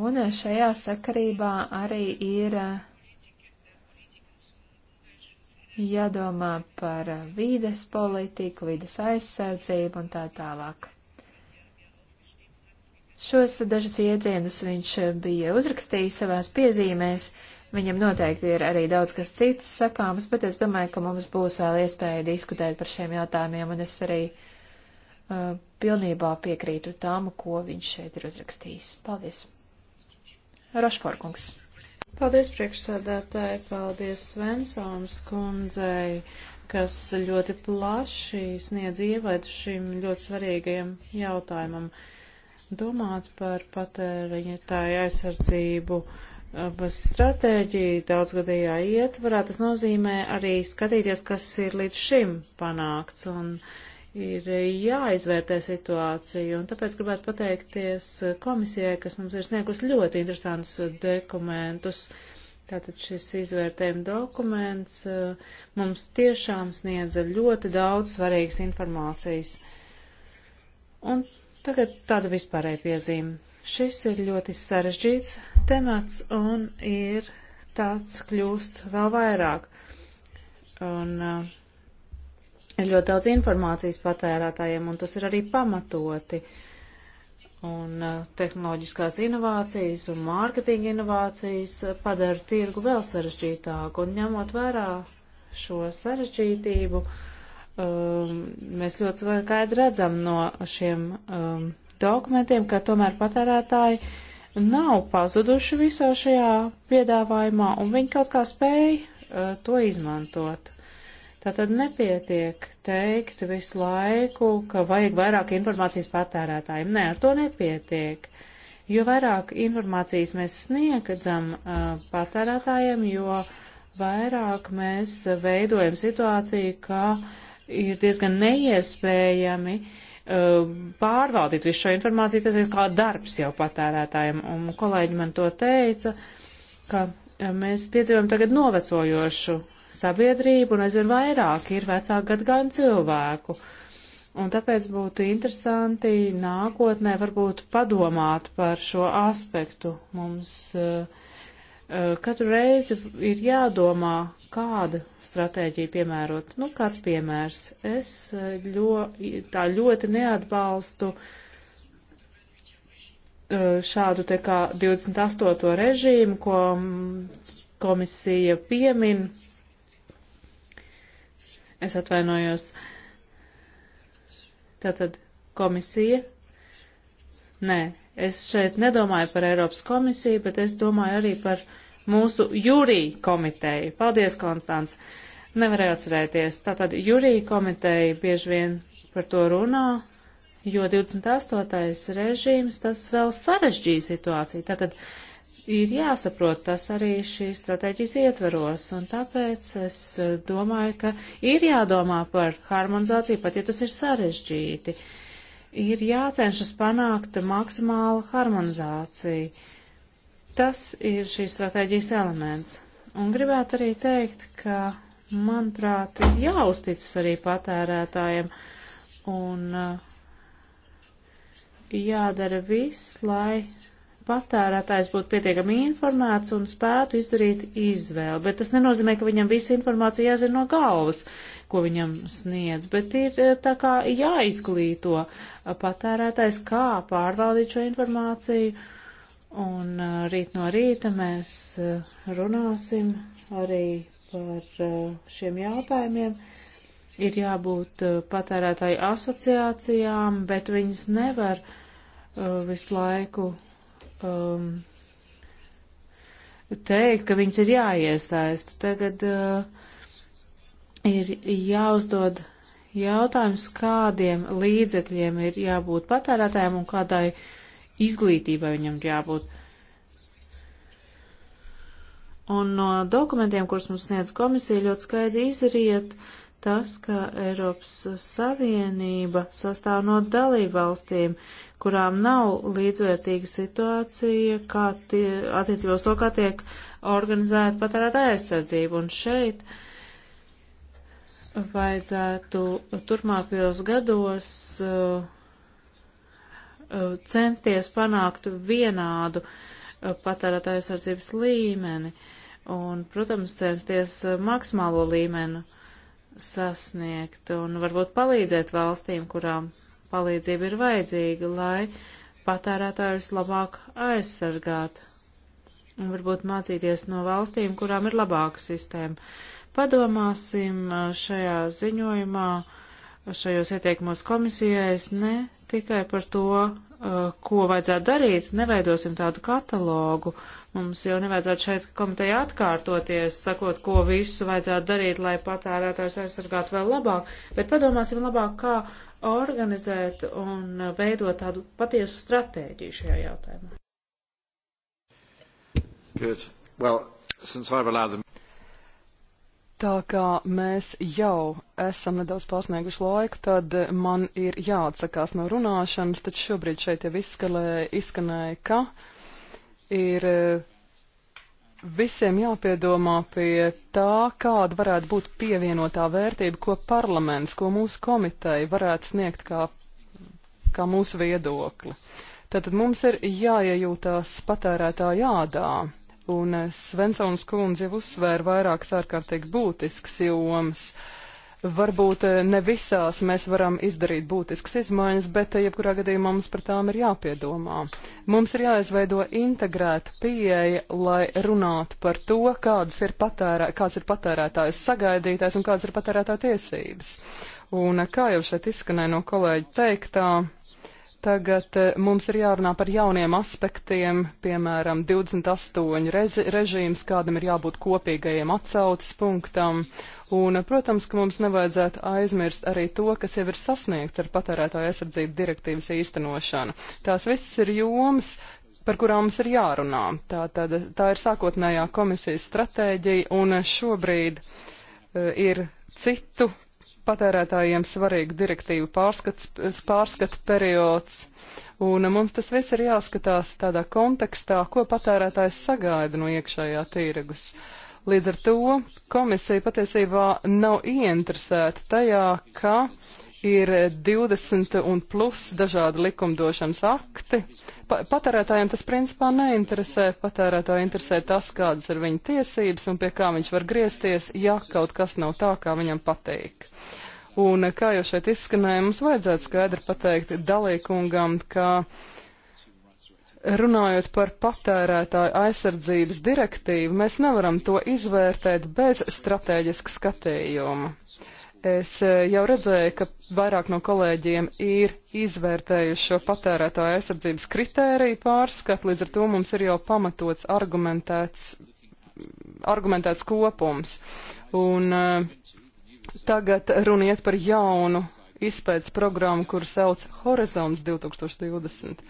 Un šajā sakarībā arī ir uh, jādomā par vīdes politiku, vīdes aizsardzību un tā tālāk. Šos dažus iedzienus viņš bija uzrakstījis savās piezīmēs, viņam noteikti ir arī daudz kas cits sakāms, bet es domāju, ka mums būs vēl iespēja diskutēt par šiem jautājumiem, un es arī uh, pilnībā piekrītu tam, ko viņš šeit ir uzrakstījis. Paldies! Rošforkungs. Paldies priekšsēdētāji, paldies Svensons kundzei, kas ļoti plaši sniedz ievadu šim ļoti svarīgajam jautājumam. Domāt par patēriņotāju aizsardzību uh, bez stratēģiju daudzgadījā ietvarā, tas nozīmē arī skatīties, kas ir līdz šim panākts. Un, uh, ir jāizvērtē situācija, un tāpēc gribētu pateikties komisijai, kas mums ir sniegus ļoti interesantus dokumentus. Tātad šis izvērtējuma dokuments uh, mums tiešām sniedza ļoti daudz svarīgas informācijas. Un tagad tāda vispārēja piezīme. Šis ir ļoti sarežģīts temats un ir tāds kļūst vēl vairāk. Un uh, ir ļoti daudz informācijas patērētājiem, un tas ir arī pamatoti. Un uh, tehnoloģiskās inovācijas un mārketinga inovācijas padara tirgu vēl sarežģītāku, un ņemot vērā šo sarežģītību, um, mēs ļoti skaidri redzam no šiem um, dokumentiem, ka tomēr patērētāji nav pazuduši visā šajā piedāvājumā, un viņi kaut kā spēj uh, to izmantot. Tātad nepietiek teikt visu laiku, ka vajag vairāk informācijas patērētājiem. Nē, ar to nepietiek. Jo vairāk informācijas mēs sniegam uh, patērētājiem, jo vairāk mēs veidojam situāciju, ka ir diezgan neiespējami uh, pārvaldīt visu šo informāciju. Tas ir kā darbs jau patērētājiem. Un kolēģi man to teica, ka uh, mēs piedzīvojam tagad novecojošu sabiedrību un aizvien vairāk ir vecāku gadgājumu cilvēku. Un tāpēc būtu interesanti nākotnē varbūt padomāt par šo aspektu. Mums uh, katru reizi ir jādomā, kādu stratēģiju piemērot. Nu, kāds piemērs. Es eh, ļo, tā ļoti neatbalstu uh, šādu te kā 28. režīmu, ko komisija piemin Es atvainojos. Tātad komisija. Nē, es šeit nedomāju par Eiropas komisiju, bet es domāju arī par mūsu jūrī komiteju. Paldies, Konstants. Nevarēju atcerēties. Tātad jūrī komiteja bieži vien par to runā, jo 28. režīms tas vēl sarežģīja situāciju. Tātad ir jāsaprot tas arī šīs stratēģijas ietveros, un tāpēc es eh, domāju, ka ir jādomā par harmonizāciju, pat ja tas ir sarežģīti. Ir jācenšas panākt maksimālu harmonizāciju. Tas ir šīs stratēģijas elements. Un gribētu arī teikt, ka, manuprāt, ir jāuzticas arī patērētājiem un eh, jādara viss, lai patērētājs būtu pietiekami informēts un spētu izdarīt izvēli. Bet tas nenozīmē, ka viņam visa informācija jāzina no galvas, ko viņam sniedz, bet ir eh, tā kā jāizglīto patērētājs, kā pārvaldīt šo informāciju. Un eh, rīt no rīta mēs eh, runāsim arī par šiem jautājumiem. Ir jābūt patērētāju asociācijām, bet viņas nevar visu laiku um, teikt, ka viņas ir jāiesaista. Tagad uh, ir jāuzdod jautājums, kādiem līdzekļiem ir jābūt patērētājiem un kādai izglītībai viņam jābūt. Un no dokumentiem, kurus mums sniedz komisija, ļoti skaidri izriet, uh, tas, ka Eiropas Savienība sastāv no dalībvalstīm, kurām nav līdzvērtīga situācija kā tie, attiecībā uz to, kā tiek organizēta patērētāja aizsardzība. Un šeit vajadzētu turpmākajos gados uh, uh censties panākt vienādu uh, patērētāja aizsardzības līmeni un, protams, censties uh, maksimālo līmeni sasniegt un varbūt palīdzēt valstīm, kurām palīdzība ir vajadzīga, lai patērētājus labāk aizsargātu un varbūt mācīties no valstīm, kurām ir labāka sistēma. Padomāsim šajā ziņojumā, šajos ieteikumos komisijai ne tikai par to, Uh, ko vajadzētu darīt, neveidosim tādu katalogu. Mums jau nevajadzētu šeit komiteja atkārtoties, sakot, ko visu vajadzētu darīt, lai patērētājs aizsargātu vēl labāk, bet padomāsim labāk, kā organizēt un veidot tādu patiesu stratēģiju šajā jautājumā. Good. Well, since I've allowed them... Tā kā mēs jau esam nedaudz pārsnieguši laiku, tad man ir jāatsakās no runāšanas, tad šobrīd šeit jau izskalē, izskanēja, ka ir eh, visiem jāpiedomā pie tā, kāda varētu būt pievienotā vērtība, ko parlaments, ko mūsu komiteja varētu sniegt kā, kā mūsu viedokli. Tātad mums ir jāiejūtās patērētā jādā un eh, Svensons kundze jau uzsvēra vairākas ārkārtīgi būtiskas jomas. Varbūt eh, ne visās mēs varam izdarīt būtiskas izmaiņas, bet eh, jebkurā gadījumā mums par tām ir jāpiedomā. Mums ir jāizveido integrēta pieeja, lai runātu par to, kādas ir, patērē, kāds ir patērētājs sagaidītājs un kādas ir patērētāja tiesības. Un kā jau šeit izskanēja no kolēģa teiktā, uh, Tagad eh, mums ir jārunā par jauniem aspektiem, piemēram, 28 reži, režīms, kādam ir jābūt kopīgajiem atsaucas punktam. Un, protams, ka mums nevajadzētu aizmirst arī to, kas jau ir sasniegts ar patērētāju aizsardzību direktīvas īstenošanu. Tās viss ir jomas, par kurām mums ir jārunā. Tā, tad, tā ir sākotnējā komisijas stratēģija, un šobrīd uh, ir citu patērētājiem svarīga direktīva pārskats, pārskata periods. Un mums tas viss ir jāskatās tādā kontekstā, ko patērētājs sagaida no iekšējā tirgus. Līdz ar to komisija patiesībā nav ieinteresēta tajā, ka ir 20 un plus dažādi likumdošanas akti. Pa patērētājiem tas principā neinteresē. Patērētāju interesē tas, kādas ir viņa tiesības un pie kā viņš var griezties, ja kaut kas nav tā, kā viņam patīk. Un kā jau šeit izskanēja, mums vajadzētu skaidri pateikt dalīkungam, ka runājot par patērētāju aizsardzības direktīvu, mēs nevaram to izvērtēt bez strateģiska skatījuma. Es eh, jau redzēju, ka vairāk no kolēģiem ir izvērtējuši šo patērētāju aizsardzības kritēriju pārskatu, līdz ar to mums ir jau pamatots argumentēts, argumentēts kopums. Un eh, tagad runiet par jaunu izpētes programmu, kur sauc Horizons 2020.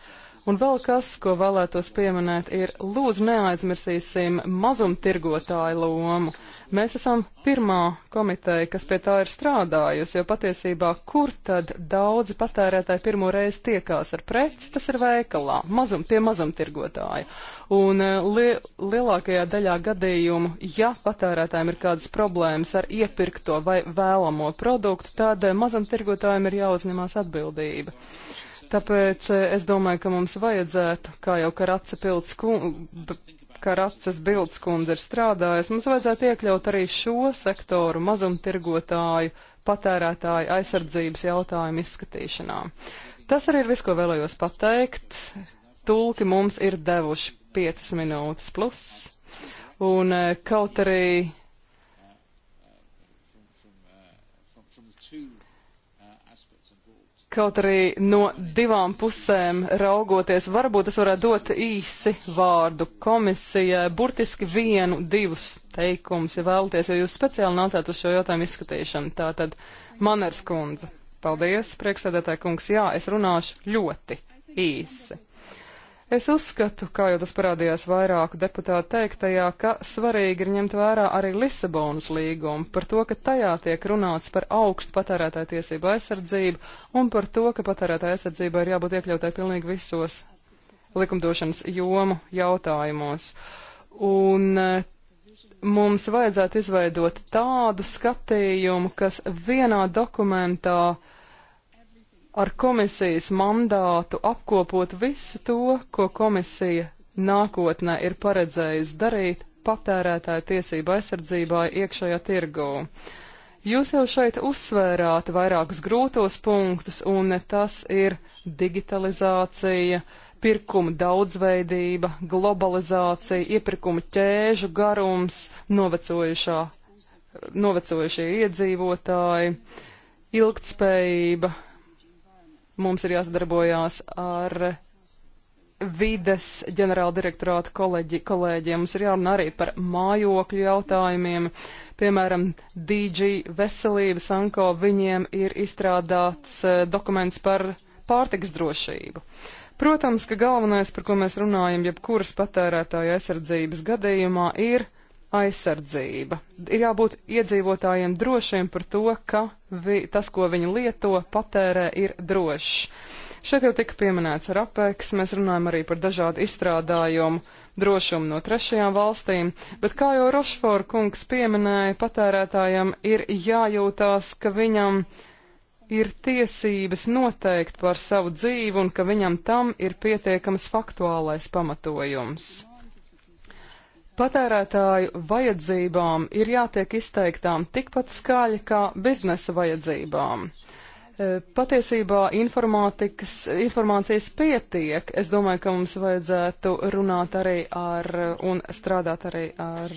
Un vēl kas, ko vēlētos pieminēt, ir lūdzu neaizmirsīsim mazumtirgotāju lomu. Mēs esam pirmā komiteja, kas pie tā ir strādājusi, jo patiesībā kur tad daudzi patērētāji pirmo reizi tiekās ar preci, tas ir veikalā, mazum, tie mazumtirgotāji. Un e, li lielākajā daļā gadījumu, ja patērētājiem ir kādas problēmas ar iepirkto vai vēlamo produktu, tad e, mazumtirgotājiem ir jāuzņemās atbildība. Tāpēc eh, es domāju, ka mums vajadzētu, kā jau Karaca pilds Karacas bildes kundze ir strādājusi, mums vajadzētu iekļaut arī šo sektoru mazumtirgotāju patērētāju aizsardzības jautājumu izskatīšanā. Tas arī ir viss, ko vēlējos pateikt. Tulki mums ir devuši 5 minūtes plus. Un eh, kaut arī Kaut arī no divām pusēm raugoties, varbūt es varētu dot īsi vārdu komisijai, burtiski vienu, divus teikumus, ja vēlaties, jo jūs speciāli nācāt uz šo jautājumu izskatīšanu. Tātad, Maners kundze, paldies, priekšsēdētāja kungs, jā, es runāšu ļoti īsi. Es uzskatu, kā jau tas parādījās vairāku deputātu teiktajā, ka svarīgi ir ņemt vērā arī Lisabonas līgumu par to, ka tajā tiek runāts par augstu patērētāju tiesību aizsardzību un par to, ka patērētāja aizsardzība ir jābūt iekļautai pilnīgi visos likumdošanas jomu jautājumos. Un eh, mums vajadzētu izveidot tādu skatījumu, kas vienā dokumentā uh, ar komisijas mandātu apkopot visu to, ko komisija nākotnē ir paredzējusi darīt patērētāju tiesību aizsardzībai iekšējā tirgū. Jūs jau šeit uzsvērāt vairākus grūtos punktus, un tas ir digitalizācija, pirkuma daudzveidība, globalizācija, iepirkuma ķēžu garums, novecojušie iedzīvotāji, ilgtspējība, Mums ir jāsadarbojās ar vides ģenerāldirektorāta kolēģi, kolēģiem. Mums ir jārunā arī par mājokļu jautājumiem. Piemēram, DG veselības anko viņiem ir izstrādāts eh, dokuments par pārtiks drošību. Protams, ka galvenais, par ko mēs runājam, jebkuras patērētāja aizsardzības gadījumā, ir aizsardzība. Ir jābūt iedzīvotājiem drošiem par to, ka vi, tas, ko viņi lieto, patērē, ir drošs. Šeit jau tika pieminēts rapeks, mēs runājam arī par dažādu izstrādājumu drošumu no trešajām valstīm, bet kā jau Rošfora kungs pieminēja, patērētājam ir jājūtās, ka viņam ir tiesības noteikt par savu dzīvi un ka viņam tam ir pietiekams faktuālais pamatojums. Patērētāju vajadzībām ir jātiek izteiktām tikpat skaļi kā biznesa vajadzībām. E, patiesībā informācijas pietiek. Es domāju, ka mums vajadzētu runāt arī ar un strādāt arī ar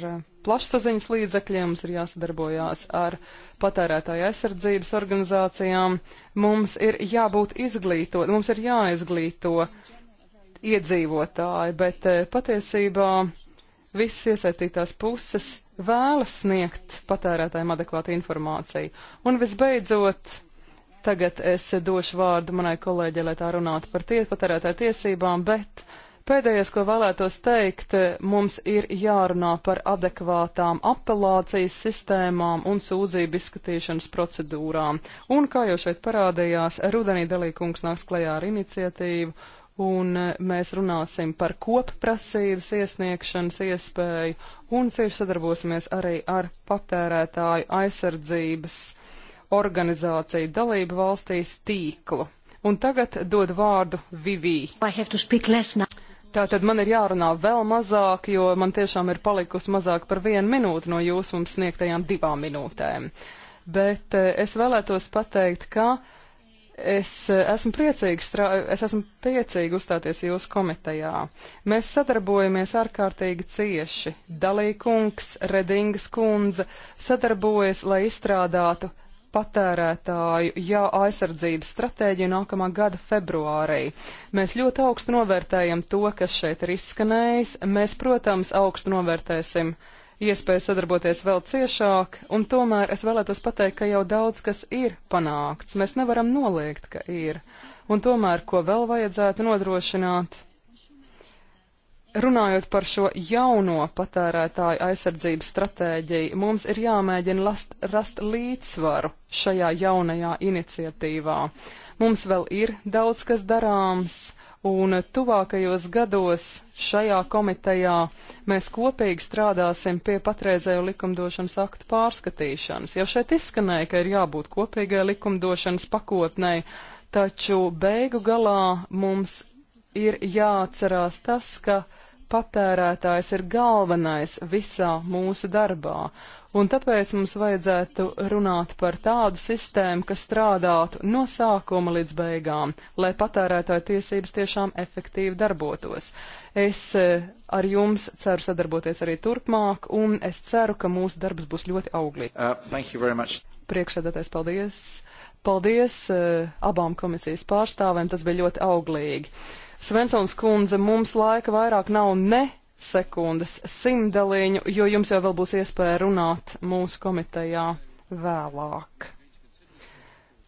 plašsaziņas līdzekļiem. Mums ir jāsadarbojās ar patērētāju aizsardzības organizācijām. Mums ir jābūt izglītot, mums ir jāizglīto iedzīvotāji, bet e, patiesībā visas iesaistītās puses vēlas sniegt patērētājiem adekvātu informāciju. Un visbeidzot, tagad es došu vārdu manai kolēģei, lai tā runātu par tie, patērētāju tiesībām, bet Pēdējais, ko vēlētos teikt, mums ir jārunā par adekvātām apelācijas sistēmām un sūdzību izskatīšanas procedūrām. Un, kā jau šeit parādījās, rudenī dalīkungs nāks klajā ar iniciatīvu, un eh, mēs runāsim par kopprasības iesniegšanas iespēju un cieši sadarbosimies arī ar patērētāju aizsardzības organizāciju dalību valstīs tīklu. Un tagad dod vārdu Vivī. Tātad man ir jārunā vēl mazāk, jo man tiešām ir palikusi mazāk par vienu minūti no jūsu mums sniegtajām divām minūtēm. Bet eh, es vēlētos pateikt, ka uh, Es eh, esmu priecīgs, es esmu priecīgi uzstāties jūsu komitejā. Mēs sadarbojamies ārkārtīgi cieši. Dalīkungs, Redingas kundze sadarbojas, lai izstrādātu patērētāju jau aizsardzības stratēģiju nākamā gada februārī. Mēs ļoti augstu novērtējam to, kas šeit ir izskanējis. Mēs, protams, augstu novērtēsim uh, iespēju sadarboties vēl ciešāk, un tomēr es vēlētos pateikt, ka jau daudz kas ir panākts. Mēs nevaram noliegt, ka ir. Un tomēr, ko vēl vajadzētu nodrošināt? Runājot par šo jauno patērētāju aizsardzības stratēģiju, mums ir jāmēģina last, rast līdzsvaru šajā jaunajā iniciatīvā. Mums vēl ir daudz kas darāms, un tuvākajos gados šajā komitejā mēs kopīgi strādāsim pie patreizējo likumdošanas aktu pārskatīšanas. Jau šeit izskanēja, ka ir jābūt kopīgai likumdošanas pakotnei, taču beigu galā mums ir jāatcerās tas, ka patērētājs ir galvenais visā mūsu darbā. Un tāpēc mums vajadzētu runāt par tādu sistēmu, kas strādātu no sākuma līdz beigām, lai patērētāju tiesības tiešām efektīvi darbotos. Es e, ar jums ceru sadarboties arī turpmāk, un es ceru, ka mūsu darbs būs ļoti auglīgs. Uh, Priekšsēdētais, paldies! Paldies uh, abām komisijas pārstāvēm, tas bija ļoti auglīgi. Svensons kundze, mums laika vairāk nav ne sekundes simtdaliņu, jo jums jau vēl būs iespēja runāt mūsu komitejā vēlāk.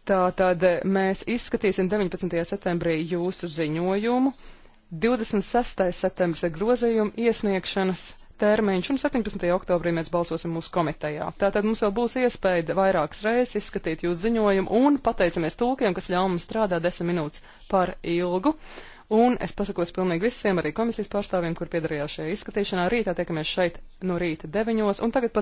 Tātad e, mēs izskatīsim 19. septembrī jūsu ziņojumu. 26. septembris ir grozījuma iesniegšanas termiņš, un 17. oktobrī mēs balsosim mūsu komitejā. Tātad mums vēl būs iespēja vairākas reizes izskatīt jūsu ziņojumu, un pateicamies tūkiem, kas ļauj mums strādāt 10 minūtes par ilgu. Un es pasakos pilnīgi visiem, arī komisijas pārstāvjiem, kur piedarījās šajā izskatīšanā. Rītā tiekamies šeit no rīta 9. un tagad.